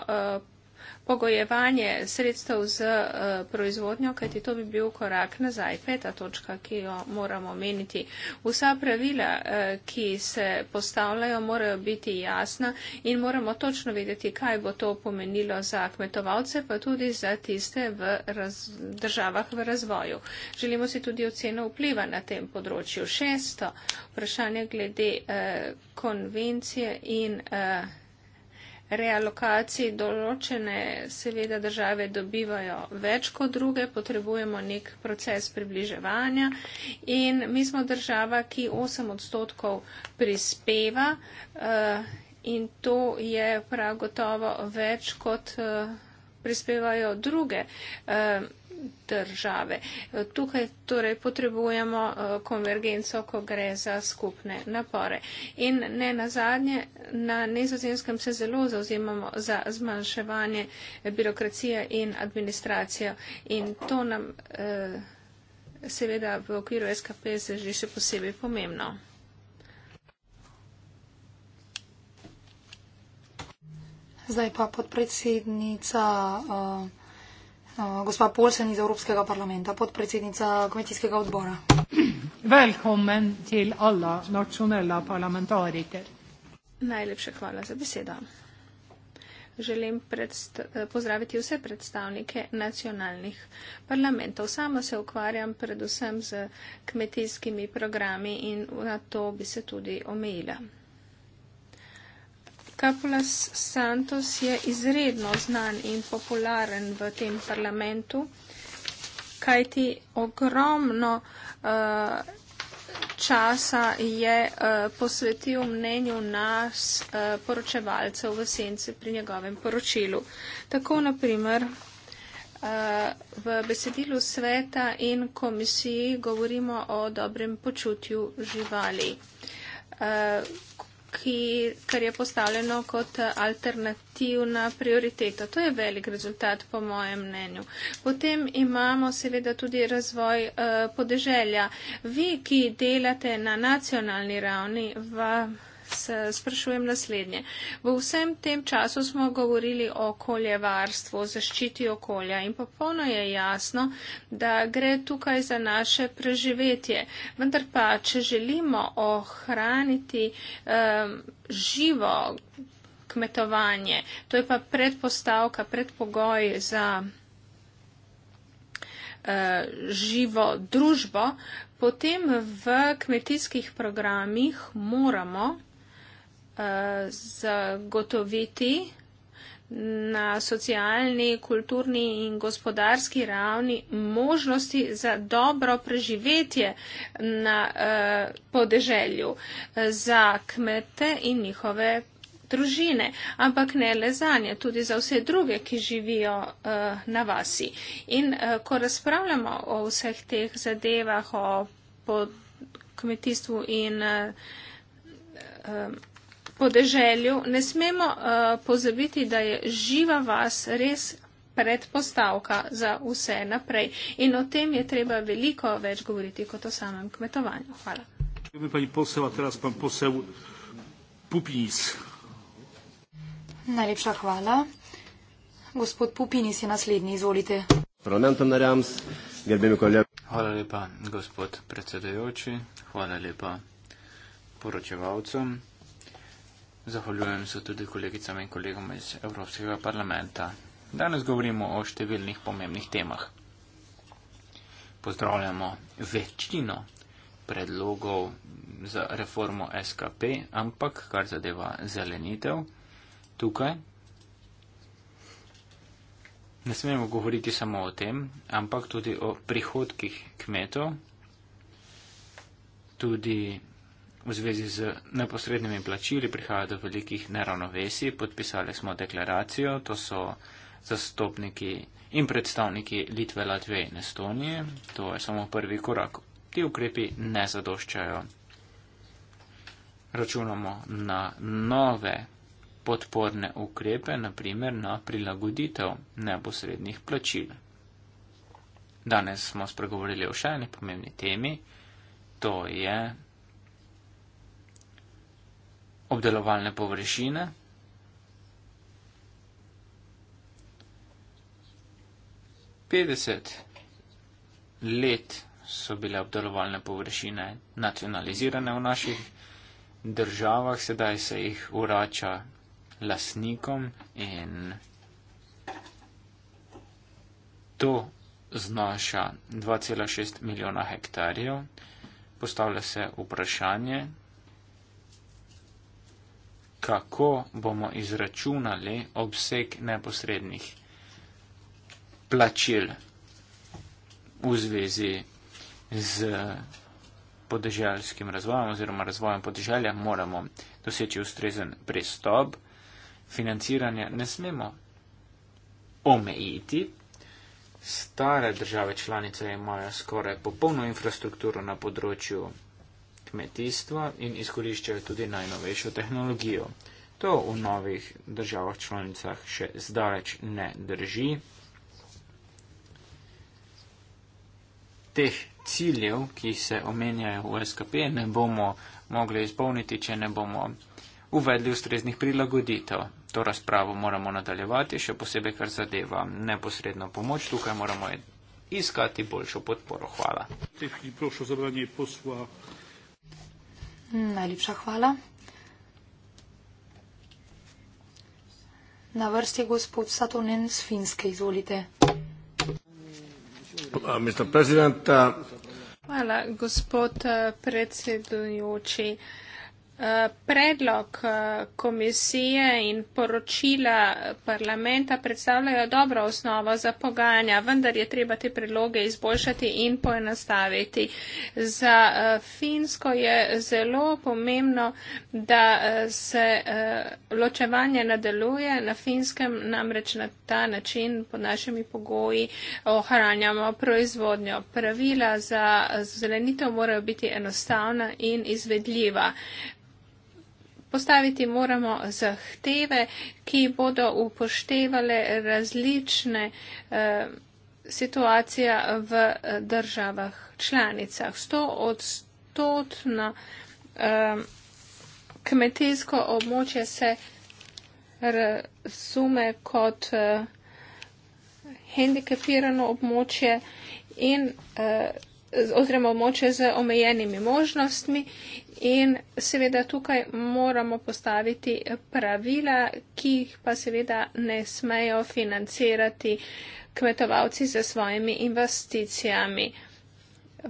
pogojevanje sredstev z eh, proizvodnjo, kajti to bi bil korak nazaj, peta točka, ki jo moramo meniti. Vsa pravila, eh, ki se postavljajo, morajo biti jasna in moramo točno vedeti, kaj bo to pomenilo za kmetovalce, pa tudi za tiste v raz, državah v razvoju. Želimo si tudi oceno vpliva na tem področju. Šesto vprašanje glede eh, konvencije in realokaciji določene seveda države dobivajo več kot druge, potrebujemo nek proces približevanja in mi smo država, ki 8 odstotkov prispeva eh, in to je prav gotovo več kot eh, prispevajo druge eh, države. Tukaj torej potrebujemo eh, konvergenco, ko gre za skupne napore. In ne na zadnje, na nizozemskem se zelo zauzemamo za zmanjševanje birokracije in administracijo. In to nam eh, seveda v okviru SKP se že še posebej pomembno. Zdaj pa podpredsednica. Uh... Uh, gospa Polsen iz Evropskega parlamenta, podpredsednica kmetijskega odbora. Velkommen til alla nacionella parlamentariker. Najlepša hvala za besedo. Želim pozdraviti vse predstavnike nacionalnih parlamentov. Sama se ukvarjam predvsem z kmetijskimi programi in na to bi se tudi omejila. Kapulas Santos je izredno znan in popularen v tem parlamentu, kajti ogromno uh, časa je uh, posvetil mnenju nas, uh, poročevalcev v senci pri njegovem poročilu. Tako naprimer uh, v besedilu sveta in komisiji govorimo o dobrem počutju živali. Uh, ki, kar je postavljeno kot alternativna prioriteta. To je velik rezultat, po mojem mnenju. Potem imamo seveda tudi razvoj uh, podeželja. Vi, ki delate na nacionalni ravni v se sprašujem naslednje. V vsem tem času smo govorili o okoljevarstvu, zaščiti okolja in popolno je jasno, da gre tukaj za naše preživetje. Vendar pa, če želimo ohraniti um, živo kmetovanje, to je pa predpostavka, predpogoj za eh, živo družbo, potem v kmetijskih programih moramo zagotoviti na socialni, kulturni in gospodarski ravni možnosti za dobro preživetje na eh, podeželju eh, za kmete in njihove družine, ampak ne le za nje, tudi za vse druge, ki živijo eh, na vasi. In ko razpravljamo o vseh teh zadevah, o kmetijstvu in podeželju ne smemo uh, pozabiti, da je živa vas res predpostavka za vse naprej. In o tem je treba veliko več govoriti kot o samem kmetovanju. Hvala. Najlepša hvala. Gospod Pupinis je naslednji, izvolite. Hvala lepa, gospod predsedajoči. Hvala lepa poročevalcem. Zahvaljujem se tudi kolegicam in kolegom iz Evropskega parlamenta. Danes govorimo o številnih pomembnih temah. Pozdravljamo večino predlogov za reformo SKP, ampak kar zadeva zelenitev, tukaj ne smemo govoriti samo o tem, ampak tudi o prihodkih kmetov, tudi v zvezi z neposrednimi plačili prihaja do velikih neravnovesi. Podpisali smo deklaracijo, to so zastopniki in predstavniki Litve, Latve in Estonije. To je samo prvi korak. Ti ukrepi ne zadoščajo. Računamo na nove podporne ukrepe, naprimer na prilagoditev neposrednih plačil. Danes smo spregovorili o še eni pomembni temi, to je obdelovalne površine, petdeset let so bile obdelovalne površine nacionalizirane v naših državah, sedaj se jih vrača lasnikom in to znaša 2,6 milijona hektarjev. Postavlja se vprašanje, kako bomo izračunali obseg neposrednih plačil v zvezi z podeželjskim razvojem oziroma razvojem podeželja, moramo doseči ustrezen pristop. Financiranja ne smemo omejiti. Stare države članice imajo skoraj popolno infrastrukturo na področju kmetijstva in izkoriščajo tudi najnovejšo tehnologijo. To v novih državah članicah še zdaleč ne drži. Teh ciljev, ki se omenjajo v SKP, ne bomo mogli izpolniti, če ne bomo uvedli ustreznih prilagoditev. To razpravo moramo nadaljevati, še posebej, kar zadeva neposredno pomoč. Tukaj moramo iskati boljšo podporo. Hvala. Tehnik, prošlo, Najlepša hvala. Na vrsti je gospod Satonen z Finske, izvolite. Uh, uh, hvala, gospod uh, predsedujoči predlog eh, komisije in poročila parlamenta predstavljajo dobro osnovo za pogajanja, vendar je treba te predloge izboljšati in poenostaviti. Za eh, Finsko je zelo pomembno, da eh, se ločevanje nadaljuje na Finskem, namreč na ta način pod našimi pogoji ohranjamo proizvodnjo. Pravila za zelenitev morajo biti enostavna in izvedljiva. Postaviti moramo zahteve, ki bodo upoštevale različne eh, situacije v eh, državah članicah. Sto odstotna eh, kmetijsko območje se razume kot hendikepirano območje in oziroma območje z omejenimi možnostmi in seveda tukaj moramo postaviti pravila, ki jih pa seveda ne smejo financirati kmetovalci za svojimi investicijami.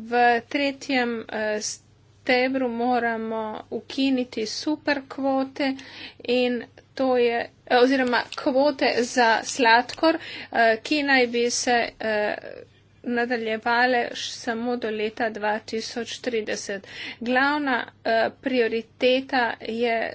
V tretjem eh, stebru moramo ukiniti superkvote in to je eh, oziroma kvote za sladkor, eh, ki naj bi se nadaljevale samo do leta 2030. Glavna uh, prioriteta je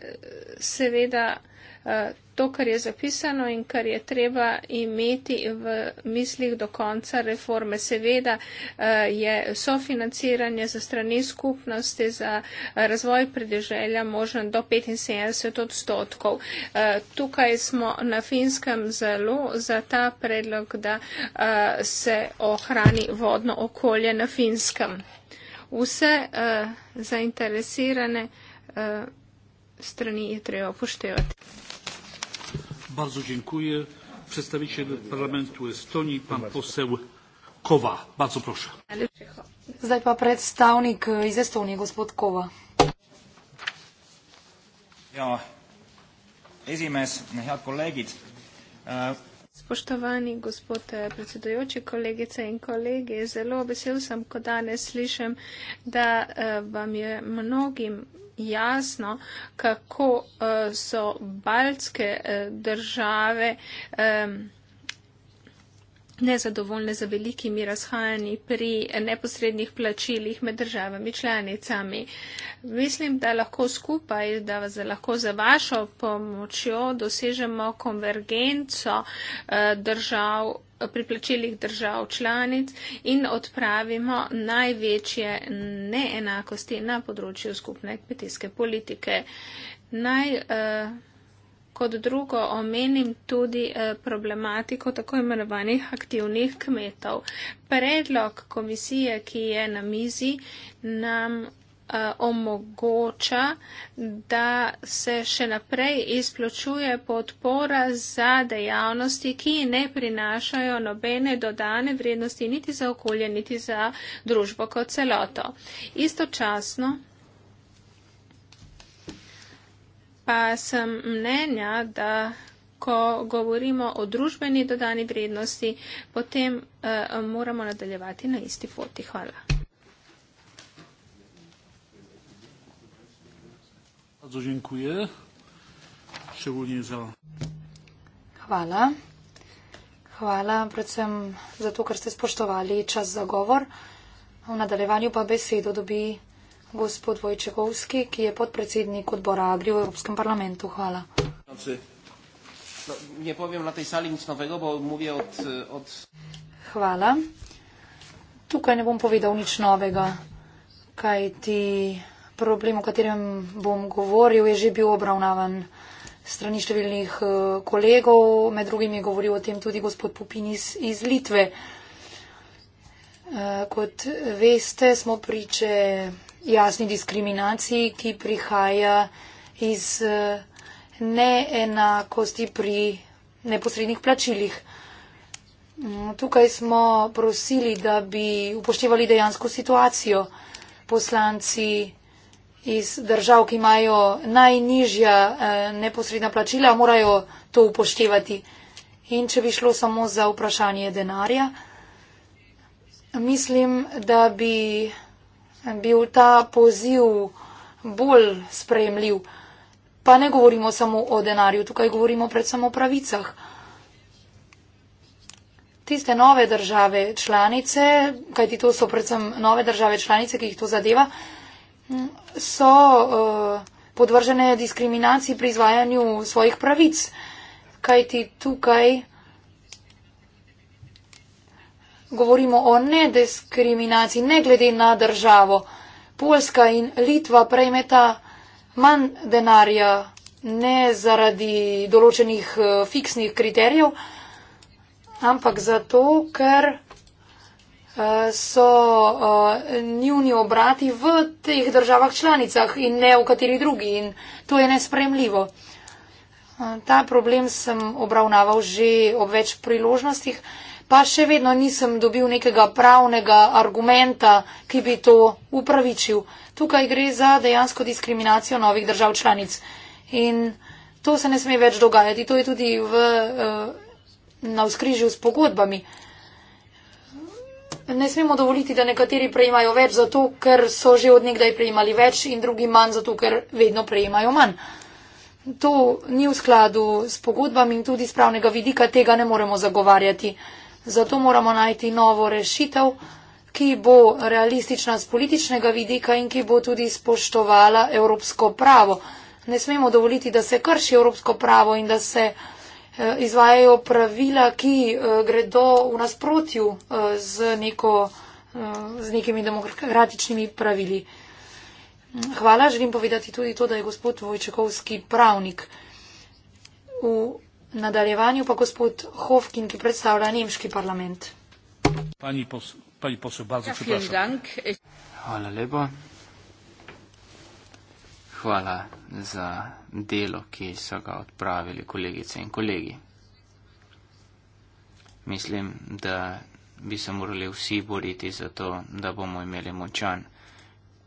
seveda uh, to, kar je zapisano in kar je treba imeti v mislih do konca reforme. Seveda eh, je sofinanciranje za strani skupnosti za eh, razvoj predeželja možen do 75 odstotkov. Eh, tukaj smo na finskem zelo za ta predlog, da se ohrani vodno okolje na finskem. Vse zainteresirane strani je treba upoštevati. Bardzo dziękuję. Przedstawiciel Parlamentu Estonii, pan poseł Kowa. Bardzo proszę. Zdaj pa predstavnik e, iz Estonije, gospod Kova. Ja, izimes, nehaj kolegic. Äh, Spoštovani gospod e, predsedujoči, kolegice in kolegi, zelo vesel sem, ko danes slišem, da e, vam je mnogim jasno, kako eh, so baltske eh, države nezadovoljne za velikimi razhajanji pri neposrednih plačilih med državami članicami. Mislim, da lahko skupaj, da lahko za vašo pomočjo dosežemo konvergenco eh, držav pri plačilih držav članic in odpravimo največje neenakosti na področju skupne kmetijske politike. Naj eh, kot drugo omenim tudi eh, problematiko tako imenovanih aktivnih kmetov. Predlog komisije, ki je na mizi, nam Eh, omogoča, da se še naprej izplačuje podpora za dejavnosti, ki ne prinašajo nobene dodane vrednosti niti za okolje, niti za družbo kot celoto. Istočasno pa sem mnenja, da ko govorimo o družbeni dodani vrednosti, potem uh, moramo nadaljevati na isti poti. Hvala. bardzo dziękuję, szczególnie za. Hvala. Hvala predvsem za to, ker ste spoštovali čas za govor. V nadaljevanju pa besedo dobi gospod Vojčekovski, ki je podpredsednik odbora Agri v Evropskem parlamentu. Hvala. No, Hvala. Tukaj ne bom povedal nič novega, kaj ti problem, o katerem bom govoril, je že bil obravnavan strani številnih eh, kolegov, med drugim je govoril o tem tudi gospod Pupin iz, iz Litve. Eh, kot veste, smo priče jasni diskriminaciji, ki prihaja iz eh, neenakosti pri neposrednih plačilih. Mm, tukaj smo prosili, da bi upoštevali dejansko situacijo. Poslanci iz držav, ki imajo najnižja eh, neposredna plačila, morajo to upoštevati. In če bi šlo samo za vprašanje denarja, mislim, da bi bil ta poziv bolj sprejemljiv. Pa ne govorimo samo o denarju, tukaj govorimo predvsem o pravicah. Tiste nove države članice, kajti to so predvsem nove države članice, ki jih to zadeva, so uh, podvržene diskriminaciji pri izvajanju svojih pravic, kajti tukaj govorimo o nediskriminaciji, ne glede na državo. Poljska in Litva prejmeta manj denarja, ne zaradi določenih uh, fiksnih kriterijev, ampak zato, ker so eh, njuni obrati v teh državah članicah in ne v kateri drugi. In to je nespremljivo. Eh, ta problem sem obravnaval že ob več priložnostih, pa še vedno nisem dobil nekega pravnega argumenta, ki bi to upravičil. Tukaj gre za dejansko diskriminacijo novih držav članic. In to se ne sme več dogajati. To je tudi v, eh, na vzkrižju s pogodbami. Uh, Ne smemo dovoliti, da nekateri prejmajo več zato, ker so že odnegdaj prejmali več in drugi manj zato, ker vedno prejmajo manj. To ni v skladu s pogodbami in tudi z pravnega vidika tega ne moremo zagovarjati. Zato moramo najti novo rešitev, ki bo realistična z političnega vidika in ki bo tudi spoštovala evropsko pravo. Ne smemo dovoliti, da se krši evropsko pravo in da se. Eh, izvajajo pravila, ki eh, gredo v nasprotju eh, z, neko, z nekimi demokratičnimi pravili. Hvala, želim povedati tudi to, da je gospod Vojčekovski pravnik. V nadaljevanju pa gospod Hofkin, ki predstavlja nemški parlament. Pani pos, pani posel, bazo, ja, Hvala lepa. Hvala za delo, ki so ga odpravili kolegice in kolegi. Mislim, da bi se morali vsi boriti za to, da bomo imeli močan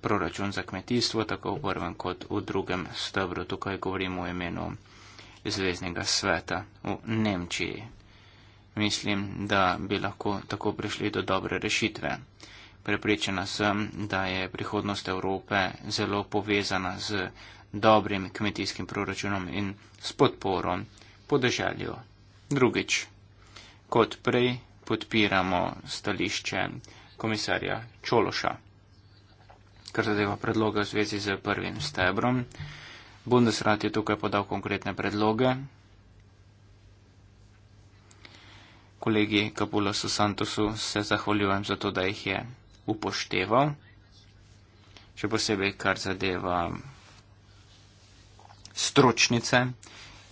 proračun za kmetijstvo, tako v prvem kot v drugem stebru. Tukaj govorimo o imenu Zvezdnega sveta v Nemčiji. Mislim, da bi lahko tako prišli do dobre rešitve. Prepričana sem, da je prihodnost Evrope zelo povezana z dobrim kmetijskim proračunom in s podporo podeželju. Drugič, kot prej podpiramo stališče komisarja Čološa. Kar zadeva predloga v zvezi z prvim stebrom, Bundesrat je tukaj podal konkretne predloge. Kolegi Kapulosu Santosu se zahvaljujem za to, da jih je upošteval, še posebej kar zadeva stročnice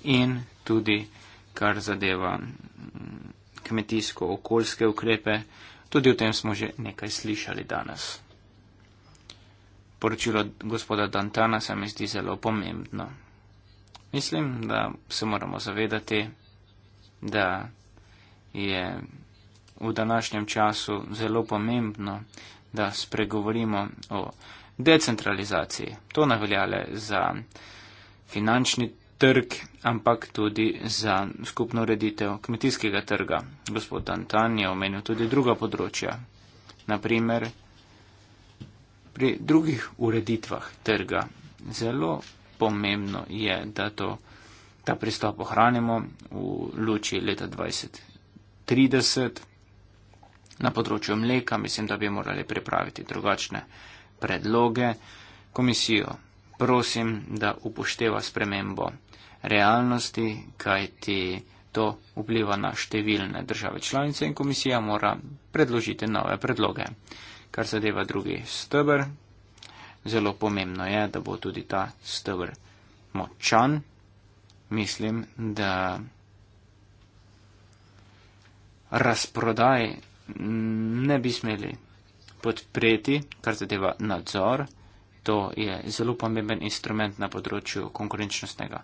in tudi kar zadeva mm, kmetijsko-okoljske ukrepe. Tudi o tem smo že nekaj slišali danes. Poročilo gospoda Dantana se mi zdi zelo pomembno. Mislim, da se moramo zavedati, da je v današnjem času zelo pomembno, da spregovorimo o decentralizaciji. To naveljale za finančni trg, ampak tudi za skupno ureditev kmetijskega trga. Gospod Antan je omenil tudi druga področja, naprimer pri drugih ureditvah trga. Zelo pomembno je, da to, ta pristop ohranimo v luči leta 2030. Na področju mleka mislim, da bi morali pripraviti drugačne predloge. Komisijo prosim, da upošteva spremembo realnosti, kajti to vpliva na številne države članice in komisija mora predložiti nove predloge. Kar zadeva drugi stebr, zelo pomembno je, da bo tudi ta stebr močan. Mislim, da razprodaj ne bi smeli podpreti, kar zadeva nadzor to je zelo pomemben instrument na področju konkurenčnostnega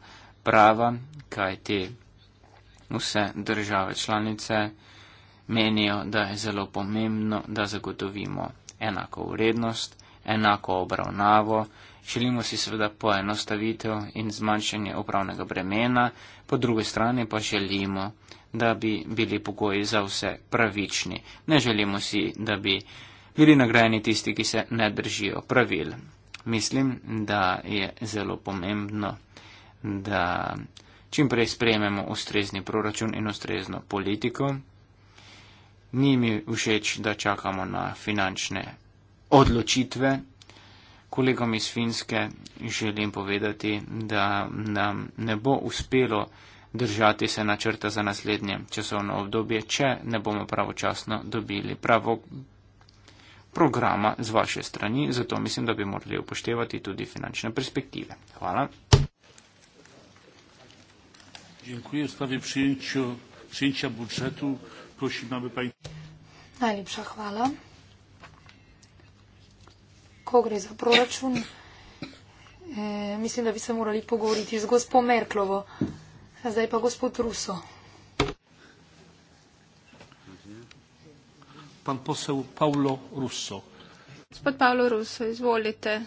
prava, kaj ti vse države članice menijo, da je zelo pomembno, da zagotovimo enako vrednost, enako obravnavo. Želimo si seveda poenostavitev in zmanjšanje upravnega bremena, po drugi strani pa želimo, da bi bili pogoji za vse pravični. Ne želimo si, da bi bili nagrajeni tisti, ki se ne držijo pravil mislim, da je zelo pomembno, da čim prej sprejmemo ustrezni proračun in ustrezno politiko. Ni mi všeč, da čakamo na finančne odločitve. Kolegom iz Finske želim povedati, da nam ne bo uspelo držati se načrta za naslednje časovno obdobje, če ne bomo pravočasno dobili pravo programa z vaše strani, zato mislim, da bi morali upoštevati tudi finančne perspektive. Hvala. Dziękuję. W sprawie przyjęcia, przyjęcia budżetu prosimy, aby Pani... Najlepsza chwala. Kogry za proraczun. E, myślę, że byśmy mogli pogorić z gospodą Merklowo, a zdaj pa gospod Russo. pan poseł Paulo Russo. Gospod Paulo Russo, izvolite.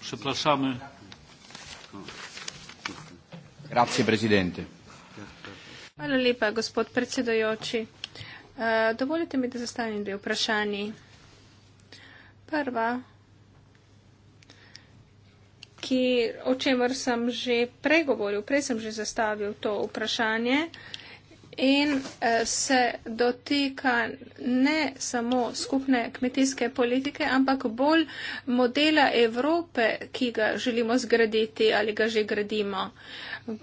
Przepraszamy. Grazie, presidente. Hvala lepa, gospod predsedojoči. E, dovolite mi, da zastavim dve vprašanji. Prva, ki, o čemer sem že pregovoril, prej sem že zastavil to vprašanje in eh, se dotika ne samo skupne kmetijske politike, ampak bolj modela Evrope, ki ga želimo zgraditi ali ga že gradimo.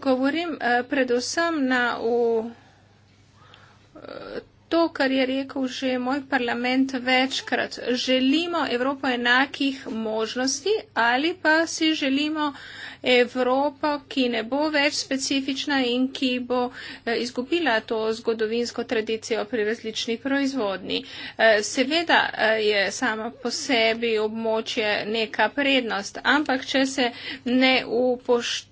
Govorim eh, predvsem na v to, kar je rekel že moj parlament večkrat. Želimo Evropo enakih možnosti ali pa si želimo Evropo, ki ne bo več specifična in ki bo eh, izgubila to zgodovinsko tradicijo pri različni proizvodni. Eh, seveda eh, je sama po sebi območje neka prednost, ampak če se ne upošteva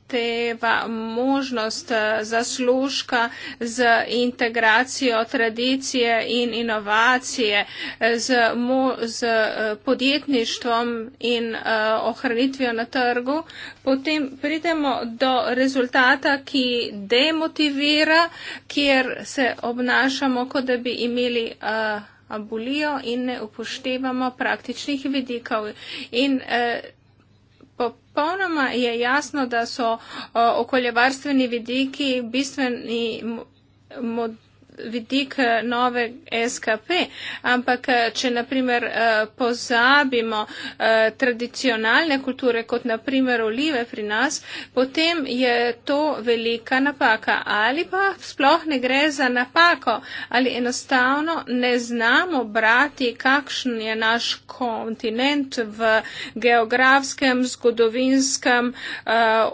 možnost zaslužka z integracijo tradicije in inovacije, z, mo, z podjetništvom in ohranitvijo na trgu, potem potem pridemo do rezultata, ki demotivira, kjer se obnašamo, kot da bi imeli uh, abulijo in ne upoštevamo praktičnih vidikov. In, uh, Popolnoma je jasno, da so o, eh, okoljevarstveni vidiki bistveni mo, vidik eh, nove SKP, ampak eh, če naprimer eh, pozabimo tradicionalne kulture, kot naprimer olive pri nas, potem je to velika napaka ali pa sploh ne gre za napako ali enostavno ne znamo brati, kakšen je naš kontinent v geografskem, zgodovinskem,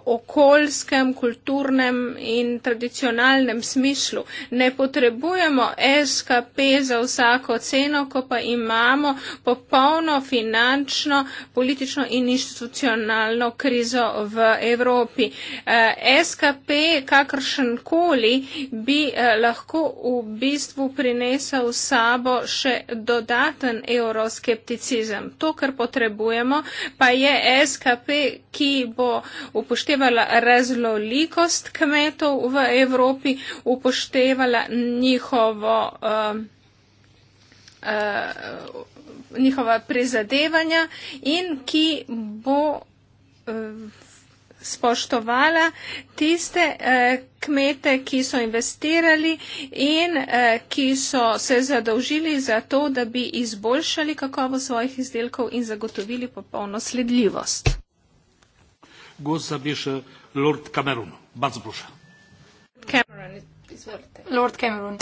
okoljskem, kulturnem in tradicionalnem smislu. Ne potrebujemo potrebujemo SKP za vsako ceno, ko pa imamo popolno finančno, politično in institucionalno krizo v Evropi. Eh, SKP, kakršen koli, bi eh, lahko v bistvu prinesel sabo še dodaten euroskepticizem. To, kar potrebujemo, pa je SKP, ki bo upoštevala razlolikost kmetov v Evropi, upoštevala njihovo, uh, uh, njihova prizadevanja in ki bo uh, spoštovala tiste uh, kmete, ki so investirali in uh, ki so se zadolžili za to, da bi izboljšali kakovo svojih izdelkov in zagotovili popolno sledljivost. Gospod Zabiš, Lord Cameron, bardzo prosim. Izvolite. Lord Cameron.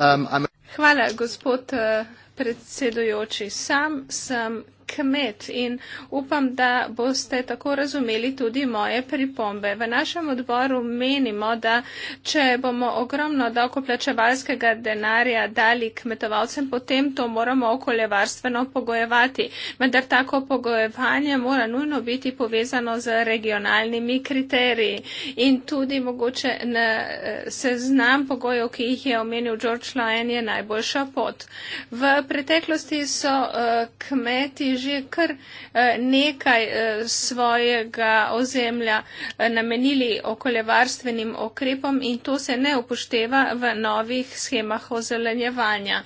Um, Hvala, gospod uh, predsedujoči. Sam sem kmet in upam, da boste tako razumeli tudi moje pripombe. V našem odboru menimo, da če bomo ogromno dokoplačevalskega denarja dali kmetovalcem, potem to moramo okoljevarstveno pogojevati. Vendar tako pogojevanje mora nujno biti povezano z regionalnimi kriteriji in tudi mogoče na eh, seznam pogojev, ki jih je omenil George Lohen, je najboljša pot. V preteklosti so eh, kmeti že kar eh, nekaj eh, svojega ozemlja eh, namenili okoljevarstvenim okrepom in to se ne upošteva v novih schemah ozelenjevanja.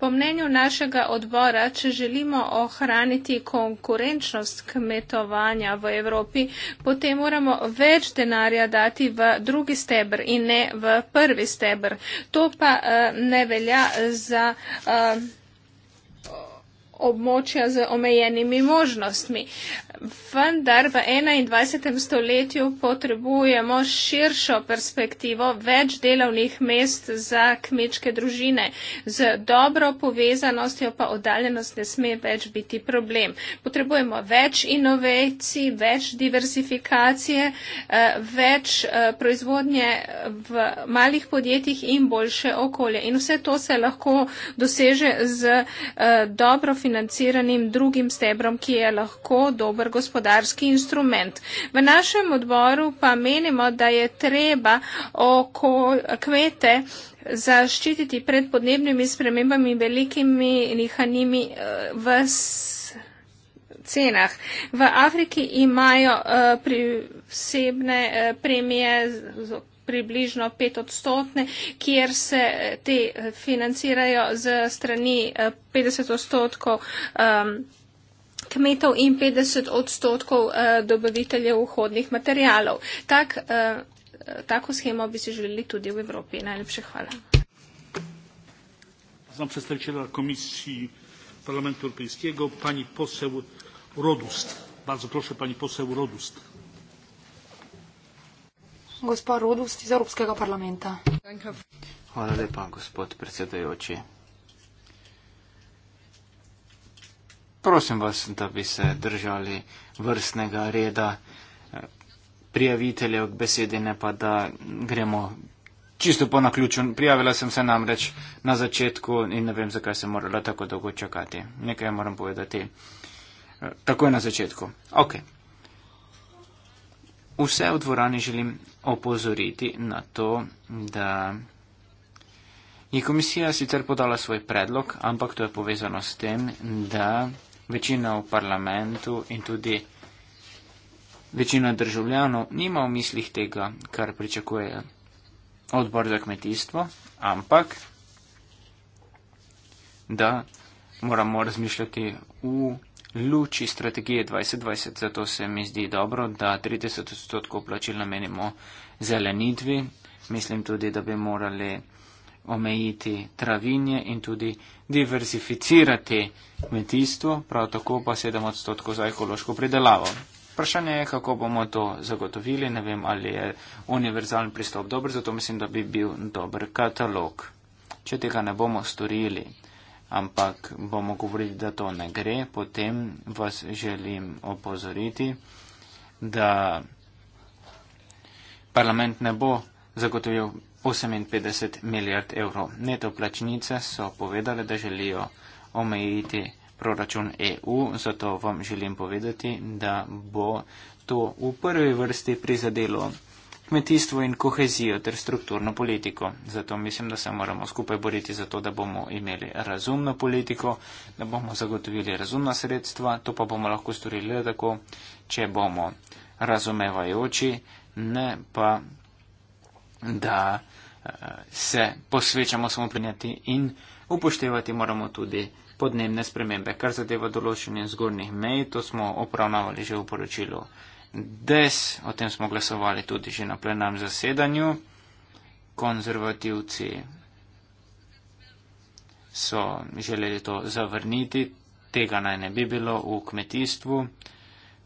Po mnenju našega odbora, če želimo ohraniti konkurenčnost kmetovanja v Evropi, potem moramo več denarja dati v drugi stebr in ne v prvi stebr. To pa uh, ne velja za. Uh, območja z omejenimi možnostmi vendar v 21. stoletju potrebujemo širšo perspektivo, več delovnih mest za kmečke družine. Z dobro povezanostjo pa oddaljenost ne sme več biti problem. Potrebujemo več inovacij, več diversifikacije, eh, več eh, proizvodnje v malih podjetjih in boljše okolje. In vse to se lahko doseže z eh, dobro financiranim drugim stebrom, ki je lahko dober gospodarski instrument. V našem odboru pa menimo, da je treba oko kmete zaščititi pred podnebnimi spremembami, velikimi nihanjimi eh, v cenah. V Afriki imajo eh, posebne eh, premije približno petodstotne, kjer se te financirajo z strani 50 odstotkov um, kmetov in 50 odstotkov eh, dobaviteljev vhodnih materijalov. Tak, eh, tako schemo bi si želeli tudi v Evropi. Najlepše hvala. Znam se stričila komisiji parlamentu europejskiego pani poseł Rodust. Bardzo proszę pani poseł Rodust. Gospa Rodust iz Evropskega parlamenta. Hvala lepa, gospod predsedujoči. prosim vas, da bi se držali vrstnega reda eh, prijaviteljev k besedi, ne pa da gremo čisto po naključju. Prijavila sem se namreč na začetku in ne vem, zakaj sem morala tako dolgo čakati. Nekaj moram povedati. Eh, takoj na začetku. Ok. Vse v dvorani želim opozoriti na to, da je komisija sicer podala svoj predlog, ampak to je povezano s tem, da večina v parlamentu in tudi večina državljanov nima v mislih tega, kar pričakuje odbor za kmetijstvo, ampak da moramo razmišljati v luči strategije 2020. Zato se mi zdi dobro, da 30 odstotkov plačil namenimo zelenitvi. Mislim tudi, da bi morali omejiti travinje in tudi diverzificirati kmetijstvo, prav tako pa 7 odstotkov za ekološko pridelavo. Vprašanje je, kako bomo to zagotovili. Ne vem, ali je univerzalni pristop dober, zato mislim, da bi bil dober katalog. Če tega ne bomo storili, ampak bomo govorili, da to ne gre, potem vas želim opozoriti, da parlament ne bo zagotovil 58 milijard evrov. Neto plačnice so povedale, da želijo omejiti proračun EU, zato vam želim povedati, da bo to v prvi vrsti prizadelo kmetijstvo in kohezijo ter strukturno politiko. Zato mislim, da se moramo skupaj boriti za to, da bomo imeli razumno politiko, da bomo zagotovili razumna sredstva, to pa bomo lahko storili tako, če bomo razumevajoči, ne pa da eh, se posvečamo samo prinjati in upoštevati moramo tudi podnebne spremembe. Kar zadeva določenje zgornjih mej, to smo obravnavali že v poročilu DES, o tem smo glasovali tudi že na plenarnem zasedanju. Konzervativci so želeli to zavrniti, tega naj ne bi bilo v kmetijstvu.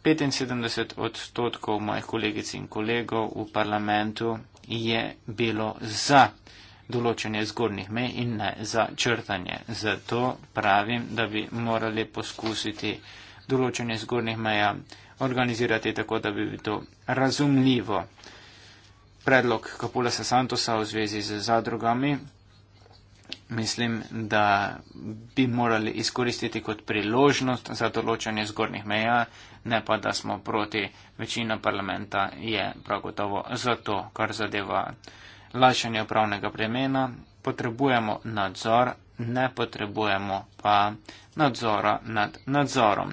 75 odstotkov mojih kolegic in kolegov v parlamentu je bilo za določanje zgornjih mej in ne za črtanje. Zato pravim, da bi morali poskusiti določanje zgornjih meja organizirati tako, da bi bilo razumljivo. Predlog Kapula Sasantosa v zvezi z zadrugami mislim, da bi morali izkoristiti kot priložnost za določanje zgornjih meja ne pa da smo proti. Večina parlamenta je prav gotovo za to, kar zadeva lajšanje upravnega bremena. Potrebujemo nadzor, ne potrebujemo pa nadzora nad nadzorom.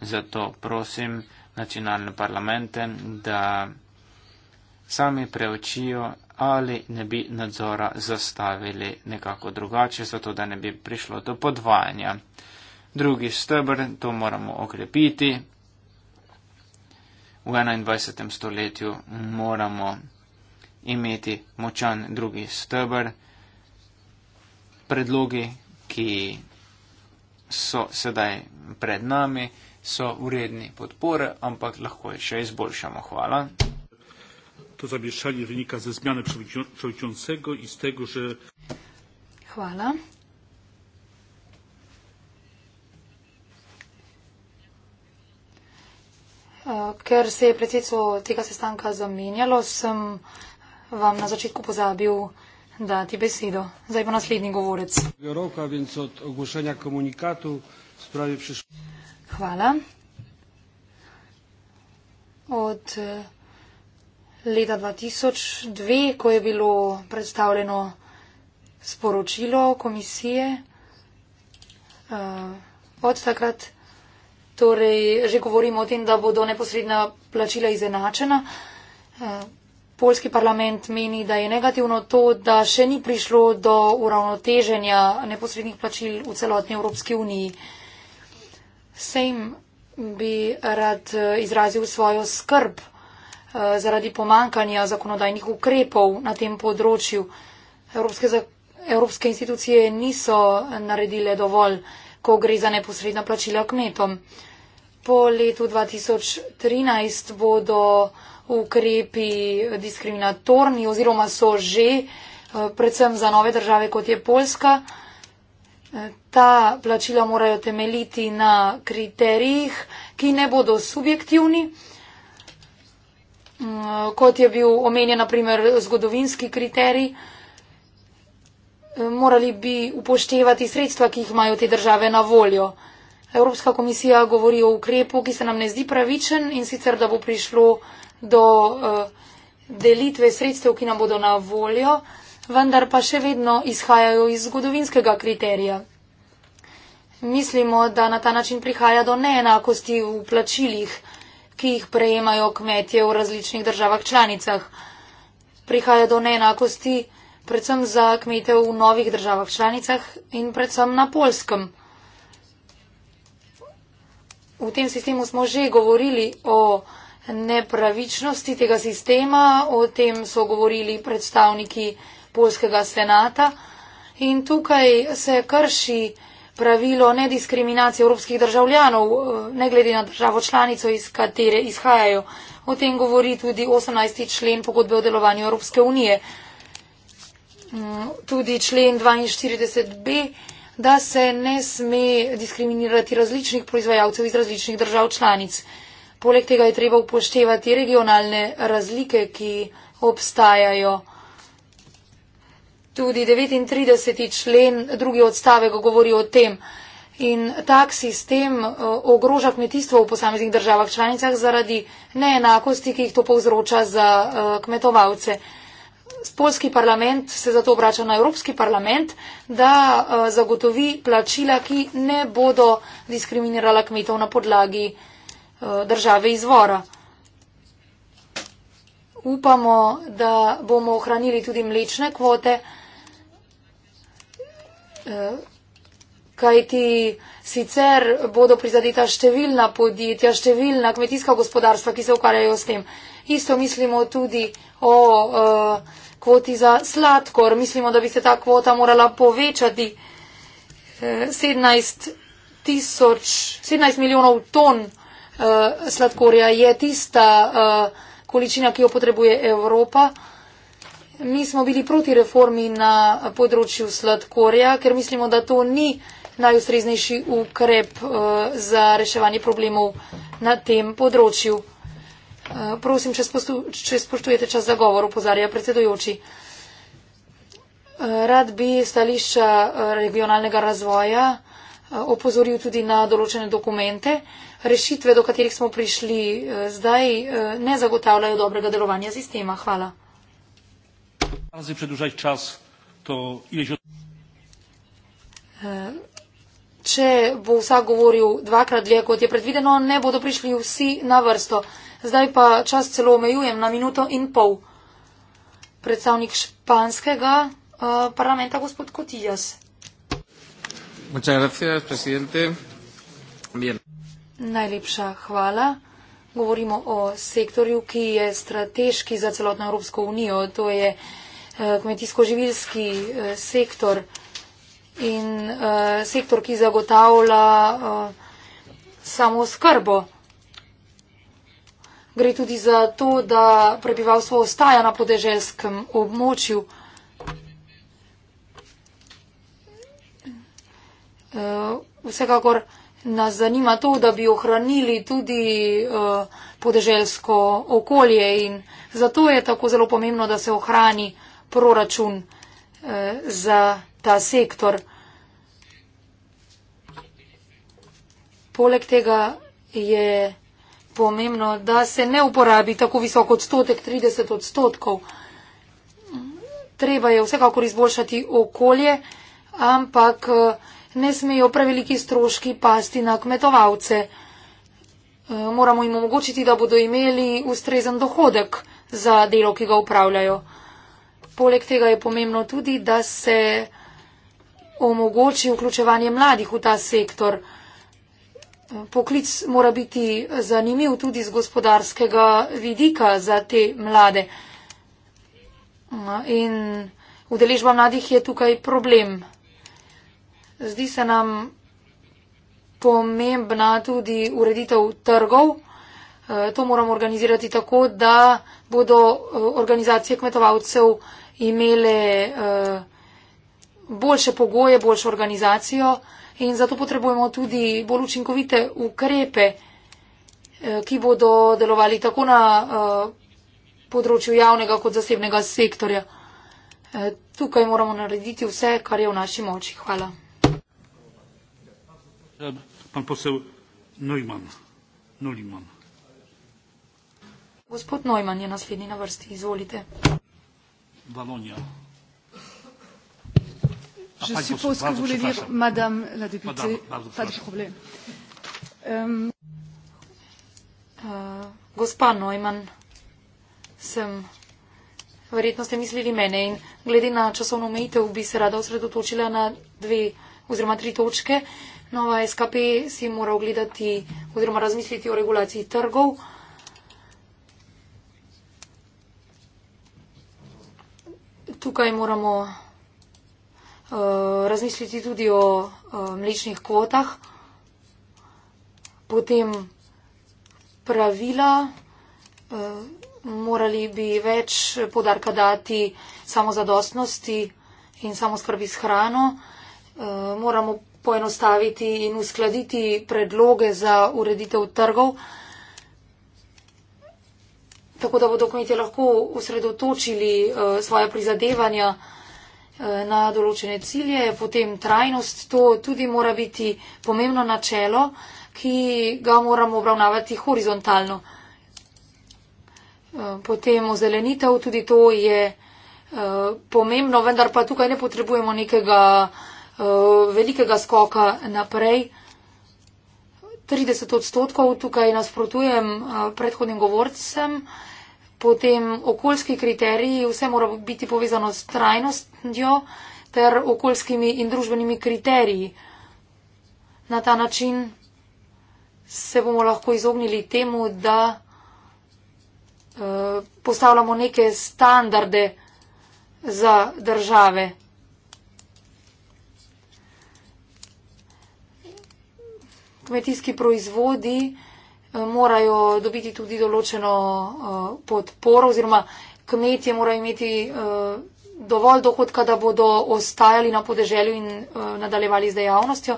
Zato prosim nacionalne parlamente, da sami preučijo ali ne bi nadzora zastavili nekako drugače, zato da ne bi prišlo do podvajanja. Drugi stebr, to moramo okrepiti, v 21. stoletju moramo imeti močan drugi stebr. Predlogi, ki so sedaj pred nami, so uredni podpore, ampak lahko jih še izboljšamo. Hvala. To zamišljanje vnika za zmjane človečnega in z tega, že. Hvala. Eh, ker se je predsedstvo tega sestanka zamenjalo, sem vam na začetku pozabil dati besedo. Zdaj bo naslednji govorec. Hvala. Od eh, leta 2002, ko je bilo predstavljeno sporočilo komisije, eh, od takrat Torej, že govorimo o tem, da bodo neposredna plačila izenačena. Eh, Polski parlament meni, da je negativno to, da še ni prišlo do uravnoteženja neposrednih plačil v celotni Evropski uniji. Sejm bi rad eh, izrazil svojo skrb eh, zaradi pomankanja zakonodajnih ukrepov na tem področju. Evropske, evropske institucije niso naredile dovolj, ko gre za neposredna plačila kmetom po letu 2013 bodo ukrepi diskriminatorni oziroma so že eh, predvsem za nove države, kot je Poljska. Eh, ta plačila morajo temeljiti na kriterijih, ki ne bodo subjektivni, mm, kot je bil omenjen, naprimer, zgodovinski kriterij. Eh, morali bi upoštevati sredstva, ki jih imajo te države na voljo. Evropska komisija govori o ukrepu, ki se nam ne zdi pravičen in sicer, da bo prišlo do eh, delitve sredstev, ki nam bodo na voljo, vendar pa še vedno izhajajo iz zgodovinskega kriterija. Mislimo, da na ta način prihaja do neenakosti v plačilih, ki jih prejemajo kmetje v različnih državah članicah. Prihaja do neenakosti predvsem za kmete v novih državah članicah in predvsem na polskem v tem sistemu smo že govorili o nepravičnosti tega sistema, o tem so govorili predstavniki Polskega senata in tukaj se krši pravilo nediskriminacije evropskih državljanov, ne glede na državo članico, iz katere izhajajo. O tem govori tudi 18. člen pogodbe o delovanju Evropske unije. Mm, tudi člen 42b da se ne sme diskriminirati različnih proizvajalcev iz različnih držav članic. Poleg tega je treba upoštevati regionalne razlike, ki obstajajo. Tudi 39. člen drugi odstavek govori o tem. In tak sistem ogroža kmetijstvo v posameznih državah članicah zaradi neenakosti, ki jih to povzroča za kmetovalce polski parlament se zato obrača na Evropski parlament, da eh, zagotovi plačila, ki ne bodo diskriminirala kmetov na podlagi eh, države izvora. Upamo, da bomo ohranili tudi mlečne kvote. Eh, kajti sicer bodo prizadeta številna podjetja, številna kmetijska gospodarstva, ki se ukvarjajo s tem. Isto mislimo tudi o uh, kvoti za sladkor. Mislimo, da bi se ta kvota morala povečati uh, 17, 000, 17 milijonov ton uh, sladkorja. Je tista uh, količina, ki jo potrebuje Evropa. Mi smo bili proti reformi na področju sladkorja, ker mislimo, da to ni najustreznejši ukrep eh, za reševanje problemov na tem področju. Eh, prosim, če spoštujete čas za govor, upozarja predsedujoči. Eh, rad bi stališča regionalnega razvoja opozoril tudi na določene dokumente. Rešitve, do katerih smo prišli zdaj, ne zagotavljajo dobrega delovanja sistema. Hvala. Čas, to če bo vsak govoril dvakrat dlje, kot je predvideno, ne bodo prišli vsi na vrsto. Zdaj pa čas celo omejujem na minuto in pol. Predstavnik španskega uh, parlamenta, gospod Kotijas. Najlepša hvala. Govorimo o sektorju, ki je strateški za celotno Evropsko unijo. To je uh, kmetijsko-živilski uh, sektor in uh, sektor, ki zagotavlja uh, eh, samo skrbo. Gre tudi za to, da prebivalstvo ostaja na podeželskem območju. Uh, vsekakor nas zanima to, da bi ohranili tudi uh, podeželsko okolje in zato je tako zelo pomembno, da se ohrani proračun uh, za ta sektor. Poleg tega je pomembno, da se ne uporabi tako visok odstotek, 30 odstotkov. Treba je vsekakor izboljšati okolje, ampak ne smejo preveliki stroški pasti na kmetovalce. Moramo jim omogočiti, da bodo imeli ustrezen dohodek za delo, ki ga upravljajo. Poleg tega je pomembno tudi, da se omogoči vključevanje mladih v ta sektor. Poklic mora biti zanimiv tudi z gospodarskega vidika za te mlade. In udeležba mladih je tukaj problem. Zdi se nam pomembna tudi ureditev trgov. To moramo organizirati tako, da bodo eh, organizacije kmetovalcev imele. Uh, boljše pogoje, boljšo organizacijo in zato potrebujemo tudi bolj učinkovite ukrepe, eh, ki bodo delovali tako na eh, področju javnega kot zasebnega sektorja. Eh, tukaj moramo narediti vse, kar je v naši moči. Hvala. Pan posel Neumann. Neumann. Gospod Neumann je naslednji na vrsti. Izvolite. Valonija. Ah, Je pas suppose question, que vous voulez dire, ça. Madame la députée, madame, pas de ça. problème. Euh, gospa Neumann, sem, verjetno ste mislili mene in glede na časovno omejitev bi se rada osredotočila na dve oziroma tri točke. Nova SKP si mora ogledati oziroma razmisliti o regulaciji trgov. Tukaj moramo Eh, razmisliti tudi o eh, mlečnih kvotah, potem pravila, eh, morali bi več podarka dati samozadostnosti in samoskrbi s hrano, moramo poenostaviti in uskladiti predloge za ureditev trgov, tako da bodo kmetje lahko usredotočili svoje prizadevanja, Eh, na določene cilje, potem trajnost, to tudi mora biti pomembno načelo, ki ga moramo obravnavati horizontalno. Eh, potem ozelenitev, tudi to je eh, pomembno, vendar pa tukaj ne potrebujemo nekega velikega skoka naprej. 30 odstotkov tukaj nasprotujem predhodnim govorcem. Potem okoljski kriteriji, vse mora biti povezano s trajnostjo ter okoljskimi in družbenimi kriteriji. Na ta način se bomo lahko izognili temu, da uh, postavljamo neke standarde za države. Kmetijski proizvodi. Eh, morajo dobiti tudi določeno eh, podporo oziroma kmetje morajo imeti eh, dovolj dohodka, da bodo ostajali na podeželju in nadaljevali z dejavnostjo.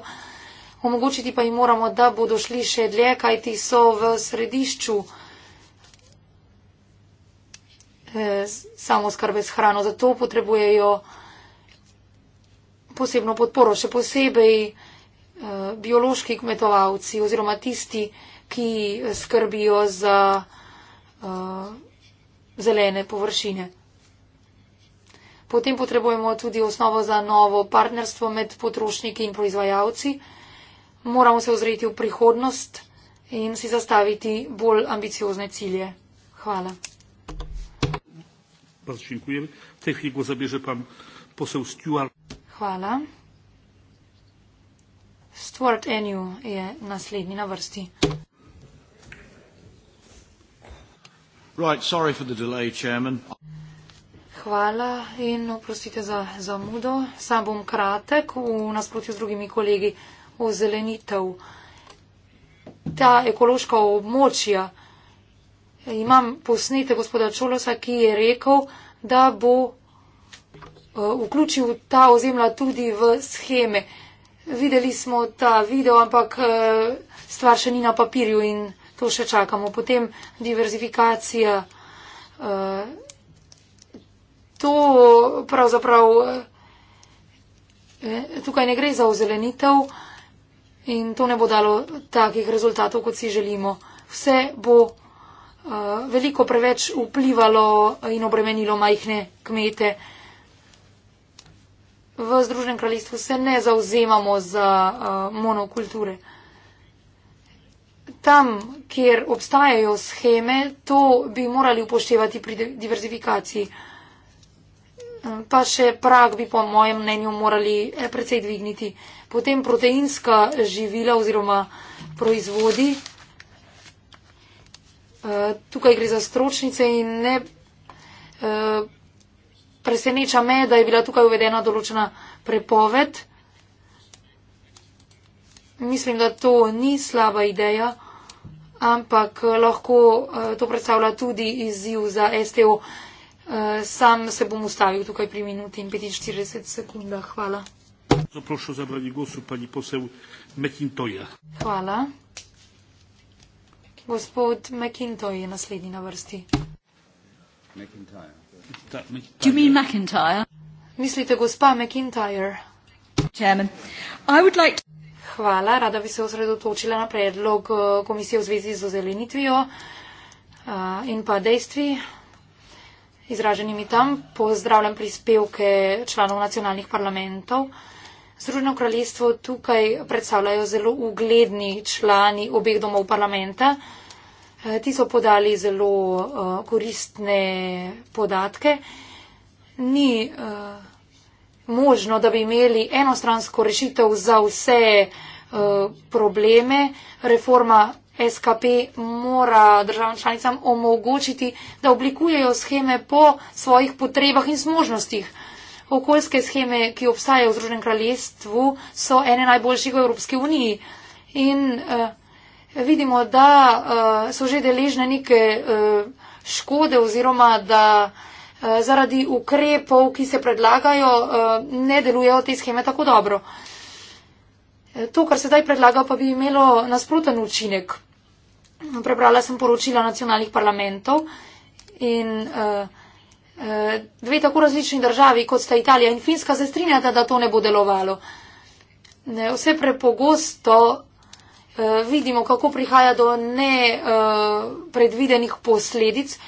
Omogočiti pa jim moramo, da bodo šli še dlje, kajti so v središču samo skrbe s hrano. Zato potrebujejo posebno podporo, še posebej eh, biološki kmetovalci oziroma tisti, eh, ki skrbijo za uh, zelene površine. Potem potrebujemo tudi osnovo za novo partnerstvo med potrošniki in proizvajalci. Moramo se ozreti v prihodnost in si zastaviti bolj ambiciozne cilje. Hvala. Hvala. Stuart Enju je naslednji na vrsti. Right, sorry for the delay, chairman. Hvala in oprostite za zamudo. Sam bom kratek v nasprotju z drugimi kolegi o zelenitev. Ta ekološka območja. Imam posnete gospoda Čolosa, ki je rekel, da bo eh, vključil ta ozemlja tudi v scheme. Videli smo ta video, ampak eh, stvar še ni na papirju in to še čakamo. Potem diverzifikacija. Eh, to pravzaprav eh, tukaj ne gre za ozelenitev in to ne bo dalo takih rezultatov, kot si želimo. Vse bo eh, veliko preveč vplivalo in obremenilo majhne kmete. V Združenem kraljestvu se ne zauzemamo za monokulture tam, kjer obstajajo scheme, to bi morali upoštevati pri diverzifikaciji. Eh, pa še prag bi po mojem mnenju morali eh, precej dvigniti. Potem proteinska živila oziroma proizvodi. Eh, tukaj gre za stročnice in ne preseneča me, da je bila tukaj uvedena določena prepoved. Mislim, da to ni slaba ideja, ampak lahko eh, to predstavlja tudi izziv za STO. Eh, sam se bom ustavil tukaj pri minuti in 45 sekundah. Hvala. Zaprošu za bradi gosu, pani posel Mekintoja. Hvala. Gospod Mekintoj je naslednji na vrsti. Mekintoja. Mislite, gospa Mekintoja? Chairman, I would like to... Hvala. Rada bi se osredotočila na predlog eh, komisije v zvezi z ozelenitvijo eh, in pa dejstvi izraženimi tam. Pozdravljam prispevke članov nacionalnih parlamentov. Združeno kraljestvo tukaj predstavljajo zelo ugledni člani obeh domov parlamenta. Eh, ti so podali zelo koristne podatke. Ni uh, možno, da bi imeli enostransko rešitev za vse uh, probleme. Reforma SKP mora državam članicam omogočiti, da oblikujejo scheme po svojih potrebah in zmožnostih. Okoljske scheme, ki obstajajo v Združenem kraljestvu, so ene najboljših v Evropski uniji. In uh, vidimo, da uh, so že deležne neke uh, škode oziroma da uh, Eh, zaradi ukrepov, ki se predlagajo, eh, ne delujejo te scheme tako dobro. Eh, to, kar se zdaj predlaga, pa bi imelo nasproten učinek. Prebrala sem poročila nacionalnih parlamentov in dve tako različni državi, kot sta Italija in Finska, se strinjata, da to ne bo delovalo. Vse prepogosto vidimo, kako prihaja do nepredvidenih posledic,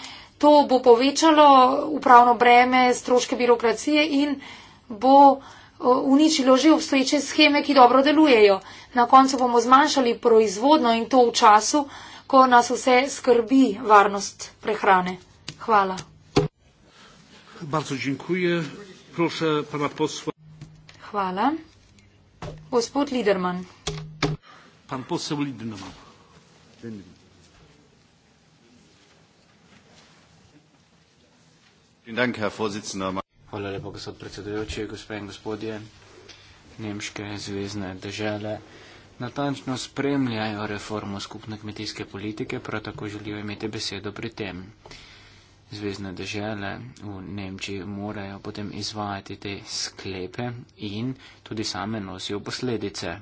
To bo povečalo upravno breme, stroške birokracije in bo uničilo že obstoječe scheme, ki dobro delujejo. Na koncu bomo zmanjšali proizvodno in to v času, ko nas vse skrbi varnost prehrane. Hvala. Hvala. Gospod Liderman. Pan posel Liderman. Dank, Hvala lepa, gospod predsedujoči, gospe in gospodje. Nemške zvezdne države natančno spremljajo reformo skupne kmetijske politike, prav tako želijo imeti besedo pri tem. Zvezdne države v Nemčiji morajo potem izvajati te sklepe in tudi same nosijo posledice.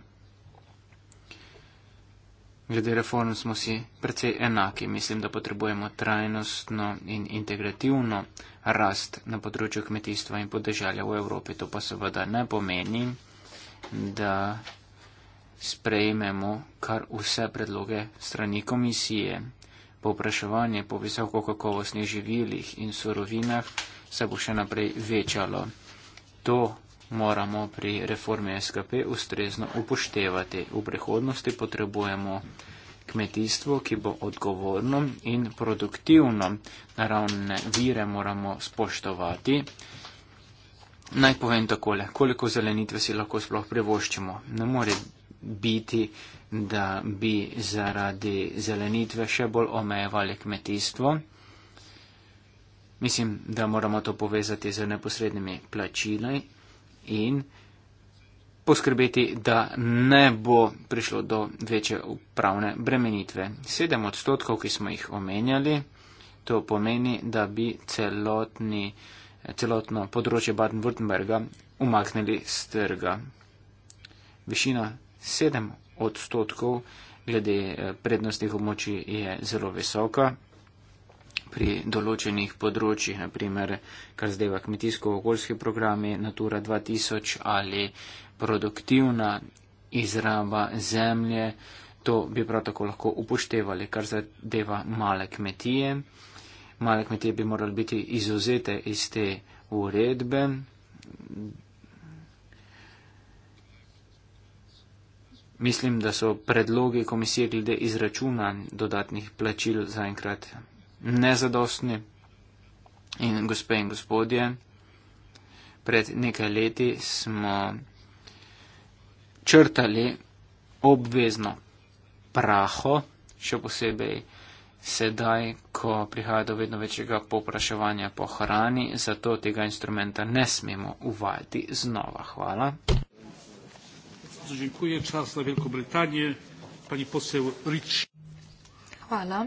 Glede reform smo si precej enaki. Mislim, da potrebujemo trajnostno in integrativno rast na področju kmetijstva in podeželja v Evropi. To pa seveda ne pomeni, da sprejmemo kar vse predloge strani komisije. Povpraševanje po visoko kakovostnih živilih in surovinah se bo še naprej večalo. To moramo pri reformi SKP ustrezno upoštevati. V prihodnosti potrebujemo kmetijstvo, ki bo odgovorno in produktivno. Naravne vire moramo spoštovati. Naj povem takole, koliko zelenitve si lahko sploh privoščimo. Ne more biti, da bi zaradi zelenitve še bolj omejevali kmetijstvo. Mislim, da moramo to povezati z neposrednimi plačili, in poskrbeti, da ne bo prišlo do večje upravne bremenitve. Sedem odstotkov, ki smo jih omenjali, to pomeni, da bi celotni, celotno področje Baden-Württemberga umaknili z trga. Višina sedem odstotkov glede eh, prednostnih območij je zelo visoka pri določenih področjih, naprimer kar zdajva kmetijsko-okoljski programi Natura 2000 ali produktivna izraba zemlje. To bi prav tako lahko upoštevali, kar zadeva male kmetije. Male kmetije bi morali biti izuzete iz te uredbe. Mislim, da so predlogi komisije glede izračuna dodatnih plačil zaenkrat nezadostni. In gospe in gospodje, pred nekaj leti smo črtali obvezno praho, še posebej sedaj, ko prihaja do vedno večjega popraševanja po hrani, zato tega instrumenta ne smemo uvajati znova. Hvala. Zdaj, čas na Veliko Britanijo, pa ni posebno rič. Hvala.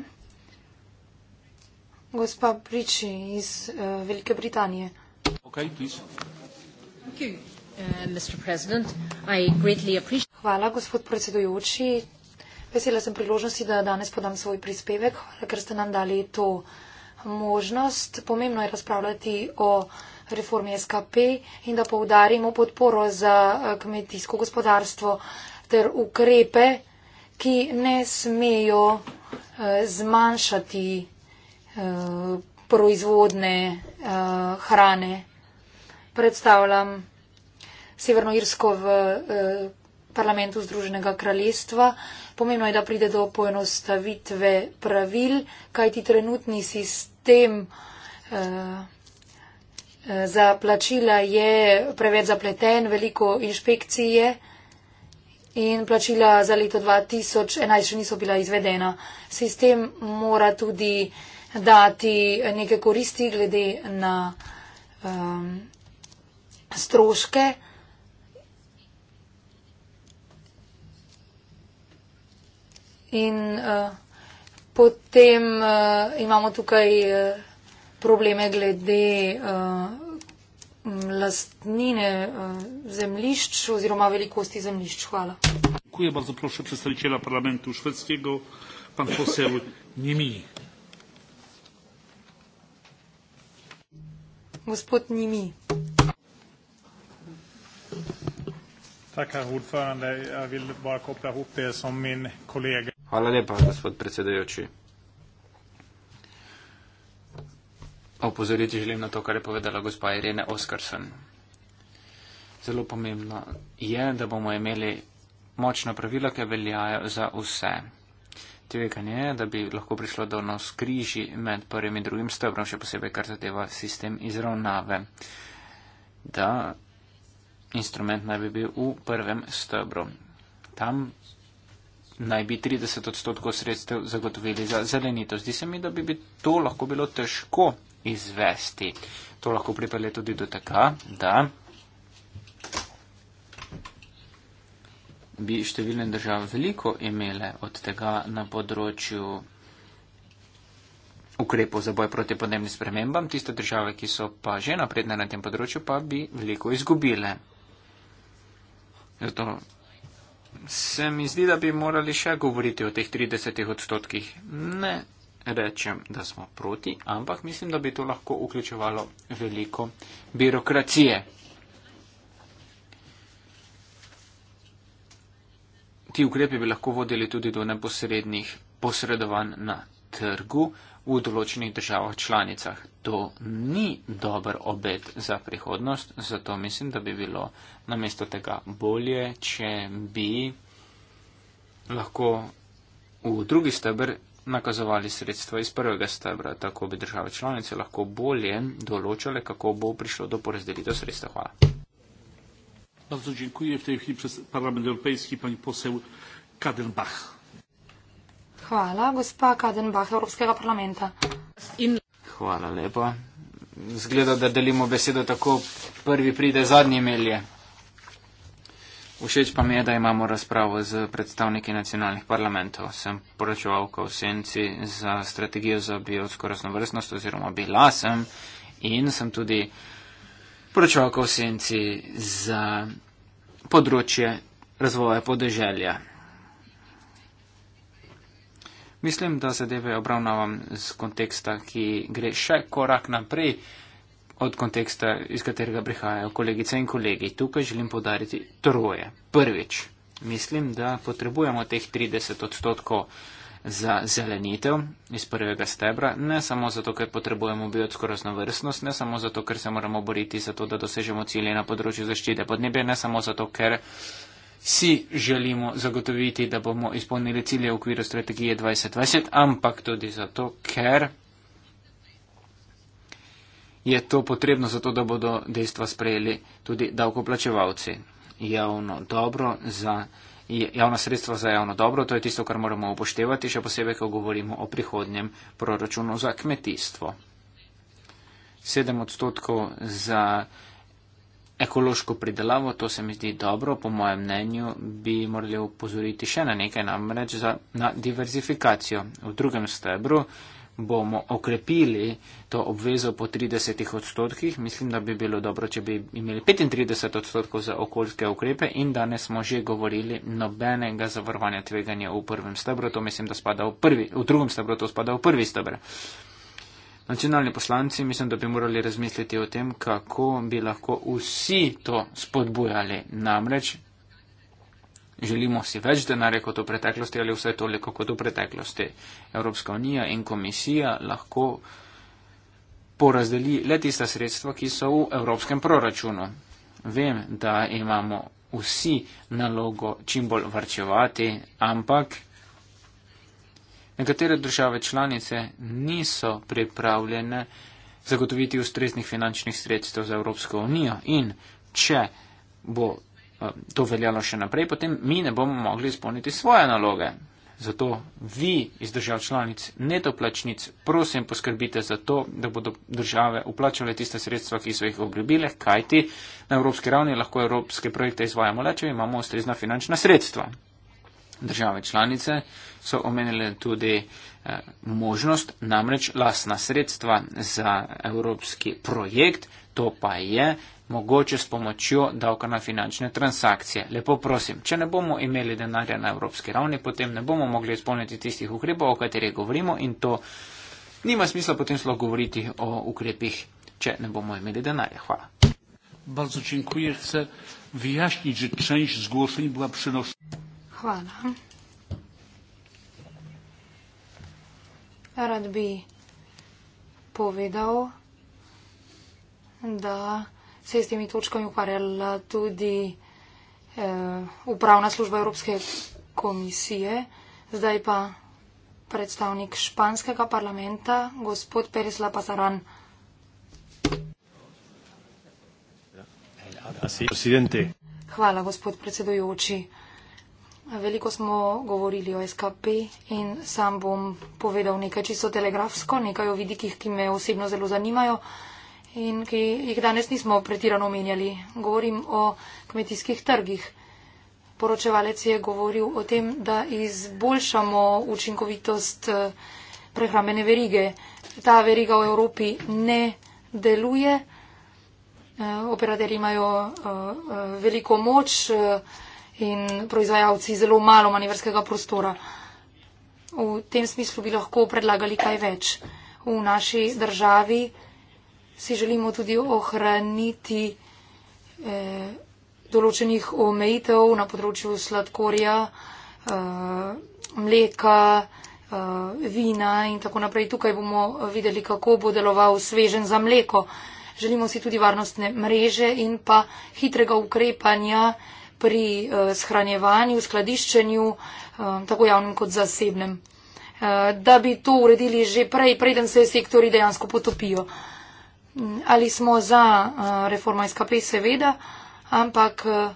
Gospa Prič iz uh, Velike Britanije. Okay, eh, Hvala, gospod predsedujoči. Vesela sem priložnosti, da danes podam svoj prispevek. Hvala, ker ste nam dali to možnost. Pomembno je razpravljati o reformi SKP in da poudarimo podporo za eh, kmetijsko gospodarstvo ter ukrepe, ki ne smejo zmanjšati Eh, proizvodne uh, hrane. Predstavljam Severnoirsko v uh, parlamentu Združenega kraljestva. Pomembno je, da pride do poenostavitve pravil, kajti trenutni sistem uh, za plačila je preveč zapleten, veliko inšpekcije in plačila za leto 2011 še niso bila izvedena. Sistem mora tudi uh, dati neke koristi glede na um, stroške. In uh, potem uh, imamo tukaj uh, probleme glede uh, lastnine uh, zemljišč oziroma velikosti zemljišč. Hvala. Dziękuję bardzo proszę przedstawiciela parlamentu szwedzkiego, pan poseł Niemi. gospod Nimi. Tak, Hvala lepa, gospod predsedajoči. Opozoriti želim na to, kar je povedala gospa Irene Oskarsen. Zelo pomembno je, da bomo imeli močna pravila, ki veljajo za vse tveganje, da bi lahko prišlo do nos križi med prvim in drugim stopnjem, še posebej kar zadeva sistem izravnave. Da instrument naj bi bil v prvem stebru. Tam naj bi 30 odstotkov sredstev zagotovili za zelenito. Zdi se mi, da bi, bi to lahko bilo težko izvesti. To lahko pripelje tudi do tega, da bi številne države veliko imele od tega na področju ukrepov za boj proti podnebnim spremembam, tiste države, ki so pa že napredne na tem področju, pa bi veliko izgubile. Zato se mi zdi, da bi morali še govoriti o teh 30 odstotkih. Ne rečem, da smo proti, ampak mislim, da bi to lahko vključevalo veliko birokracije. Ti ukrepi bi lahko vodili tudi do neposrednih posredovanj na trgu v določenih državah članicah. To ni dober obet za prihodnost, zato mislim, da bi bilo namesto tega bolje, če bi lahko v drugi stebr nakazovali sredstva iz prvega stebra, tako bi države članice lahko bolje določale, kako bo prišlo do porazdelitev sredstva. Hvala. Bardzo dziękuję. W tej chwili przez Parlament Europejski pani poseł Kadenbach. Chwała, gospa Kadenbach, Europejskiego Parlamenta. Chwała, lepa. Zgleda, da delimo besedo tako prvi pride, zadnji melje. Všeč pa mi je, da imamo razpravo z predstavniki nacionalnih parlamentov. Sem poročevalka v senci za strategijo za biotsko raznovrstnost oziroma bila sem in sem tudi uh, poročevalka v senci za področje razvoja podeželja. Mislim, da zadeve obravnavam z konteksta, ki gre še korak naprej od konteksta, iz katerega prihajajo kolegice in kolegi. Tukaj želim podariti troje. Prvič, mislim, da potrebujemo teh 30 odstotkov za zelenitev iz prvega stebra, ne samo zato, ker potrebujemo biotsko raznovrstnost, ne samo zato, ker se moramo boriti za to, da dosežemo cilje na področju zaščite podnebja, ne samo zato, ker si želimo zagotoviti, da bomo izpolnili cilje v okviru strategije 2020, ampak tudi zato, ker je to potrebno zato, da bodo dejstva sprejeli tudi davkoplačevalci. Javno dobro za zelenitev javna sredstva za javno dobro, to je tisto, kar moramo upoštevati, še posebej, ko govorimo o prihodnjem proračunu za kmetijstvo. 7 odstotkov za ekološko pridelavo, to se mi zdi dobro, po mojem mnenju bi morali upozoriti še na nekaj, namreč za, na diverzifikacijo. V drugem stebru bomo okrepili to obvezo po 30 odstotkih. Mislim, da bi bilo dobro, če bi imeli 35 odstotkov za okoljske ukrepe in danes smo že govorili nobenega zavarovanja tveganja v prvem stebru. To mislim, da spada v prvi, v drugem stebru to spada v prvi stebr. Nacionalni poslanci mislim, da bi morali razmisliti o tem, kako bi lahko vsi to spodbujali. Namreč Želimo si več denarja kot v preteklosti ali vse toliko kot v preteklosti. Evropska unija in komisija lahko porazdeli le tista sredstva, ki so v evropskem proračunu. Vem, da imamo vsi nalogo čim bolj varčevati, ampak nekatere države članice niso pripravljene zagotoviti ustreznih finančnih sredstev za Evropsko unijo in če bo Eh, to veljalo še naprej, potem mi ne bomo mogli izpolniti svoje naloge. Zato vi iz držav članic netoplačnic, prosim, poskrbite za to, da bodo države uplačale tiste sredstva, ki so jih obljubile, kajti na evropski ravni lahko evropske projekte izvajamo le, če imamo ustrezna finančna sredstva. Države članice so omenile tudi eh, možnost, namreč lasna sredstva za evropski projekt, to pa je mogoče s pomočjo davka na finančne transakcije. Lepo prosim, če ne bomo imeli denarja na evropski ravni, potem ne bomo mogli izpolniti tistih ukrepov, o katerih govorimo in to nima smisla potem sploh govoriti o ukrepih, če ne bomo imeli denarja. Hvala. Bardzo dziękuję. Chcę wyjaśnić, że część zgłoszeń była przenoszona. Chwała. Rad by powiedział, że. Da se je s temi točkami ukvarjala tudi eh, upravna služba Evropske komisije, zdaj pa predstavnik španskega parlamenta, gospod Pérez La Pasarán. Hvala, gospod predsedujoči. Veliko smo govorili o SKP in sam bom povedal nekaj čisto telegrafsko, nekaj o vidikih, ki me osebno zelo zanimajo in ki jih danes nismo pretirano omenjali. Govorim o kmetijskih trgih. Poročevalec je govoril o tem, da izboljšamo učinkovitost eh, prehrambene verige. Ta veriga v Evropi ne deluje. Eh, operaterji imajo eh, veliko moč in proizvajalci zelo malo manevrskega prostora. V tem smislu bi lahko predlagali kaj več. V naši državi si želimo tudi ohraniti eh, določenih omejitev na področju sladkorja, eh, mleka, eh, vina in tako naprej. Tukaj bomo videli, kako bo deloval svežen za mleko. Želimo si tudi varnostne mreže in pa hitrega ukrepanja pri eh, shranjevanju, skladiščenju, eh, tako javnem kot zasebnem. Eh, da bi to uredili že prej, preden se sektori dejansko potopijo. Eh, ali smo za eh, reformajska pri, seveda, ampak eh,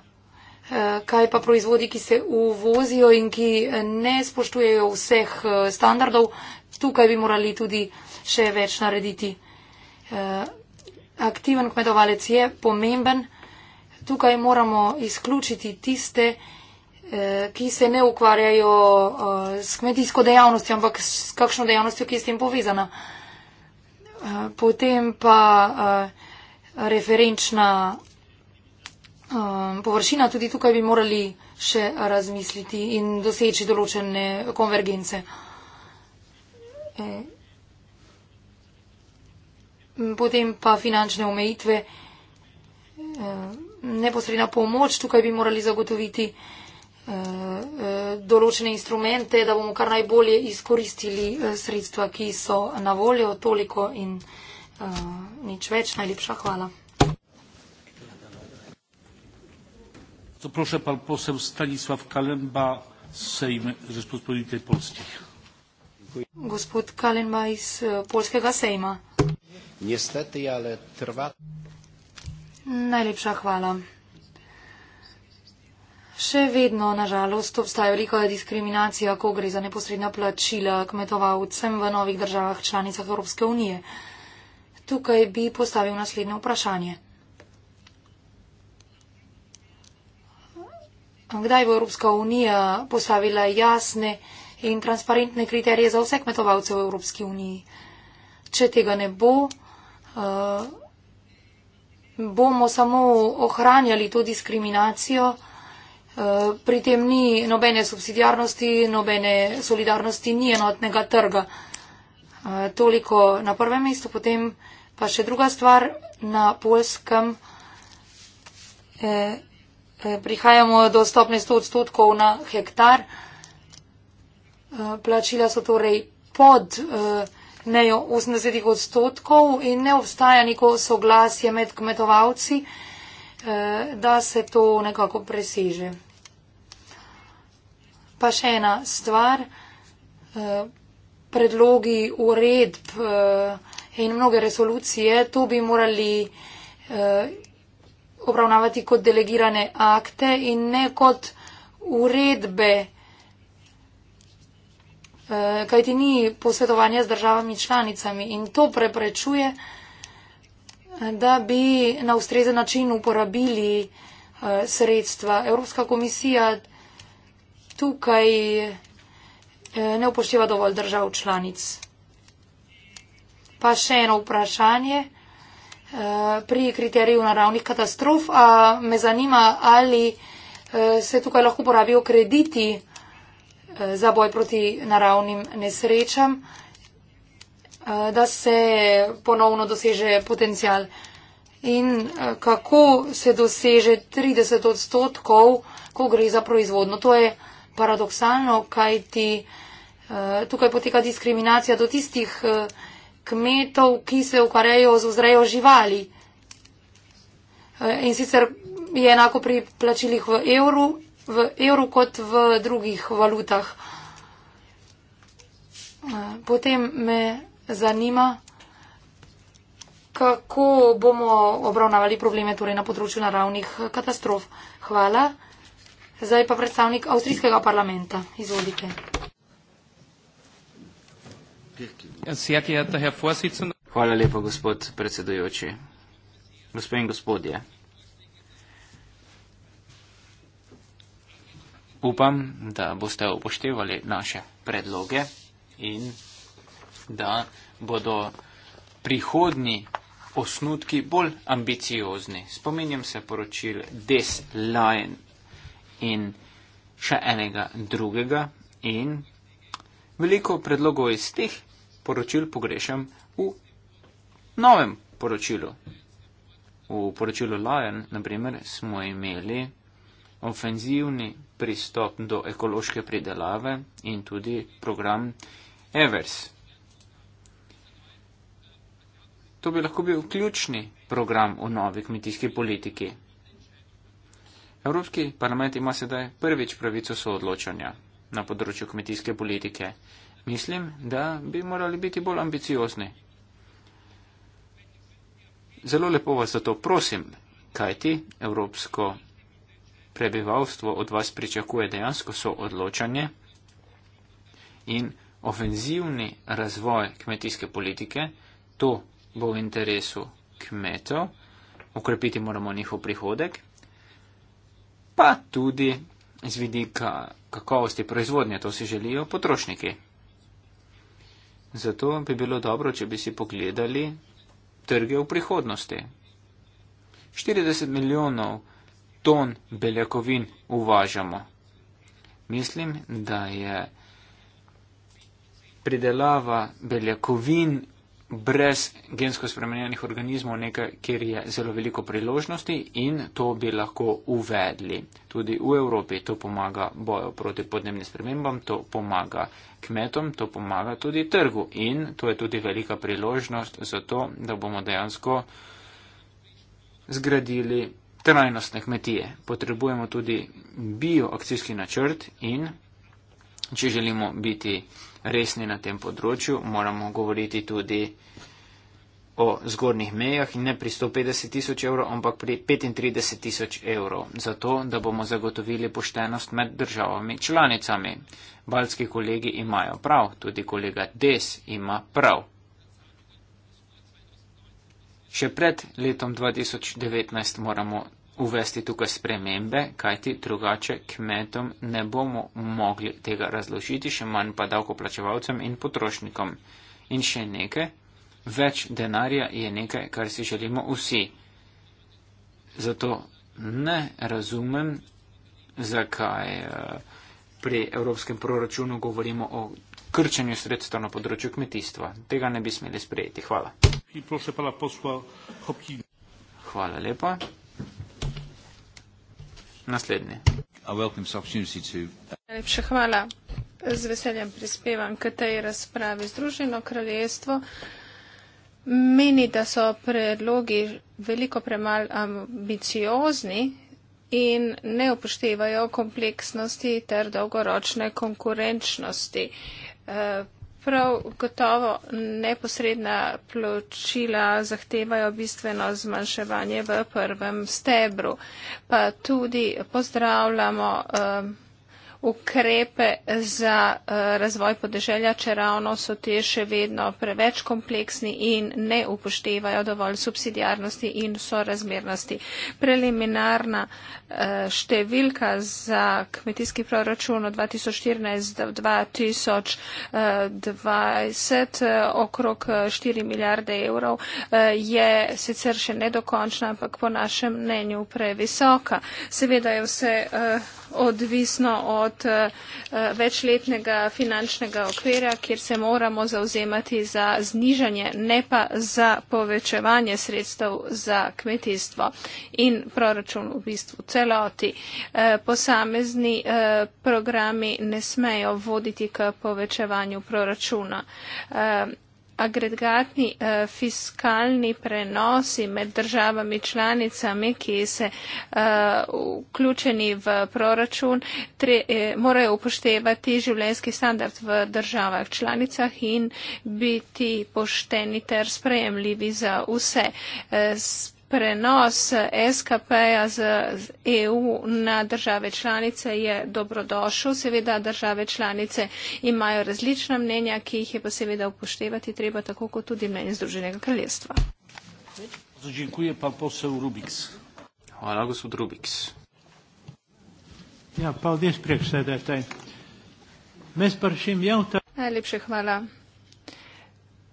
eh, kaj pa proizvodi, ki se uvozijo in ki ne spoštujejo vseh standardov, tukaj bi morali tudi še več narediti. Aktiven kmetovalec je pomemben. Tukaj moramo izključiti tiste, ki se ne ukvarjajo s kmetijsko dejavnostjo, ampak s kakšno dejavnostjo, ki je s tem povezana. Eh, potem pa eh, referenčna eh, površina, tudi tukaj bi morali še razmisliti in doseči določene konvergence. Potem pa finančne omejitve, neposredna pomoč, tukaj bi morali zagotoviti določene instrumente, da bomo kar najbolje izkoristili eh, sredstva, ki so na voljo, toliko in eh, nič več. Najlepša hvala. Zaprošam pa posel Stanislav Kalemba, Sejm Rzeczpospolitej Polskih. Gospod Kalemba iz eh, Polskega Sejma. Niestety, ale trvá... Najlepša hvala. Še vedno, nažalost, obstaja velika diskriminacija, ko gre za neposredna plačila kmetovalcem v novih državah članicah Evropske unije. Tukaj bi postavil naslednje vprašanje. Kdaj bo Evropska unija postavila jasne in transparentne kriterije za vse kmetovalce v Evropski uniji? Če tega ne bo, eh, bomo samo ohranjali to diskriminacijo pri tem ni nobene subsidijarnosti, nobene solidarnosti, ni enotnega trga. Toliko na prvem mestu, potem pa še druga stvar na polskem. E, e, prihajamo do stopne 100 odstotkov na hektar. E, plačila so torej pod mejo 80 odstotkov in ne obstaja neko soglasje med kmetovalci, da se to nekako preseže. Pa še ena stvar, eh, predlogi uredb eh, in mnoge resolucije, to bi morali eh, obravnavati kot delegirane akte in ne kot uredbe, kajti ni posvetovanja z državami članicami in to preprečuje, da bi na ustrezen način uporabili sredstva. Evropska komisija tukaj eh, ne upošteva dovolj držav članic. Pa še eno vprašanje eh, pri kriteriju naravnih katastrof, a me zanima, ali eh, se tukaj lahko porabijo krediti za boj proti naravnim nesrečam, da se ponovno doseže potencial. In kako se doseže 30 odstotkov, ko gre za proizvodno? To je paradoksalno, kaj ti eh, tukaj poteka diskriminacija do tistih eh, kmetov, ki se ukvarjajo z vzrejo živali. Eh, in sicer je enako pri plačilih v evru, v evru kot v drugih valutah. Potem me zanima, kako bomo obravnavali probleme torej na področju naravnih katastrof. Hvala. Zdaj pa predstavnik avstrijskega parlamenta. Izvolite. Ja, Hvala lepa, gospod predsedujoči. Gospod in gospodje. Upam, da boste upoštevali naše predloge in da bodo prihodni osnutki bolj ambiciozni. Spominjam se poročil Des Line in še enega drugega. In veliko predlogov iz teh poročil pogrešam v novem poročilu. V poročilu Lion, naprimer, smo imeli ofenzivni pristop do ekološke pridelave in tudi program Evers. To bi lahko bil ključni program v novi kmetijski politiki. Evropski parlament ima sedaj prvič pravico soodločanja na področju kmetijske politike. Mislim, da bi morali biti bolj ambiciozni. Zelo lepo vas zato prosim, kajti evropsko prebivalstvo od vas pričakuje dejansko soodločanje in ofenzivni razvoj kmetijske politike. To bo v interesu kmetov. Okrepiti moramo njihov prihodek pa tudi z vidika kakovosti proizvodnje, to si želijo potrošniki. Zato bi bilo dobro, če bi si pogledali trge v prihodnosti. 40 milijonov ton beljakovin uvažamo. Mislim, da je pridelava beljakovin brez gensko spremenjenih organizmov nekaj, kjer je zelo veliko priložnosti in to bi lahko uvedli. Tudi v Evropi to pomaga bojo proti podnebnim spremembam, to pomaga kmetom, to pomaga tudi trgu in to je tudi velika priložnost za to, da bomo dejansko zgradili trajnostne kmetije. Potrebujemo tudi bioakcijski načrt in če želimo biti resni na tem področju, moramo govoriti tudi o zgornjih mejah in ne pri 150 tisoč evrov, ampak pri 35 tisoč evrov, zato da bomo zagotovili poštenost med državami članicami. Balski kolegi imajo prav, tudi kolega Des ima prav. Še pred letom 2019 moramo uvesti tukaj spremembe, kajti drugače kmetom ne bomo mogli tega razložiti, še manj pa davkoplačevalcem in potrošnikom. In še nekaj, več denarja je nekaj, kar si želimo vsi. Zato ne razumem, zakaj eh, pri evropskem proračunu govorimo o krčenju sredstva na področju kmetijstva. Tega ne bi smeli sprejeti. Hvala. Hvala lepa. Naslednji. Najlepša hvala. Z veseljem prispevam k tej razpravi. Združeno kraljestvo meni, da so predlogi veliko premal ambiciozni in ne upoštevajo kompleksnosti ter dolgoročne konkurenčnosti. Eh, Prav gotovo neposredna pločila zahtevajo bistveno zmanjševanje v prvem stebru, pa tudi pozdravljamo. Uh, ukrepe za uh, razvoj podeželja, če ravno so te še vedno preveč kompleksni in ne upoštevajo dovolj subsidijarnosti in sorazmernosti. Preliminarna uh, številka za kmetijski proračun od 2014 do 2020 uh, eh, okrog 4 milijarde evrov uh, je sicer še nedokončna, ampak po našem mnenju previsoka. Seveda je vse. Uh, odvisno od eh, eh, večletnega finančnega okvira, kjer se moramo zauzemati za znižanje, ne pa za povečevanje sredstev za kmetijstvo in proračun v bistvu celoti. Eh, posamezni programi ne smejo voditi k povečevanju proračuna agregatni eh, fiskalni prenosi med državami članicami, ki se eh, vključeni v proračun, tre, eh, morajo upoštevati življenjski standard v državah članicah in biti pošteni ter sprejemljivi za vse. Eh, prenos SKP-ja z EU na države članice je dobrodošel. Seveda države članice imajo različna mnenja, ki jih je pa seveda upoštevati treba, tako kot tudi mnenje Združenega kraljestva. Zdaj, pa posel Rubiks. Hvala, gospod Rubiks. Ja, pa vdes prek sedete. Mes pršim javta. Najlepše hvala.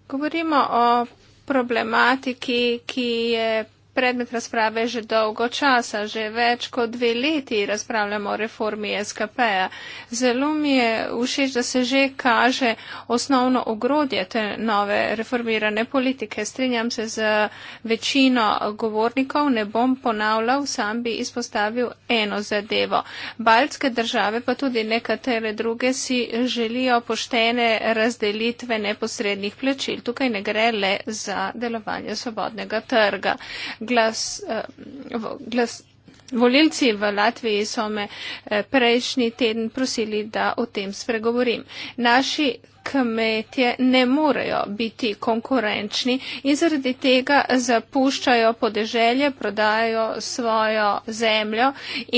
Govorimo o problematiki, ki je predmet razprave že dolgo časa, že več kot dve leti razpravljamo o reformi SKP-ja. Zelo mi je všeč, da se že kaže osnovno ogrodje te nove reformirane politike. Strinjam se z večino govornikov, ne bom ponavljal, sam bi izpostavil eno zadevo. Baltske države, pa tudi nekatere druge, si želijo poštene razdelitve neposrednih plačil. Tukaj ne gre le za delovanje svobodnega trga glas, eh, glas, volilci v Latviji so me eh, prejšnji teden prosili, da o tem spregovorim. Naši kmetje ne morejo biti konkurenčni in zaradi tega zapuščajo podeželje, prodajo svojo zemljo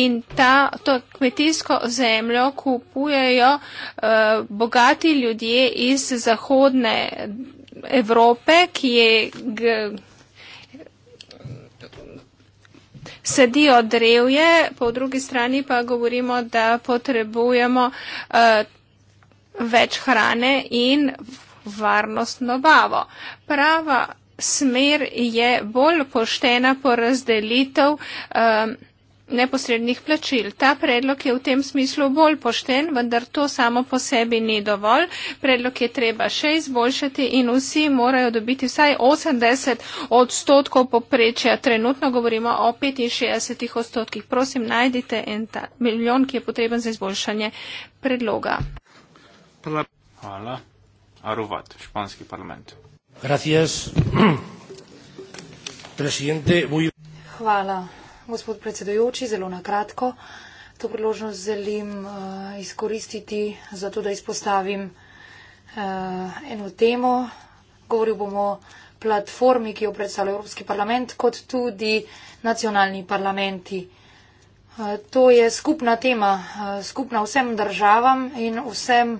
in ta, to kmetijsko zemljo kupujejo uh, bogati ljudje iz zahodne Evrope, ki je. G, sedijo drevje, po drugi strani pa govorimo, da potrebujemo uh, več hrane in varnostno bavo. Prava smer je bolj poštena porazdelitev. Uh, neposrednih plačil. Ta predlog je v tem smislu bolj pošten, vendar to samo po sebi ni dovolj. Predlog je treba še izboljšati in vsi morajo dobiti vsaj 80 odstotkov poprečja. Trenutno govorimo o 65 odstotkih. Prosim, najdite en ta milijon, ki je potreben za izboljšanje predloga. Hvala. Aruvat, španski parlament. Hvala gospod predsedujoči, zelo na kratko. To priložnost želim uh, izkoristiti za to, da izpostavim uh, eno temo. Govoril bomo o platformi, ki jo predstavlja Evropski parlament, kot tudi nacionalni parlamenti. Eh, to je skupna tema, skupna vsem državam in vsem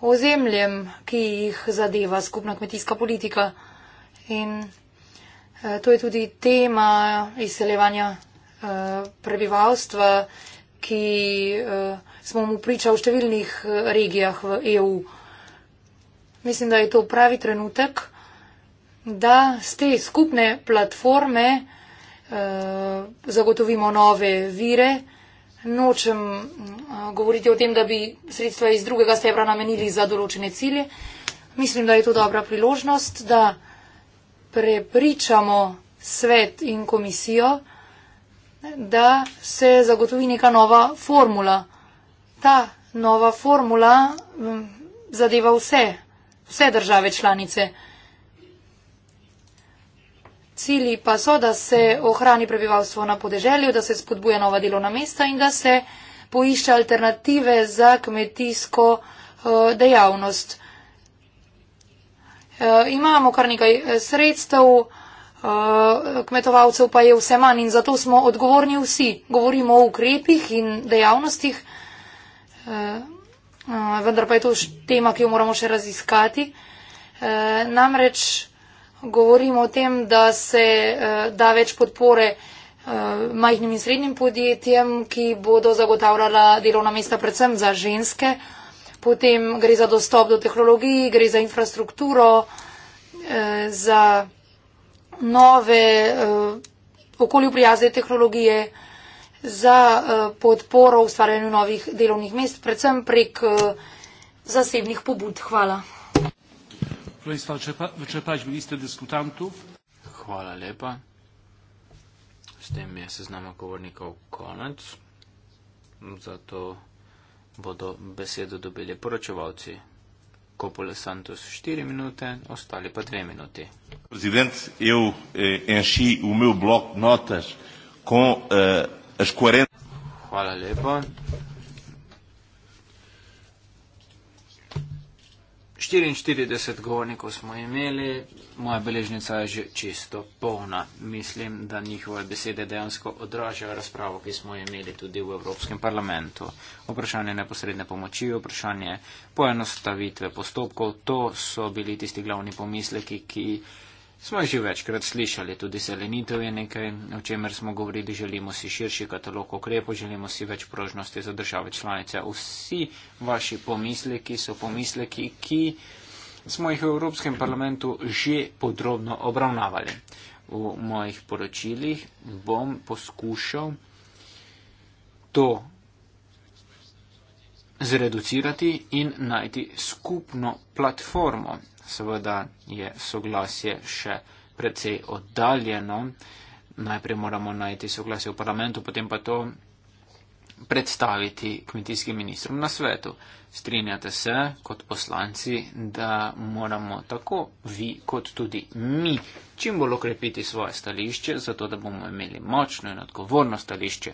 ozemljem, ki jih zadeva skupna kmetijska politika. In Eh, to je tudi tema izseljevanja eh, prebivalstva, ki eh, smo mu pričali v številnih regijah v EU. Mislim, da je to pravi trenutek, da z te skupne platforme zagotovimo nove vire. Nočem govoriti o tem, da bi sredstva iz drugega stebra namenili za določene cilje. Mislim, da je to dobra priložnost, da prepričamo svet in komisijo, da se zagotovi neka nova formula. Ta nova formula mm, zadeva vse, vse države članice. Cili pa so, da se ohrani prebivalstvo na podeželju, da se spodbuja nova delovna mesta in da se poišče alternative za kmetijsko eh, dejavnost. Eh, imamo kar nekaj eh, sredstev, eh, kmetovalcev pa je vse manj in zato smo odgovorni vsi. Govorimo o ukrepih in dejavnostih, no, vendar pa je to tema, ki jo moramo še raziskati. Namreč govorimo o tem, da se da več podpore majhnim in srednjim podjetjem, ki bodo zagotavljala delovna mesta predvsem za ženske Potem gre za dostop do tehnologij, gre za infrastrukturo, eh, za nove eh, okolju prijazne tehnologije, za eh, podporo ustvarjanju novih delovnih mest, predvsem prek zasebnih pobud. Hvala. Hvala lepa. S tem je seznam govornikov konec. Zato bodo besedo dobili poročevalci. Kopole Santos 4 minute, ostali pa 2 minuti. Prezident, eu eh, enchi o meu bloco notas com eh, as 40. Hvala lepa. 44 govornikov smo imeli, moja beležnica je že čisto polna. Mislim, da njihove besede dejansko odražajo razpravo, ki smo imeli tudi v Evropskem parlamentu. Vprašanje neposredne pomoči, vprašanje poenostavitve postopkov, to so bili tisti glavni pomisleki, ki. ki smo že večkrat slišali, tudi selenitev je nekaj, o čemer smo govorili, želimo si širši katalog okrepov, želimo si več prožnosti za države članice. Vsi vaši pomisleki so pomisleki, ki smo jih v Evropskem parlamentu že podrobno obravnavali. V mojih poročilih bom poskušal to zreducirati in najti skupno platformo seveda je soglasje še precej oddaljeno. Najprej moramo najti soglasje v parlamentu, potem pa to predstaviti kmetijskim ministrom na svetu. Strinjate se kot poslanci, da moramo tako vi kot tudi mi čim bolj okrepiti svoje stališče, zato da bomo imeli močno in odgovorno stališče.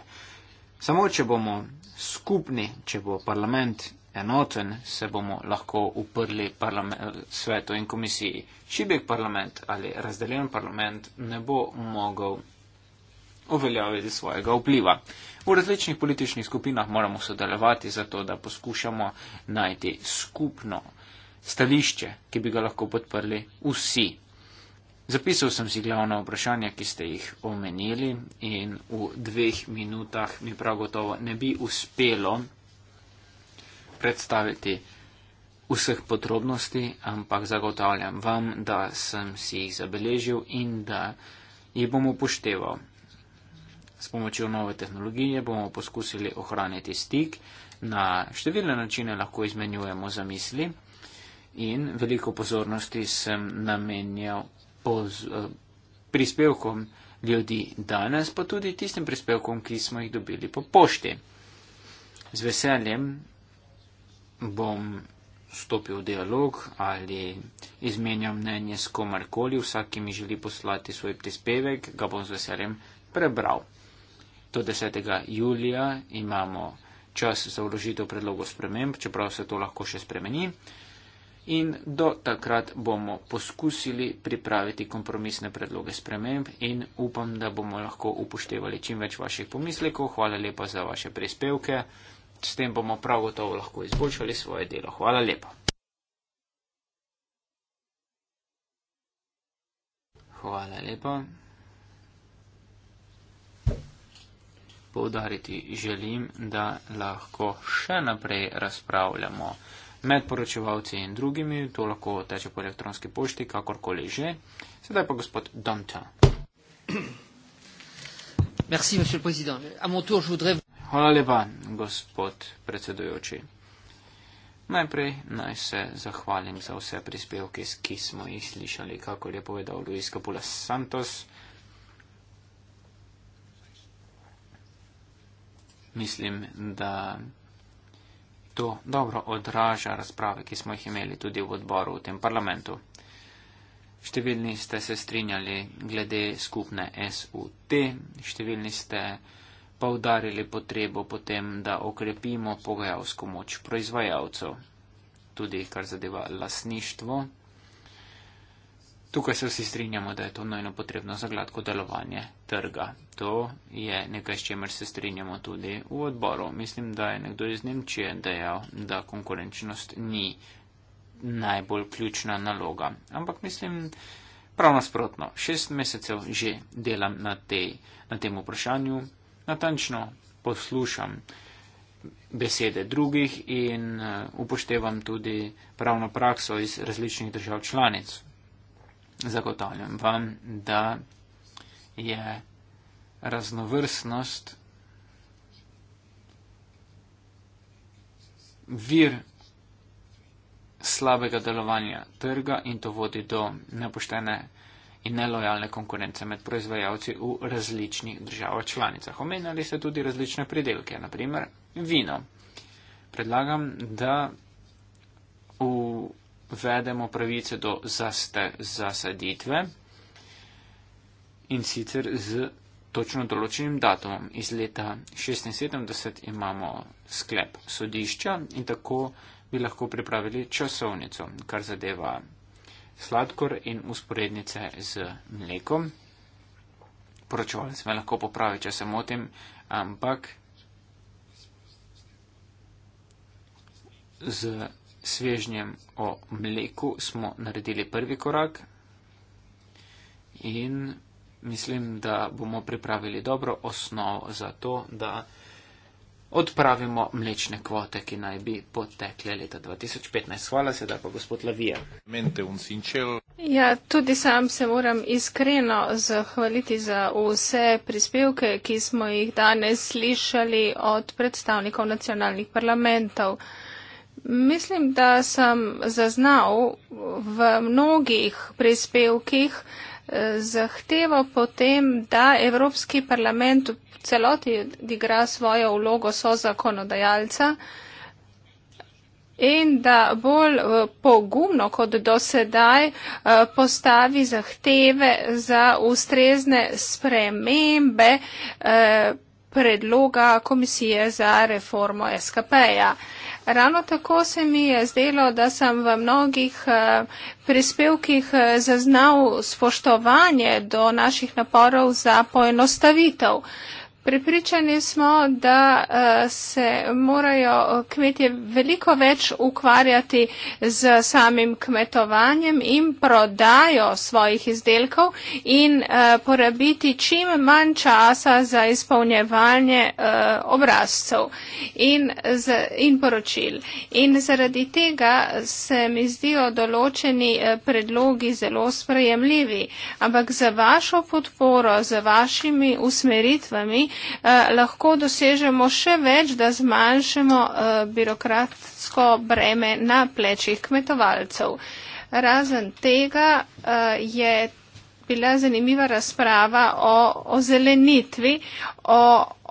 Samo, če bomo skupni, če bo parlament enoten, se bomo lahko uprli svetu in komisiji. Šibek parlament ali razdeljen parlament ne bo mogel uveljaviti svojega vpliva. V različnih političnih skupinah moramo sodelovati zato, da poskušamo najti skupno stališče, ki bi ga lahko podprli vsi. Zapisal sem si glavna vprašanja, ki ste jih omenili in v dveh minutah mi prav gotovo ne bi uspelo predstaviti vseh podrobnosti, ampak zagotavljam vam, da sem si jih zabeležil in da jih bom upošteval. S pomočjo nove tehnologije bomo poskusili ohraniti stik, na številne načine lahko izmenjujemo zamisli in veliko pozornosti sem namenjal poz, eh, prispevkom ljudi danes, pa tudi tistim prispevkom, ki smo jih dobili po pošti. Z veseljem bom stopil v dialog ali izmenjam mnenje s komarkoli, vsak, ki mi želi poslati svoj prispevek, ga bom z veseljem prebral. Do 10. julija imamo čas za vložitev predlogov sprememb, čeprav se to lahko še spremeni. In do takrat bomo poskusili pripraviti kompromisne predloge sprememb in upam, da bomo lahko upoštevali čim več vaših pomislekov. Hvala lepa za vaše prispevke s tem bomo prav gotovo lahko izboljšali svoje delo. Hvala lepa. Hvala lepa. Poudariti želim, da lahko še naprej razpravljamo med poročevalci in drugimi. To lahko teče po elektronski pošti, kakorkoli že. Sedaj pa gospod Danta. Merci, monsieur le président. À mon tour, je voudrais... Hvala lepa, gospod predsedujoči. Najprej naj se zahvalim za vse prispevke, ki smo jih slišali, kako je povedal Luis Capula Santos. Mislim, da to dobro odraža razprave, ki smo jih imeli tudi v odboru v tem parlamentu. Številni ste se strinjali glede skupne SUT, številni ste poudarili potrebo potem, da okrepimo pogajalsko moč proizvajalcev, tudi kar zadeva lasništvo. Tukaj se vsi strinjamo, da je to nojno potrebno za gladko delovanje trga. To je nekaj, s čemer se strinjamo tudi v odboru. Mislim, da je nekdo iz Nemčije dejal, da konkurenčnost ni najbolj ključna naloga. Ampak mislim, prav nasprotno, šest mesecev že delam na, tej, na tem vprašanju, natančno poslušam besede drugih in eh, upoštevam tudi pravno prakso iz različnih držav članic. Zagotavljam vam, da je raznovrstnost vir slabega delovanja trga in to vodi do nepoštene in nelojalne konkurence med proizvajalci v različnih državah članicah. Omenjali ste tudi različne pridelke, naprimer vino. Predlagam, da uvedemo pravice do zaste, zasaditve in sicer z točno določenim datumom. Iz leta 1670 imamo sklep sodišča in tako bi lahko pripravili časovnico, kar zadeva sladkor in usporednice z mlekom. Poročevalec me lahko popravi, če se motim, ampak z svežnjem o mleku smo naredili prvi korak in mislim, da bomo pripravili dobro osnovo za to, da odpravimo mlečne kvote, ki naj bi potekle leta 2015. Hvala se, da pa gospod Lavija. Ja, tudi sam se moram iskreno zahvaliti za vse prispevke, ki smo jih danes slišali od predstavnikov nacionalnih parlamentov. Mislim, da sem zaznal v mnogih prispevkih, zahtevo potem, da Evropski parlament v celoti igra svojo vlogo so zakonodajalca in da bolj eh, pogumno kot do sedaj eh, postavi zahteve za ustrezne spremembe eh, predloga komisije za reformo SKP-ja. Ravno tako se mi je zdelo, da sem v mnogih eh, prispevkih eh, zaznal spoštovanje do naših naporov za poenostavitev. Pripričani smo, da eh, se morajo eh, kmetje veliko več ukvarjati z samim kmetovanjem in prodajo svojih izdelkov in eh, porabiti čim manj časa za izpolnjevanje obrazcev in, in poročil. In zaradi tega se mi zdijo določeni predlogi zelo sprejemljivi, ampak za vašo podporo, za vašimi usmeritvami, Eh, lahko dosežemo še več, da zmanjšamo eh, birokratsko breme na plečih kmetovalcev. Razen tega eh, je bila zanimiva razprava o ozelenitvi, o, zelenitvi, o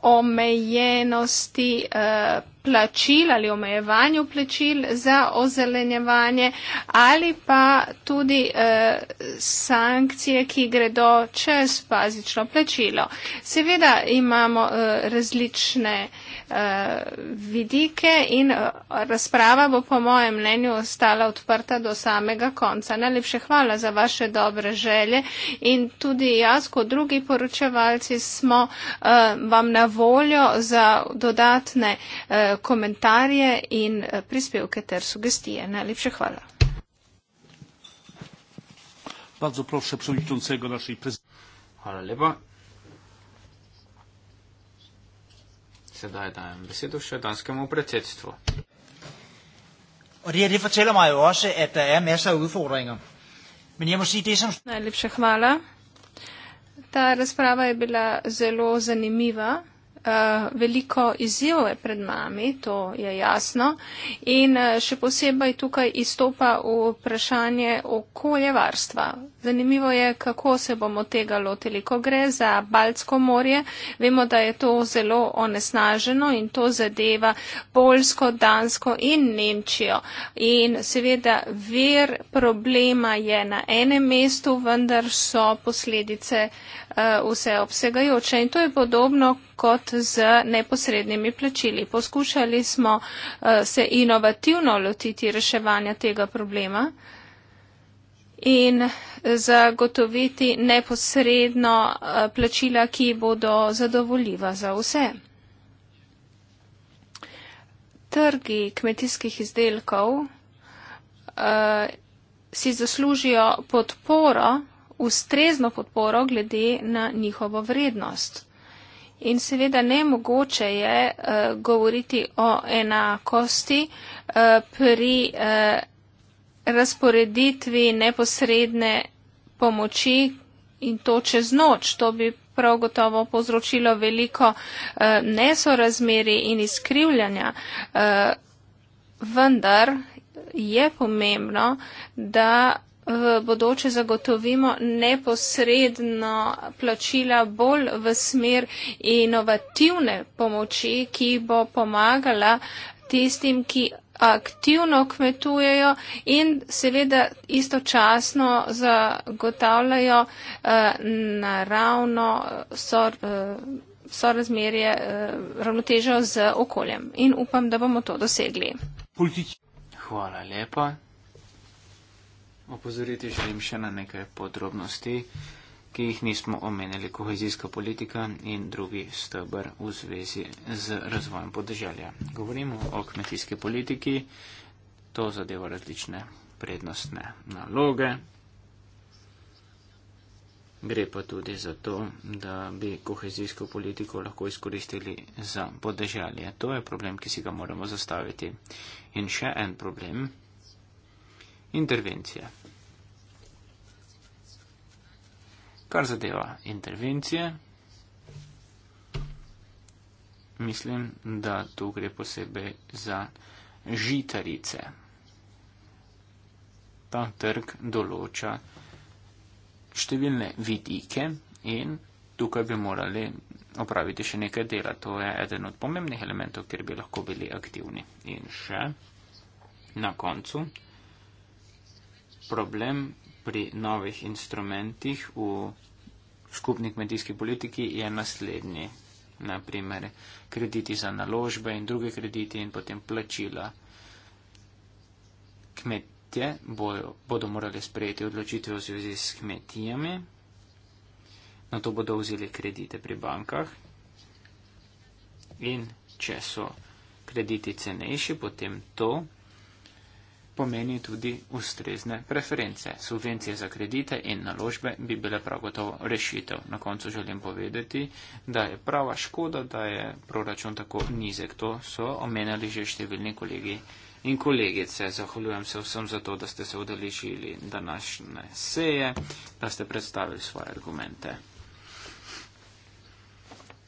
omejenosti eh, plačil ali omejevanju plačil za ozelenjevanje ali pa tudi eh, sankcije, ki gredo čez bazično plačilo. Seveda imamo eh, različne. Eh, vidike in eh, razprava bo po mojem mnenju ostala odprta do samega konca. Najlepše hvala za vaše dobre želje in tudi jaz, kot drugi poročevalci, smo eh, vam na voljo za dodatne komentarje in prispevke ter sugestije. Najlepše hvala. Bardzo proszę przewodniczącego naszej prezydencji. Hvala lepa. Sedaj dajem besedo še danskemu predsedstvu. Og det her, det fortæller mig jo også, at der er masser af udfordringer. Men jeg må sige, det som... Najlepša hvala. Ta razprava je bila zelo zanimiva. Eh, veliko izzivov je pred nami, to je jasno. In eh, še posebej tukaj izstopa vprašanje okoljevarstva. Zanimivo je, kako se bomo tega lotili, ko gre za Baltsko morje. Vemo, da je to zelo onesnaženo in to zadeva Polsko, Dansko in Nemčijo. In seveda ver problema je na enem mestu, vendar so posledice. Uh, Eh, vseobsegajoče. In to je podobno kot z neposrednimi plačili. Poskušali smo eh, se inovativno lotiti reševanja tega problema in zagotoviti neposredno eh, plačila, ki bodo zadovoljiva za vse. Trgi kmetijskih izdelkov uh, si zaslužijo podporo ustrezno podporo glede na njihovo vrednost. In seveda ne mogoče je uh, govoriti o enakosti uh, pri uh, razporeditvi neposredne pomoči in to čez noč. To bi prav gotovo povzročilo veliko uh, nesorazmeri in izkrivljanja. Uh, vendar je pomembno, da v bodoče zagotovimo neposredno plačila bolj v smer inovativne pomoči, ki bo pomagala tistim, ki aktivno kmetujejo in seveda istočasno zagotavljajo eh, naravno sor, eh, sorazmerje, eh, ravnotežo z okoljem. In upam, da bomo to dosegli. Politič. Hvala lepa. Opozoriti želim še na nekaj podrobnosti, ki jih nismo omenili, kohezijska politika in drugi stebr v zvezi z razvojem podeželja. Govorimo o kmetijski politiki, to zadeva različne prednostne naloge. Gre pa tudi za to, da bi kohezijsko politiko lahko izkoristili za podeželje. To je problem, ki si ga moramo zastaviti. In še en problem intervencije. Kar zadeva intervencije, mislim, da tu gre posebej za žitarice. Ta trg določa številne vidike in tukaj bi morali opraviti še nekaj dela. To je eden od pomembnih elementov, kjer bi lahko bili aktivni. In še na koncu problem pri novih instrumentih v skupni kmetijski politiki je naslednji. Naprimer, krediti za naložbe in druge krediti in potem plačila. Kmetje bojo, bodo morali sprejeti odločitve v zvezi s kmetijami, na to bodo vzeli kredite pri bankah in če so krediti cenejši, potem to pomeni tudi ustrezne preference. Subvencije za kredite in naložbe bi bile prav gotovo rešitev. Na koncu želim povedati, da je prava škoda, da je proračun tako nizek. To so omenjali že številni kolegi in kolegice. Zahvaljujem se vsem za to, da ste se odeležili današnje seje, da ste predstavili svoje argumente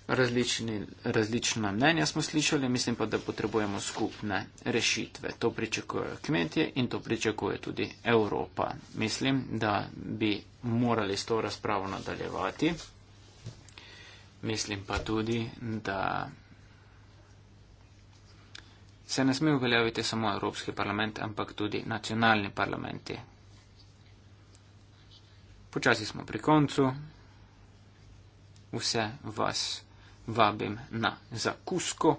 različni, različna mnenja smo slišali, mislim pa, da potrebujemo skupne rešitve. To pričakujejo kmetje in to pričakuje tudi Evropa. Mislim, da bi morali s to razpravo nadaljevati. Mislim pa tudi, da se ne sme uveljaviti samo Evropski parlament, ampak tudi nacionalni parlamenti. Počasi smo pri koncu. Vse vas vabim na zakusko,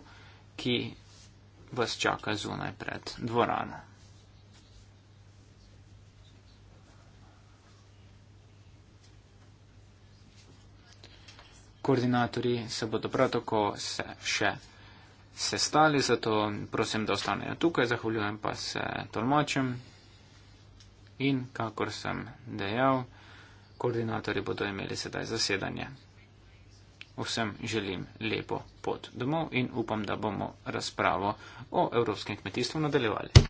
ki vas čaka zunaj pred dvorano. Koordinatorji se bodo prav tako se še sestali, zato prosim, da ostanejo tukaj, zahvaljujem pa se tolmačem. In, kakor sem dejal, koordinatorji bodo imeli sedaj zasedanje vsem želim lepo pot domov in upam, da bomo razpravo o evropskem kmetijstvu nadaljevali.